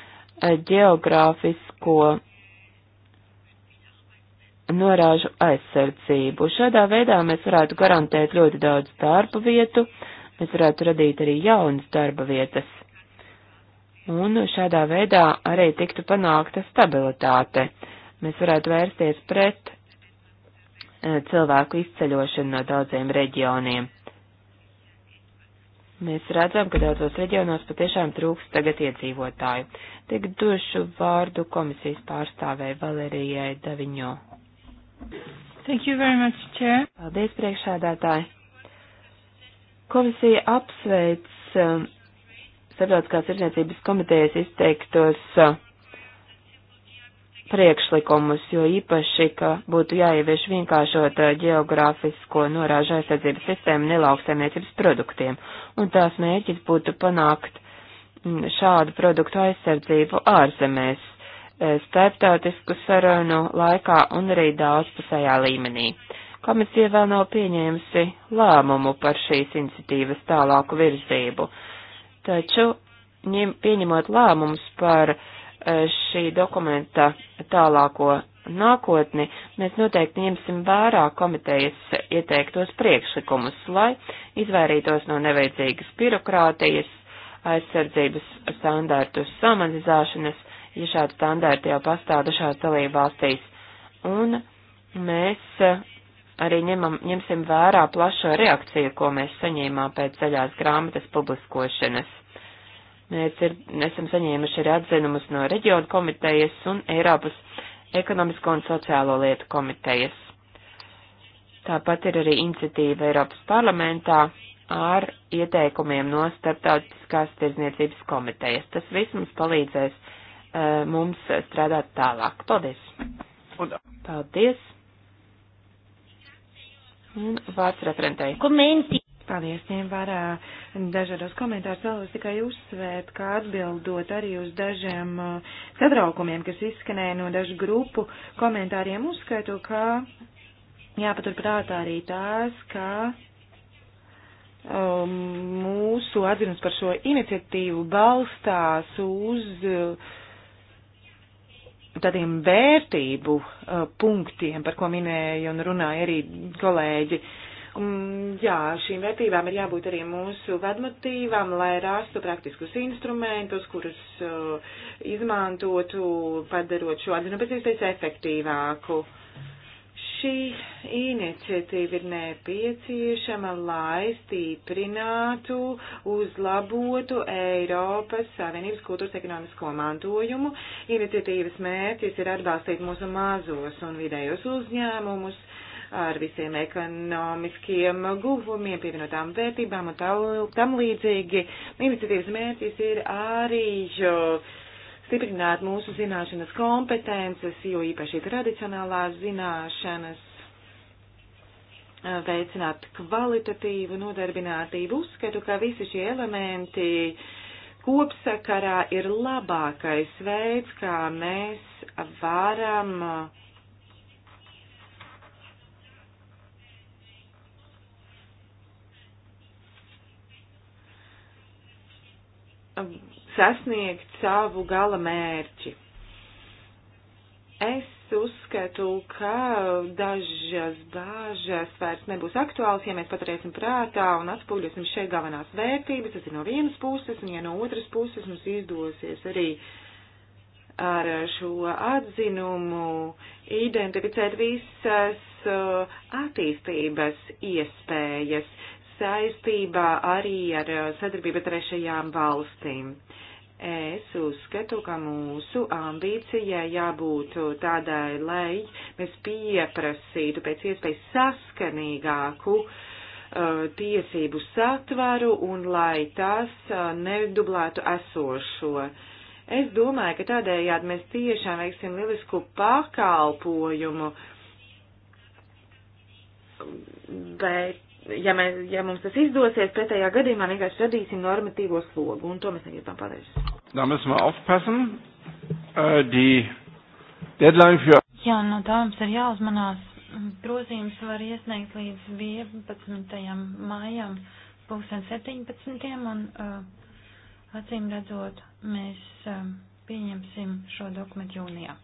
ģeogrāfisko norāžu aizsardzību. Šādā veidā mēs varētu garantēt ļoti daudz darba vietu, mēs varētu radīt arī jaunas darba vietas. Un šādā veidā arī tiktu panākta stabilitāte. Mēs varētu vērsties pret eh, cilvēku izceļošanu no daudziem reģioniem. Mēs redzam, ka daudzos reģionos patiešām trūks tagad iedzīvotāju. Tik došu vārdu komisijas pārstāvēja Valērijai Daviņo. Thank you very much, Chair. Paldies, priekšādātāji. Komisija apsveic um, Sabiedriskās tirdzniecības komitejas izteiktos uh, priekšlikumus, jo īpaši, ka būtu jāievieš vienkāršot eh, geogrāfisko norāžu aizsardzības sistēmu nelauksaimniecības produktiem, un tās mērķis būtu panākt mm, šādu produktu aizsardzību ārzemēs, eh, starptautisku sarunu laikā un arī daudzpusējā līmenī. Komisija vēl nav pieņēmusi lēmumu par šīs iniciatīvas tālāku virzību, taču ņem, pieņemot lēmumus par uh, Eh, šī dokumenta tālāko nākotni, mēs noteikti ņemsim vērā komitejas ieteiktos priekšlikumus, lai izvairītos no neveidzīgas birokrātijas, aizsardzības standārtu samanizāšanas, ja šādi standārti jau pastāv dažās dalībvalstīs. Un mēs eh, arī ņemam, ņemsim vērā plašo reakciju, ko mēs saņēmām pēc ceļās grāmatas publiskošanas. Mēs ir, esam saņēmuši arī atzinumus no reģionu komitejas un Eiropas ekonomisko un sociālo lietu komitejas. Tāpat ir arī iniciatīva Eiropas parlamentā ar ieteikumiem no starptautiskās tirzniecības komitejas. Tas viss mums palīdzēs uh, mums strādāt tālāk. Paldies! Paldies! Un vārds referentei. Komenti! Paldies, ņem vērā dažādos komentārus. Vēlos tikai uzsvērt, kā atbildot arī uz dažiem uh, sadraukumiem, kas izskanēja no dažu grupu komentāriem, uzskaitu, ka jāpaturprātā arī tās, ka um, mūsu atzinums par šo iniciatīvu balstās uz uh, tādiem vērtību uh, punktiem, par ko minēja un runāja arī kolēģi. Uh, Jā, šīm vērtībām ir jābūt arī mūsu vadmatīvām, lai rastu praktiskus instrumentus, kurus uh, izmantotu, padarot šo atzinu pēc iespējas efektīvāku. Šī iniciatīva ir nepieciešama, lai stiprinātu, uzlabotu Eiropas Savienības kultūras ekonomisko mantojumu. Iniciatīvas mērķis ir atbalstīt mūsu mazos un vidējos uzņēmumus ar visiem ekonomiskiem guvumiem, pievienotām vērtībām un tam līdzīgi. Iniciatīvas mērķis ir arī stiprināt mūsu zināšanas kompetences, jo īpaši tradicionālās zināšanas, veicināt kvalitatīvu nodarbinātību. Uzskatu, ka visi šie elementi kopsakarā ir labākais veids, kā mēs varam uh, Um, sasniegt savu gala mērķi. Es uzskatu, ka dažas bāžas vairs nebūs aktuāls, ja mēs paturēsim prātā un atspūļosim šeit galvenās vērtības. Tas ir no vienas puses, un ja no otras puses mums izdosies arī ar šo atzinumu identificēt visas uh, attīstības iespējas, saistībā arī ar eh, sadarbību trešajām valstīm. Es uzskatu, ka mūsu ambīcijai jābūt tādai, lai mēs pieprasītu pēc iespējas saskanīgāku uh, tiesību satvaru un lai tas uh, nedublētu esošo. Es domāju, ka tādējādi mēs tiešām veiksim lielisku pakalpojumu, bet ja, mēs, ja mums tas izdosies, pretējā gadījumā vienkārši radīsim normatīvo slogu, un to mēs negribam padarīt. Da müssen wir aufpassen. Uh, die Deadline für. Jā, no nu tā mums ir jāuzmanās. Grozījums var iesniegt līdz 11. maijam, pulksten 17. un uh, acīm redzot, mēs uh, pieņemsim šo dokumentu jūnijā.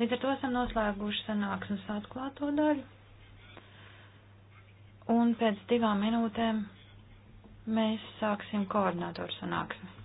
Līdz ar to esam noslēguši sanāksmes atklāto daļu un pēc divām minūtēm mēs sāksim koordinātoru sanāksmi.